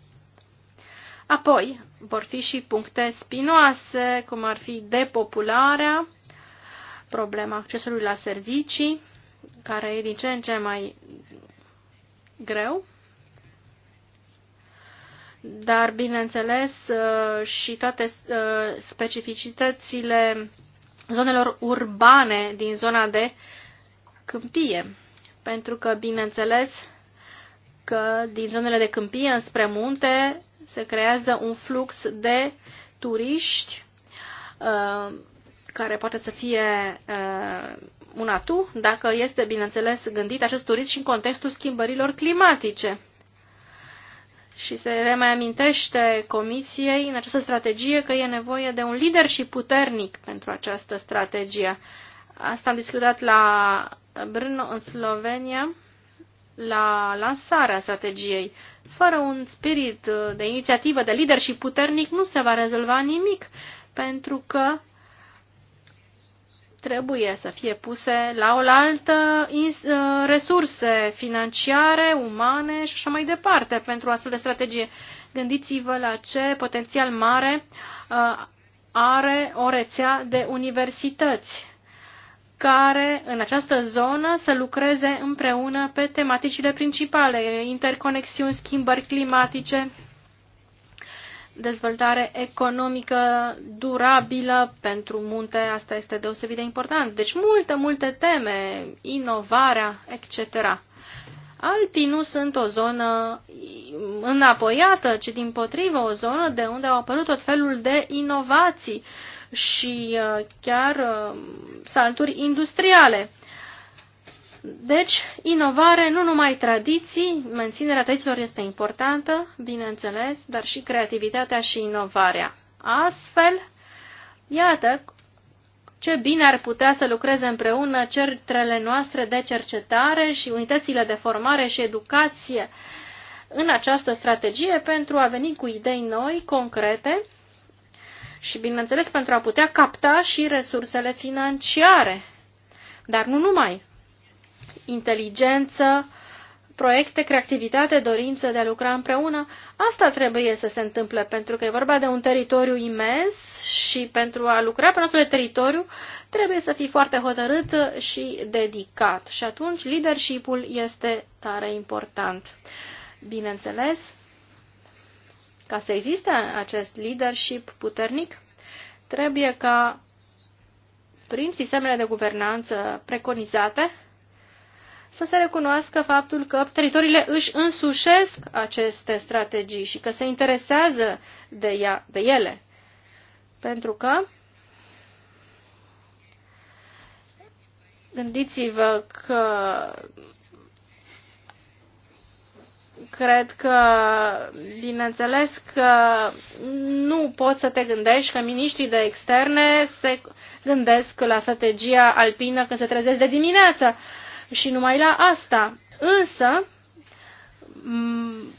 Apoi, vor fi și puncte spinoase, cum ar fi depopularea, problema accesului la servicii, care e din ce în ce mai greu dar bineînțeles uh, și toate uh, specificitățile zonelor urbane din zona de câmpie. Pentru că, bineînțeles, că din zonele de câmpie înspre munte se creează un flux de turiști uh, care poate să fie una tu, dacă este, bineînțeles, gândit acest turist și în contextul schimbărilor climatice și se reamintește Comisiei în această strategie că e nevoie de un lider și puternic pentru această strategie. Asta am discutat la Brno, în Slovenia, la lansarea strategiei. Fără un spirit de inițiativă, de lider și puternic, nu se va rezolva nimic, pentru că trebuie să fie puse la oaltă uh, resurse financiare, umane și așa mai departe pentru astfel de strategie. Gândiți-vă la ce potențial mare uh, are o rețea de universități care în această zonă să lucreze împreună pe tematicile principale, interconexiuni, schimbări climatice, dezvoltare economică durabilă pentru munte, asta este deosebit de important. Deci multe, multe teme, inovarea, etc. Alpii nu sunt o zonă înapoiată, ci din potrivă o zonă de unde au apărut tot felul de inovații și uh, chiar uh, salturi industriale. Deci, inovare, nu numai tradiții, menținerea tradițiilor este importantă, bineînțeles, dar și creativitatea și inovarea. Astfel, iată ce bine ar putea să lucreze împreună centrele noastre de cercetare și unitățile de formare și educație în această strategie pentru a veni cu idei noi, concrete și, bineînțeles, pentru a putea capta și resursele financiare. Dar nu numai inteligență, proiecte, creativitate, dorință de a lucra împreună. Asta trebuie să se întâmple, pentru că e vorba de un teritoriu imens și pentru a lucra pe nostru de teritoriu trebuie să fii foarte hotărât și dedicat. Și atunci leadership-ul este tare important. Bineînțeles, ca să existe acest leadership puternic, trebuie ca prin sistemele de guvernanță preconizate, să se recunoască faptul că teritoriile își însușesc aceste strategii și că se interesează de, ea, de ele. Pentru că gândiți-vă că cred că, bineînțeles că nu poți să te gândești că miniștrii de externe se gândesc la strategia alpină când se trezesc de dimineață. Uh, și numai la asta. Însă,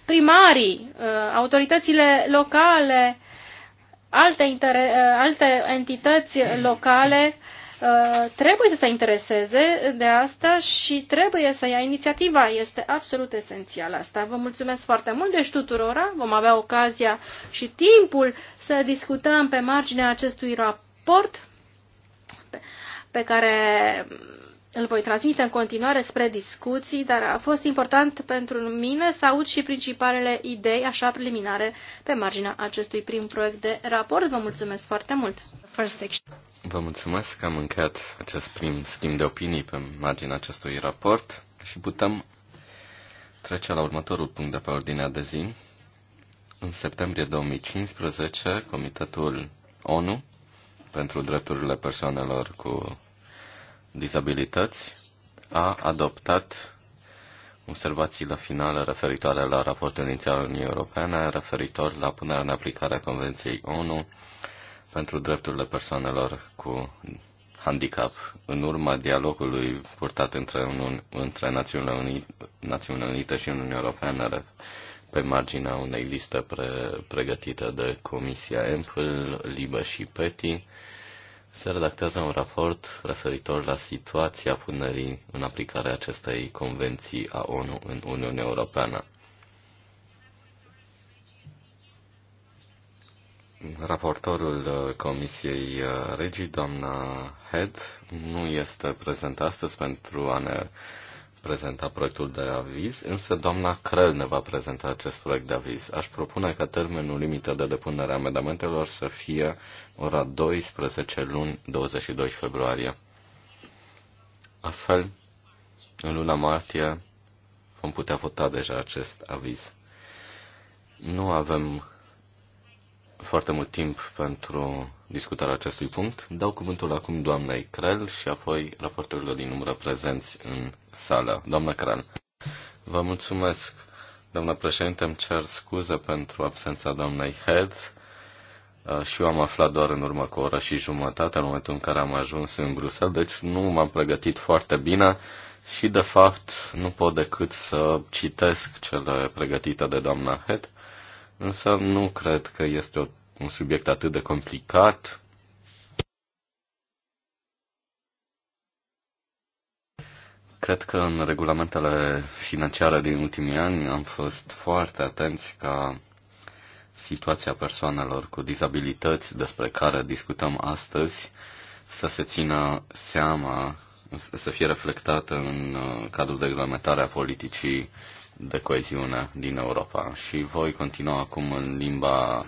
primarii, uh, autoritățile locale, alte, inter- uh, alte entități locale uh, trebuie să se intereseze de asta și trebuie să ia inițiativa. Este absolut esențial asta. Vă mulțumesc foarte mult, deci tuturora vom avea ocazia și timpul să discutăm pe marginea acestui raport pe care îl voi transmite în continuare spre discuții, dar a fost important pentru mine să aud și principalele idei, așa preliminare, pe marginea acestui prim proiect de raport. Vă mulțumesc foarte mult! Vă mulțumesc că am încheiat acest prim schimb de opinii pe marginea acestui raport și putem trece la următorul punct de pe ordinea de zi. În septembrie 2015, Comitetul ONU pentru drepturile persoanelor cu dizabilități a adoptat observațiile finale referitoare la raportul inițial al Uniunii Europene, referitor la punerea în aplicare a Convenției ONU pentru drepturile persoanelor cu handicap, în urma dialogului purtat între, un, între Națiunile, Unite, Națiunile Unite și Uniunea Europeană pe marginea unei liste pre, pregătite de Comisia EMPL, Libă și PETI, se redactează un raport referitor la situația punerii în aplicare acestei convenții a ONU în Uniunea Europeană. Raportorul uh, Comisiei uh, Regii, doamna Head, nu este prezent astăzi pentru a ne prezenta proiectul de aviz, însă doamna Crel ne va prezenta acest proiect de aviz. Aș propune ca termenul limită de depunere a amendamentelor să fie ora 12 luni 22 februarie. Astfel, în luna martie vom putea vota deja acest aviz. Nu avem foarte mult timp pentru discutarea acestui punct. Dau cuvântul acum doamnei Crel și apoi raportorilor din numără prezenți în sală. Doamna Crel, vă mulțumesc. Doamna președinte, îmi cer scuze pentru absența doamnei Head uh, și eu am aflat doar în urmă cu o oră și jumătate, în momentul în care am ajuns în Bruxelles, deci nu m-am pregătit foarte bine și, de fapt, nu pot decât să citesc cele pregătite de doamna Head însă nu cred că este un subiect atât de complicat. Cred că în regulamentele financiare din ultimii ani am fost foarte atenți ca situația persoanelor cu dizabilități despre care discutăm astăzi să se țină seama, să fie reflectată în uh, cadrul de reglementare a politicii de coeziune din Europa. Și voi continua acum în limba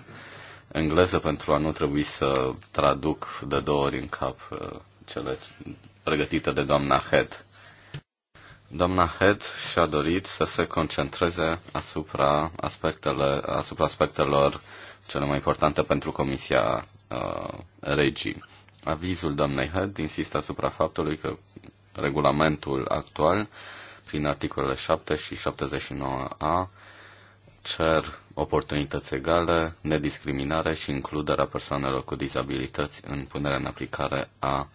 engleză pentru a nu trebui să traduc de două ori în cap uh, cele pregătite de doamna Head. Doamna Head și-a dorit să se concentreze asupra, aspectele, asupra aspectelor cele mai importante pentru Comisia uh, Regii. Avizul doamnei Head insistă asupra faptului că regulamentul actual uh, prin articolele 7 și 79a, cer oportunități egale, nediscriminare și includerea persoanelor cu dizabilități în punerea în aplicare a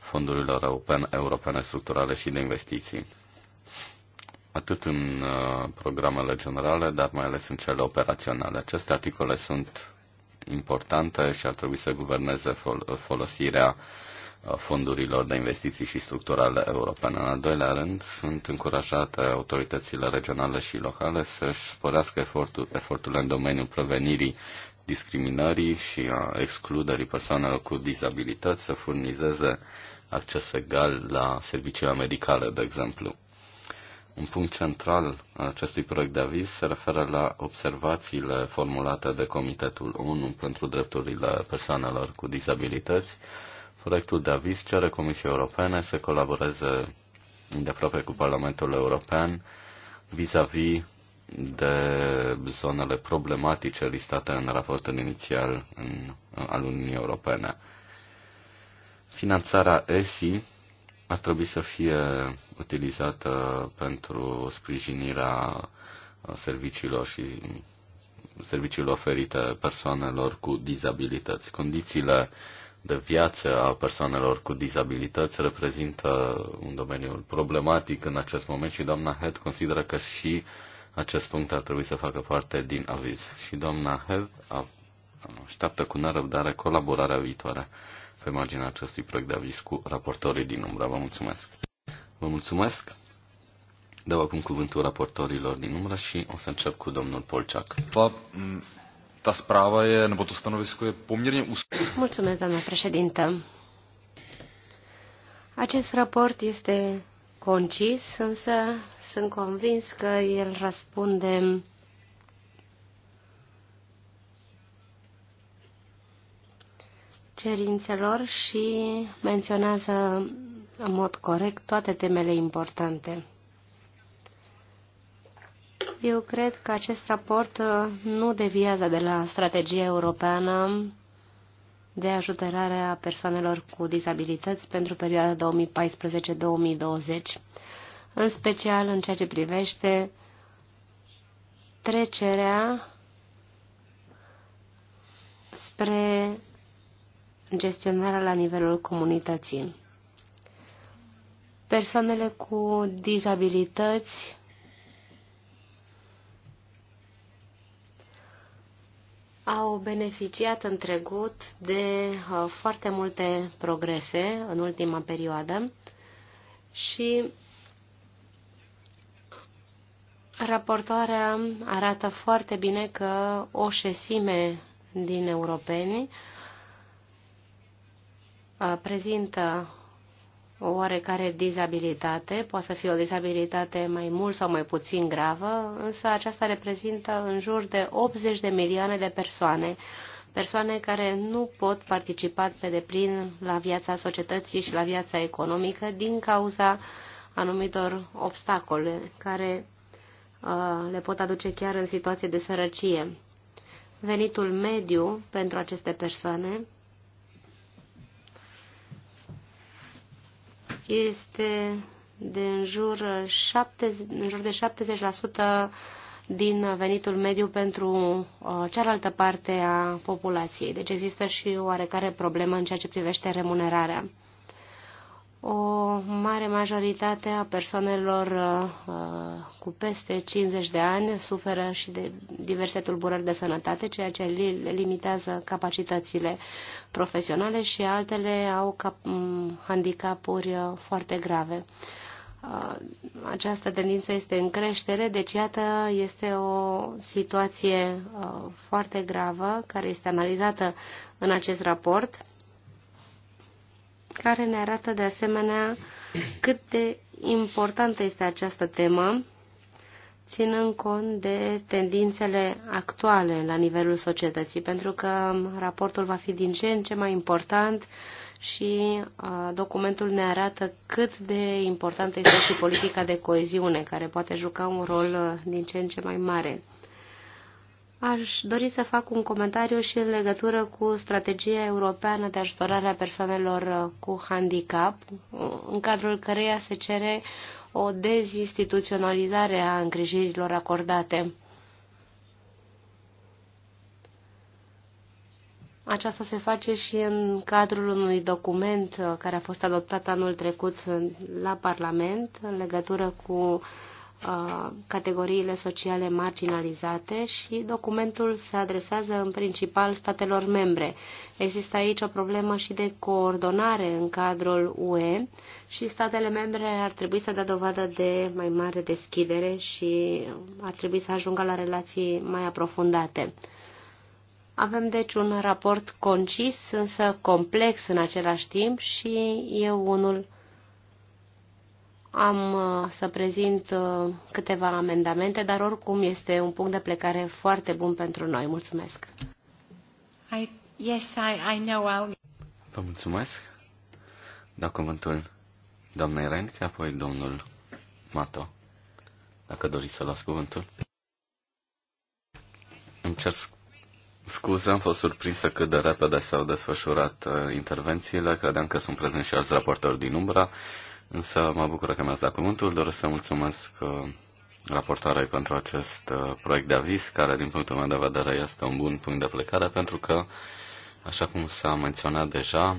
fondurilor europene, europene structurale și de investiții. Atât în uh, programele generale, dar mai ales în cele operaționale. Aceste articole sunt importante și ar trebui să guverneze fol- folosirea uh, fondurilor de investiții și structurale europene. În al doilea rând, sunt încurajate autoritățile regionale și locale să-și sporească efortul, eforturile în domeniul prevenirii discriminării și a excluderii persoanelor cu dizabilități, să furnizeze acces egal la serviciile medicale, de exemplu. Un punct central al acestui proiect de aviz se referă la observațiile formulate de Comitetul ONU pentru drepturile persoanelor cu dizabilități, Proiectul de aviz cere Comisiei Europene să colaboreze de aproape cu Parlamentul European vis-a-vis -vis de zonele problematice listate în raportul inițial în, al Uniunii Europene. Finanțarea ESI ar trebui să fie utilizată pentru sprijinirea serviciilor și serviciilor oferite persoanelor cu dizabilități. Condițiile uh, de viață a persoanelor cu dizabilități reprezintă un domeniu problematic în acest moment și doamna Head consideră că și acest punct ar trebui să facă parte din aviz. Și doamna Head așteaptă cu nerăbdare colaborarea viitoare pe marginea acestui proiect de aviz cu raportorii din umbră. Vă mulțumesc! Vă mulțumesc! Dau acum cuvântul raportorilor din umbră și o să încep cu domnul Polciac ta je, nebo to stanovisko je poměrně úzké. Mulțumesc, doamna președintă. Acest raport este concis, însă sunt convins că el răspunde cerințelor și menționează în mod corect toate temele importante. Eu cred că acest raport uh, nu deviază de la strategia europeană de ajutorare a persoanelor cu dizabilități pentru perioada 2014-2020, în special în ceea ce privește trecerea spre gestionarea la nivelul comunității. Persoanele cu dizabilități au beneficiat în trecut de uh, foarte multe progrese în ultima perioadă și raportoarea arată foarte bine că o șesime din europeni uh, prezintă o oarecare dizabilitate, poate să fie o dizabilitate mai mult sau mai puțin gravă, însă aceasta reprezintă în jur de 80 de milioane de persoane, persoane care nu pot participa pe deplin la viața societății și la viața economică din cauza anumitor obstacole care uh, le pot aduce chiar în situație de sărăcie. Venitul mediu pentru aceste persoane este de în jur, 70, în jur de 70% din venitul mediu pentru uh, cealaltă parte a populației. Deci există și oarecare problemă în ceea ce privește remunerarea o mare majoritate a persoanelor uh, uh cu peste 50 de ani suferă și de diverse tulburări de sănătate, ceea ce li limitează capacitățile profesionale și altele au cap handicapuri uh, foarte grave. Uh, această tendință este în creștere, deci iată este o situație uh, foarte gravă care este analizată în acest raport care ne arată de asemenea cât de importantă este această temă, ținând cont de tendințele actuale la nivelul societății, pentru că raportul va fi din ce în ce mai important și documentul ne arată cât de importantă este și politica de coeziune, care poate juca un rol din ce în ce mai mare. Aș dori să fac un comentariu și în legătură cu strategia europeană de ajutorare a persoanelor uh, cu handicap, uh, în cadrul căreia se cere o dezinstituționalizare a îngrijirilor acordate. Aceasta se face și în cadrul unui document uh, care a fost adoptat anul trecut la Parlament în legătură cu uh, categoriile sociale marginalizate și documentul se adresează în principal statelor membre. Există aici o problemă și de coordonare în cadrul UE și statele membre ar trebui să dea dovadă de mai mare deschidere și ar trebui să ajungă la relații mai aprofundate. Avem deci un raport concis, însă complex în același timp și eu unul am uh, să prezint uh, câteva amendamente, dar oricum este un punct de plecare foarte bun pentru noi. Mulțumesc. I, yes, I, I know I'll... Vă mulțumesc. Dau cuvântul doamnei Renke, apoi domnul Mato, dacă doriți să luați cuvântul. Îmi cer scuze, am fost surprinsă cât de repede s-au desfășurat uh, intervențiile. Credeam că sunt prezenți și alți raportori din umbra. Însă mă bucură că mi-ați dat cuvântul. Doresc să mulțumesc uh, raportoarei pentru acest uh, proiect de aviz, care din punctul meu de vedere este un bun punct de plecare, pentru că, așa cum s-a menționat deja,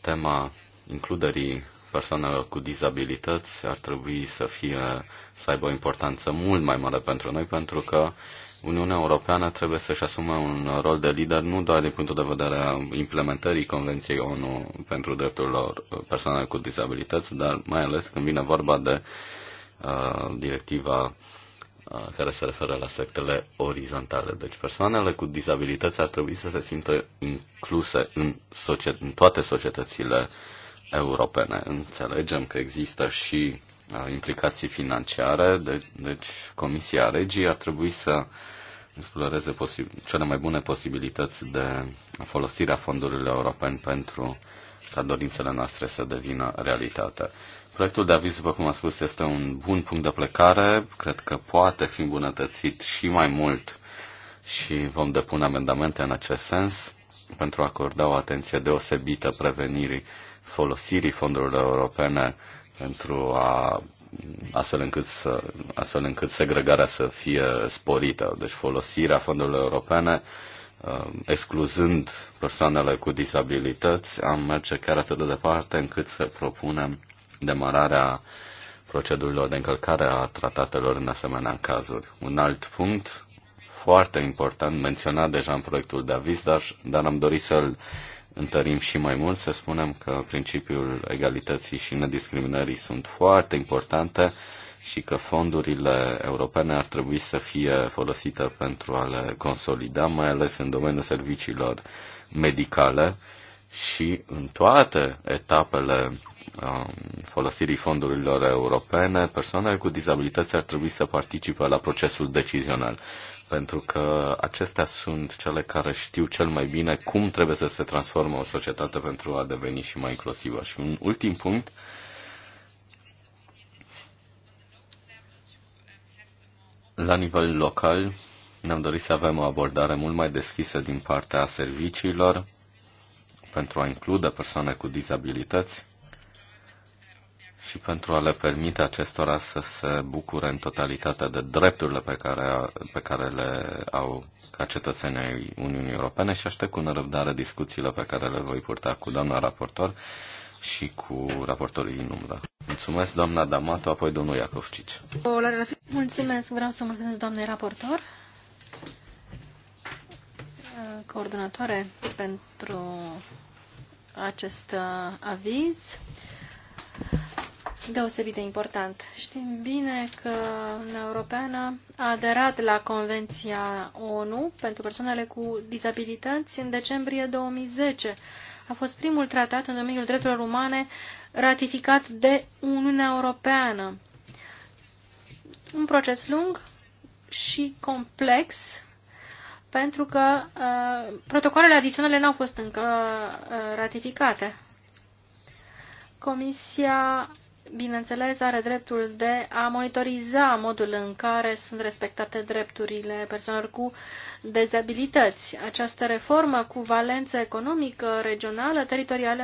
tema includerii persoanelor cu dizabilități ar trebui să fie să aibă o importanță mult mai mare pentru noi, pentru că uh, Uniunea Europeană trebuie să-și asume un rol de lider nu doar din punctul de vedere a implementării Convenției ONU pentru drepturile persoanelor cu dizabilități, dar mai ales când vine vorba de uh, directiva uh, care se referă la sectele orizontale. Deci persoanele cu dizabilități ar trebui să se simtă incluse în, societ- în toate societățile europene. Înțelegem că există și implicații financiare, de, deci Comisia Regii ar trebui să exploreze cele mai bune posibilități de folosire a fondurilor europene pentru ca dorințele noastre să devină realitate. Proiectul de aviz, după cum am spus, este un bun punct de plecare. Cred că poate fi îmbunătățit și mai mult și vom depune amendamente în acest sens pentru a acorda o atenție deosebită prevenirii folosirii fondurilor europene pentru a astfel încât, să, astfel încât segregarea să fie sporită. Deci folosirea fondurilor europene, um, excluzând persoanele cu disabilități, am merge chiar atât de departe încât să propunem demararea procedurilor de încălcare a tratatelor în asemenea cazuri. Un alt punct foarte important, menționat deja în proiectul de aviz, dar, dar am dorit să-l întărim și mai mult, să spunem că principiul egalității și nediscriminării sunt foarte importante și că fondurile europene ar trebui să fie folosite pentru a le consolida, mai ales în domeniul serviciilor medicale și în toate etapele Um, folosirii fondurilor europene, persoanele cu dizabilități ar trebui să participe la procesul decizional, pentru că acestea sunt cele care știu cel mai bine cum trebuie să se transformă o societate pentru a deveni și mai inclusivă. Și un ultim punct, la nivel local, ne-am dorit să avem o abordare mult mai deschisă din partea serviciilor pentru a include persoane cu dizabilități și pentru a le permite acestora să se bucure în totalitate de drepturile pe care, pe care le au ca cetățenii ai Uniunii Europene și aștept cu nerăbdare discuțiile pe care le voi purta cu doamna raportor și cu raportorii din umbră. Mulțumesc, doamna Damato, apoi domnul Iacovcici. Mulțumesc, vreau să mulțumesc doamnei raportor, coordonatoare pentru acest aviz deosebit de important. Știm bine că Uniunea Europeană a aderat la Convenția ONU pentru persoanele cu dizabilități în decembrie 2010. A fost primul tratat în domeniul drepturilor umane ratificat de Uniunea Europeană. Un proces lung și complex pentru că uh, protocoalele adiționale n-au fost încă uh, ratificate. Comisia bineînțeles, are dreptul de a monitoriza modul în care sunt respectate drepturile persoanelor cu dezabilități. Această reformă cu valență economică, regională, teritorială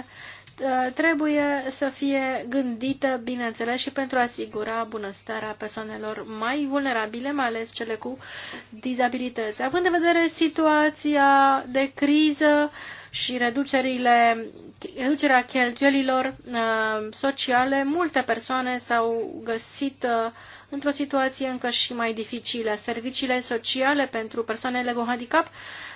ă, trebuie să fie gândită, bineînțeles, și pentru a asigura bunăstarea persoanelor mai vulnerabile, mai ales cele cu dizabilități. Având în vedere situația de criză, și reducerile, reducerea cheltuielilor uh, sociale, multe persoane s-au găsit uh, într-o situație încă și mai dificilă. Serviciile sociale pentru persoanele cu handicap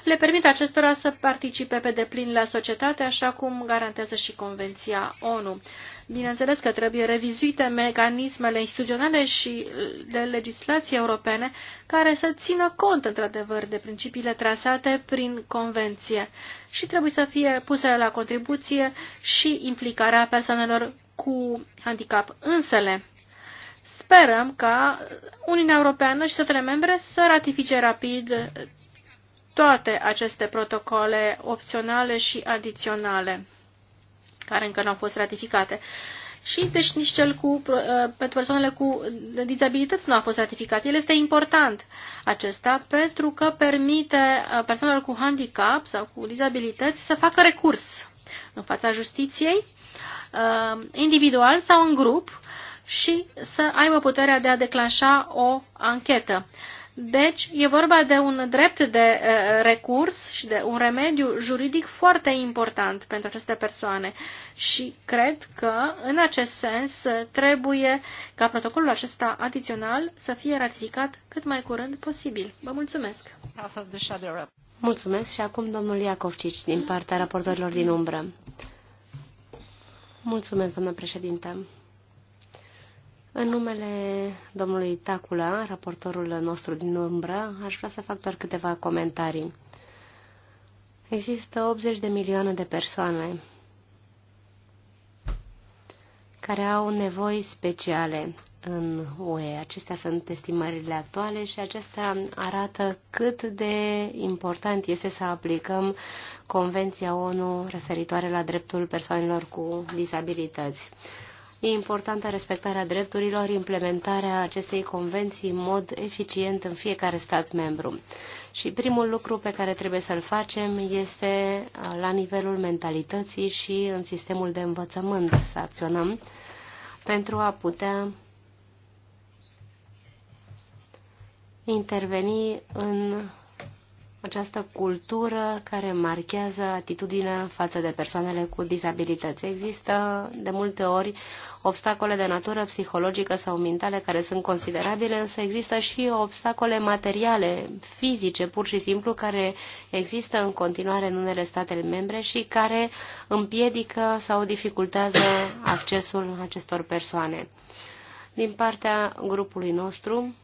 le permit acestora să participe pe deplin la societate, așa cum garantează și Convenția ONU. Bineînțeles că trebuie revizuite mecanismele instituționale și uh, de legislație europene care să țină cont, într-adevăr, de principiile trasate prin Convenție și trebuie să fie puse la contribuție și implicarea persoanelor cu handicap însele sperăm ca Uniunea Europeană și statele membre să ratifice rapid toate aceste protocole opționale și adiționale care încă nu au fost ratificate. Și deci nici cel cu, pentru persoanele cu dizabilități nu a fost ratificat. El este important acesta pentru că permite uh, persoanelor cu handicap sau cu dizabilități să facă recurs în fața justiției, uh, individual sau în grup, și să aibă puterea de a declanșa o anchetă. Deci, e vorba de un drept de eh, recurs și de un remediu juridic foarte important pentru aceste persoane și cred că, în acest sens, trebuie ca protocolul acesta adițional să fie ratificat cât mai curând posibil. Vă mulțumesc! Mulțumesc și acum domnul Iacovcici din partea raportorilor din umbră. Mulțumesc, doamnă președinte! În numele domnului Tacula, raportorul nostru din umbră, aș vrea să fac doar câteva comentarii. Există 80 de milioane de persoane care au nevoi speciale în UE. Acestea sunt estimările actuale și acestea arată cât de important este să aplicăm Convenția ONU referitoare la dreptul persoanelor cu disabilități. E importantă respectarea drepturilor, implementarea acestei convenții în mod eficient în fiecare stat membru. Și primul lucru pe care trebuie să-l facem este uh, la nivelul mentalității și în sistemul de învățământ să acționăm pentru a putea interveni în această cultură care marchează atitudinea față de persoanele cu dizabilități. Există de multe ori obstacole de natură psihologică sau mentale care sunt considerabile, însă există și obstacole materiale, fizice, pur și simplu, care există în continuare în unele statele membre și care împiedică sau dificultează accesul acestor persoane. Din partea grupului nostru,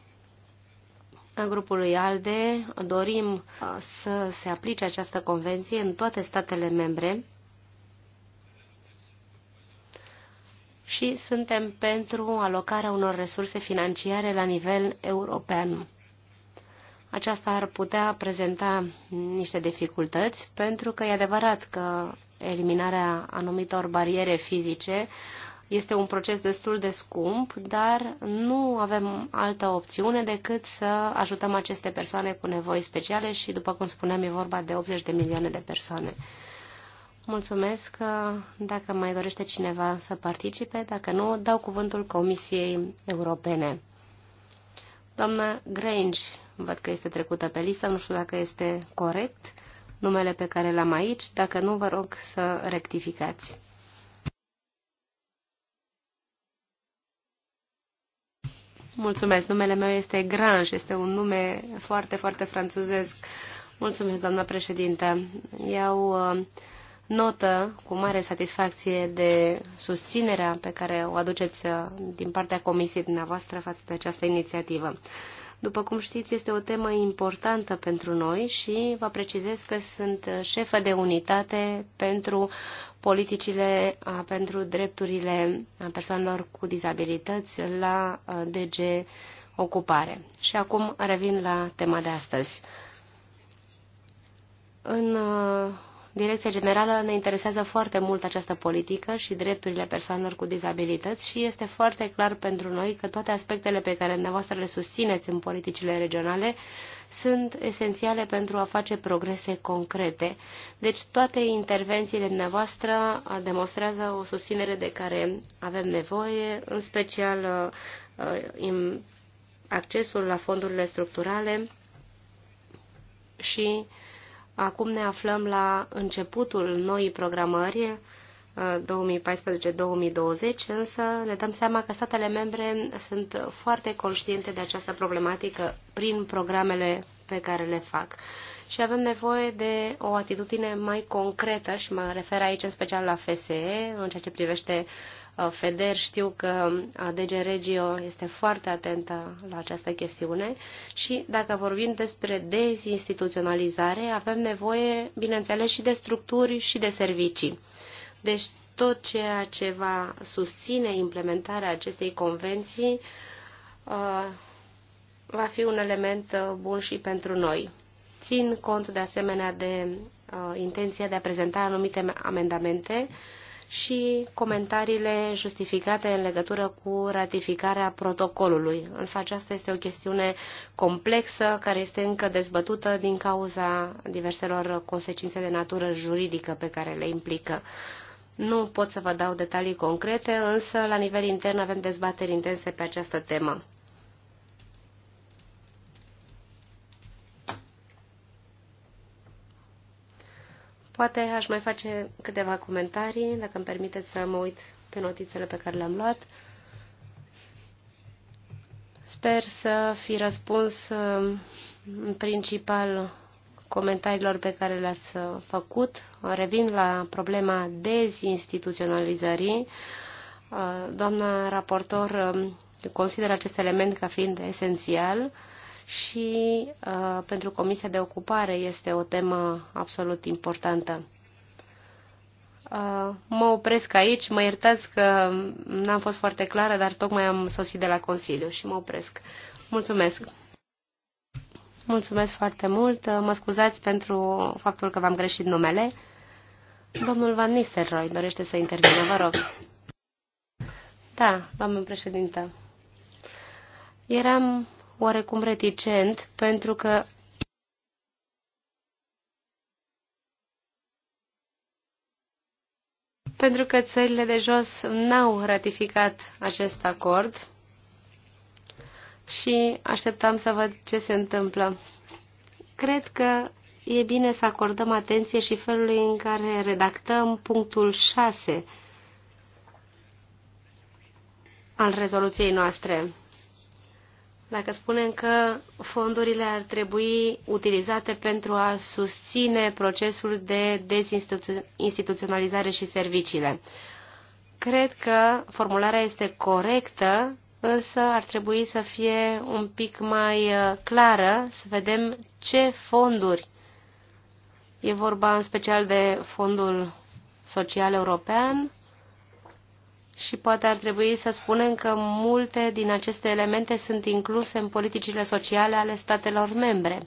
grupului ALDE dorim uh, să se aplice această convenție în toate statele membre și suntem pentru alocarea unor resurse financiare la nivel european. Aceasta ar putea prezenta niște dificultăți, pentru că e adevărat că eliminarea anumitor bariere fizice este un proces destul de scump, dar nu avem altă opțiune decât să ajutăm aceste persoane cu nevoi speciale și, după cum spuneam, e vorba de 80 de milioane de persoane. Mulțumesc. Dacă mai dorește cineva să participe, dacă nu, dau cuvântul Comisiei Europene. Doamna Grange, văd că este trecută pe listă, nu știu dacă este corect numele pe care l-am aici. Dacă nu, vă rog să rectificați. Mulțumesc. Numele meu este Grange. Este un nume foarte, foarte franțuzesc. Mulțumesc, doamna președinte. Iau uh, notă cu mare satisfacție de susținerea pe care o aduceți uh, din partea comisiei dumneavoastră față de această inițiativă. După cum știți, este o temă importantă pentru noi și vă precizez că sunt șefă de unitate pentru politicile pentru drepturile persoanelor cu dizabilități la DG Ocupare. Și acum revin la tema de astăzi. În Direcția Generală ne interesează foarte mult această politică și drepturile persoanelor cu dizabilități și este foarte clar pentru noi că toate aspectele pe care dumneavoastră le susțineți în politicile regionale sunt esențiale pentru a face progrese concrete. Deci toate intervențiile dumneavoastră demonstrează o susținere de care avem nevoie, în special în uh, accesul la fondurile structurale și uh, Acum ne aflăm la începutul noii programări 2014-2020, uh, însă ne dăm seama că statele membre sunt foarte conștiente de această problematică prin programele pe care le fac. Și avem nevoie de o atitudine mai concretă și mă refer aici în special la FSE, în ceea ce privește uh, Uh, FEDER, știu că uh, DG Regio este foarte atentă la această chestiune și dacă vorbim despre dezinstituționalizare, avem nevoie, bineînțeles, și de structuri și de servicii. Deci tot ceea ce va susține implementarea acestei convenții uh, va fi un element bun și pentru noi. Țin cont de asemenea de intenția de a prezenta anumite amendamente și comentariile justificate în legătură cu ratificarea protocolului. Însă aceasta este o chestiune complexă care este încă dezbătută din cauza diverselor consecințe de natură juridică pe care le implică. Nu pot să vă dau detalii concrete, însă la nivel intern avem dezbateri intense pe această temă. Poate aș mai face câteva comentarii, dacă îmi permiteți să mă uit pe notițele pe care le-am luat. Sper să fi răspuns um, în principal comentariilor pe care le-ați uh, făcut. Revin la problema dezinstituționalizării. Uh, doamna raportor um, consideră acest element ca fiind esențial și uh, pentru Comisia de Ocupare este o temă absolut importantă. Uh, mă opresc aici, mă iertați că n-am fost foarte clară, dar tocmai am sosit de la Consiliu și mă opresc. Mulțumesc! Mulțumesc foarte mult, uh, mă scuzați pentru faptul că v-am greșit numele. Domnul Van Nistelrooy dorește să intervină, vă rog. Da, doamnă președintă. Eram oarecum reticent pentru că pentru că țările de jos n-au ratificat acest acord și așteptam să văd ce se întâmplă. Cred că e bine să acordăm atenție și felului în care redactăm punctul 6 al rezoluției noastre. Dacă spunem că fondurile ar trebui utilizate pentru a susține procesul de dezinstituționalizare și serviciile. Cred că formularea este corectă, însă ar trebui să fie un pic mai uh, clară, să vedem ce fonduri. E vorba în special de Fondul Social European, și poate ar trebui să spunem că multe din aceste elemente sunt incluse în politicile sociale ale statelor membre.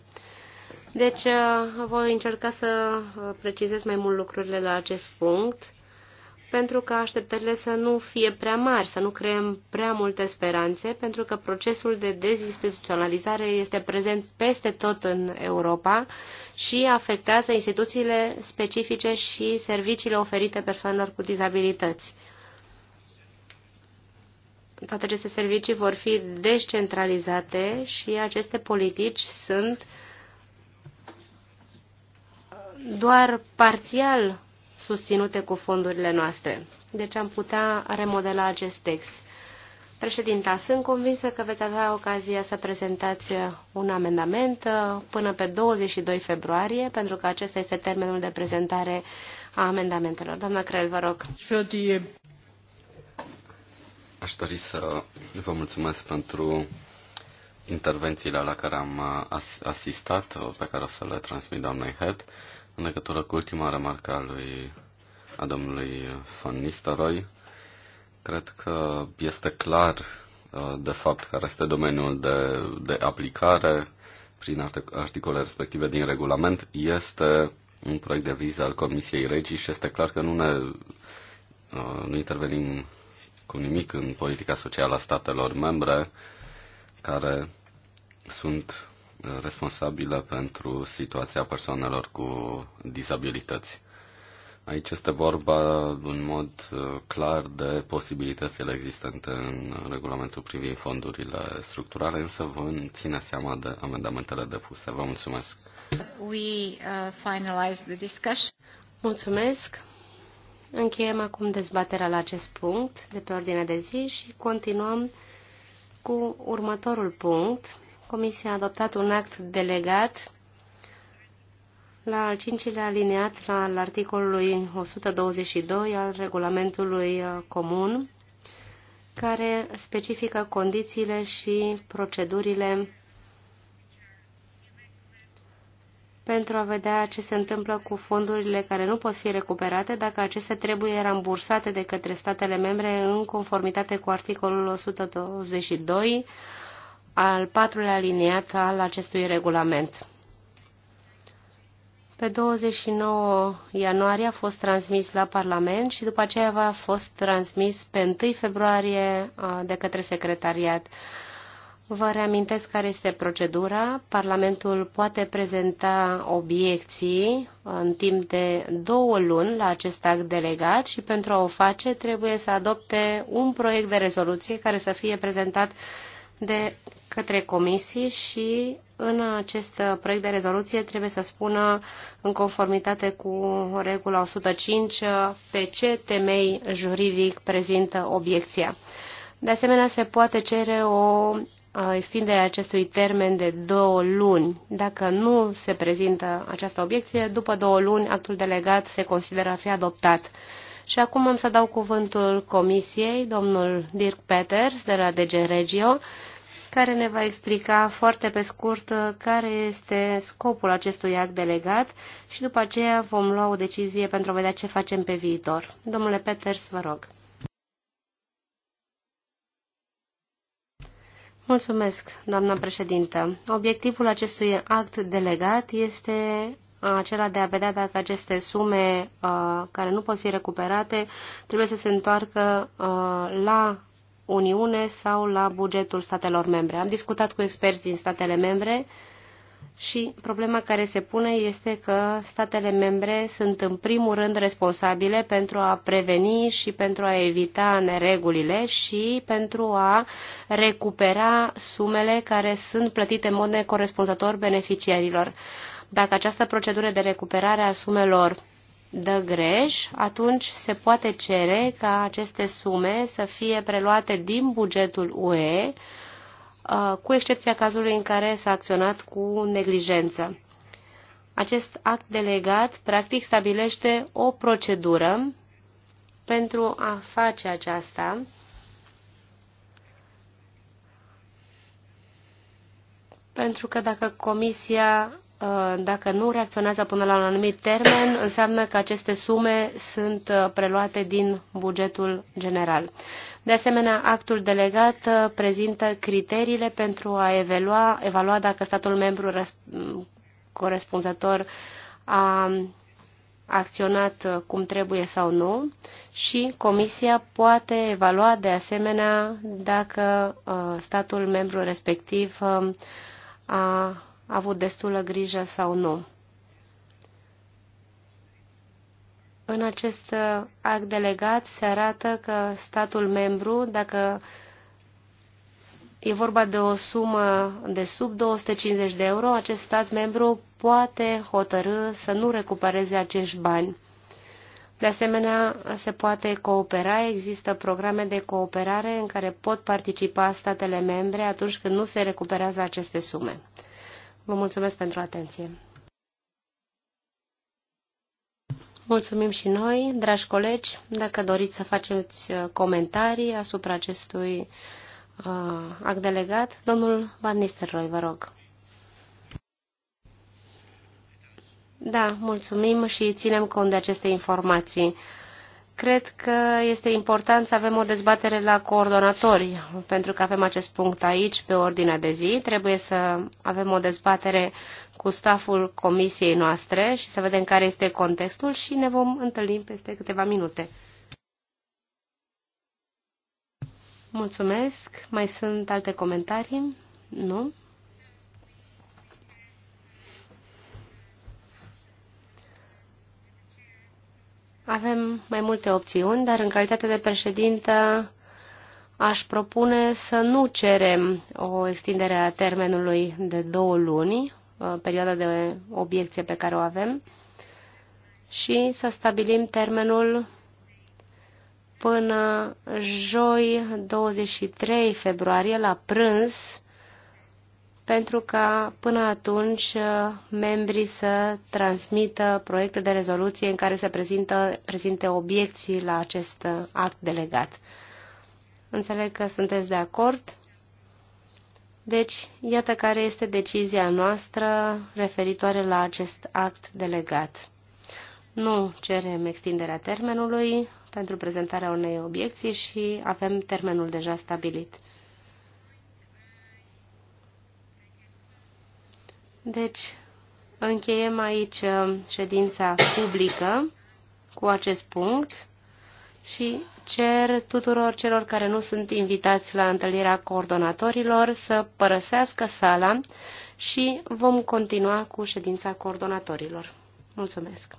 Deci uh, voi încerca să uh, precizez mai mult lucrurile la acest punct, pentru că așteptările să nu fie prea mari, să nu creăm prea multe speranțe, pentru că procesul de dezinstituționalizare este prezent peste tot în Europa și afectează instituțiile specifice și serviciile oferite persoanelor cu dizabilități toate aceste servicii vor fi descentralizate și aceste politici sunt doar parțial susținute cu fondurile noastre. Deci am putea remodela acest text. Președinta, sunt convinsă că veți avea ocazia să prezentați un amendament până pe 22 februarie, pentru că acesta este termenul de prezentare a amendamentelor. Doamna Crel, vă rog. Aș dori să vă mulțumesc pentru intervențiile la care am uh, asistat, uh, pe care o să le transmit doamnei Head, în legătură cu ultima remarcă a, lui, a domnului Van Nistelrooy. Cred că este clar, uh, de fapt, care este domeniul de, de aplicare prin articole respective din regulament. Este un proiect de viză al Comisiei Regii și este clar că nu ne nu intervenim cu nimic în politica socială a statelor membre care sunt uh, responsabile pentru situația persoanelor cu dizabilități. Aici este vorba în mod uh, clar de posibilitățile existente în regulamentul privind fondurile structurale, însă vom ține seama de amendamentele depuse. Vă mulțumesc. We uh, the discussion. Mulțumesc. Încheiem acum dezbaterea la acest punct de pe ordinea de zi și continuăm cu următorul punct. Comisia a adoptat un act delegat la al cincilea aliniat al articolului 122 al regulamentului uh, comun, care specifică condițiile și procedurile pentru a vedea ce se întâmplă cu fondurile care nu pot fi recuperate dacă acestea trebuie rambursate de către statele membre în conformitate cu articolul 122 al patrulea aliniat al acestui regulament. Pe 29 ianuarie a fost transmis la Parlament și după aceea a fost transmis pe 1 februarie de către secretariat. Vă reamintesc care este procedura. Parlamentul poate prezenta obiecții în timp de două luni la acest act delegat și pentru a o face trebuie să adopte un proiect de rezoluție care să fie prezentat de către comisii și în acest proiect de rezoluție trebuie să spună în conformitate cu regula 105 pe ce temei juridic prezintă obiecția. De asemenea, se poate cere o extinderea acestui termen de două luni. Dacă nu se prezintă această obiecție, după două luni actul delegat se consideră a fi adoptat. Și acum am să dau cuvântul comisiei, domnul Dirk Peters de la DG Regio, care ne va explica foarte pe scurt uh, care este scopul acestui act delegat și după aceea vom lua o decizie pentru a vedea ce facem pe viitor. Domnule Peters, vă rog. Mulțumesc, doamnă președintă. Obiectivul acestui act delegat este acela de a vedea dacă aceste sume uh, care nu pot fi recuperate trebuie să se întoarcă uh, la Uniune sau la bugetul statelor membre. Am discutat cu experți din statele membre și problema care se pune este că statele membre sunt în primul rând responsabile pentru a preveni și pentru a evita neregulile și pentru a recupera sumele care sunt plătite în mod necorespunzător beneficiarilor. Dacă această procedură de recuperare a sumelor dă greș, atunci se poate cere ca aceste sume să fie preluate din bugetul UE, Uh, cu excepția cazului în care s-a acționat cu neglijență. Acest act delegat, practic, stabilește o procedură pentru a face aceasta. Pentru că dacă comisia uh, dacă nu reacționează până la un anumit termen, înseamnă că aceste sume sunt uh, preluate din bugetul general. De asemenea, actul delegat uh, prezintă criteriile pentru a evalua, evalua dacă statul membru mm, corespunzător a acționat uh, cum trebuie sau nu și Comisia poate evalua de asemenea dacă uh, statul membru respectiv um, a avut destulă grijă sau nu. În acest uh, act delegat se arată că statul membru, dacă e vorba de o sumă de sub 250 de euro, acest stat membru poate hotărâ să nu recupereze acești bani. De asemenea, se poate coopera, există programe de cooperare în care pot participa statele membre atunci când nu se recuperează aceste sume. Vă mulțumesc pentru atenție. Mulțumim și noi, dragi colegi, dacă doriți să faceți uh, comentarii asupra acestui uh, act delegat. Domnul Van Nistelrooy, vă rog. Da, mulțumim și ținem cont de aceste informații. Cred că este important să avem o dezbatere la coordonatori, pentru că avem acest punct aici, pe ordinea de zi. Trebuie să avem o dezbatere cu staful comisiei noastre și să vedem care este contextul și ne vom întâlni peste câteva minute. Mulțumesc. Mai sunt alte comentarii? Nu? Avem mai multe opțiuni, dar în calitate de președintă aș propune să nu cerem o extindere a termenului de două luni, uh, perioada de obiecție pe care o avem, și să stabilim termenul până joi 23 februarie la prânz pentru ca până atunci uh, membrii să transmită proiecte de rezoluție în care se prezintă, prezinte obiecții la acest uh, act delegat. Înțeleg că sunteți de acord. Deci, iată care este decizia noastră referitoare la acest act delegat. Nu cerem extinderea termenului pentru prezentarea unei obiecții și avem termenul deja stabilit. Deci, încheiem aici uh, ședința publică cu acest punct și cer tuturor celor care nu sunt invitați la întâlnirea coordonatorilor să părăsească sala și vom continua cu ședința coordonatorilor. Mulțumesc!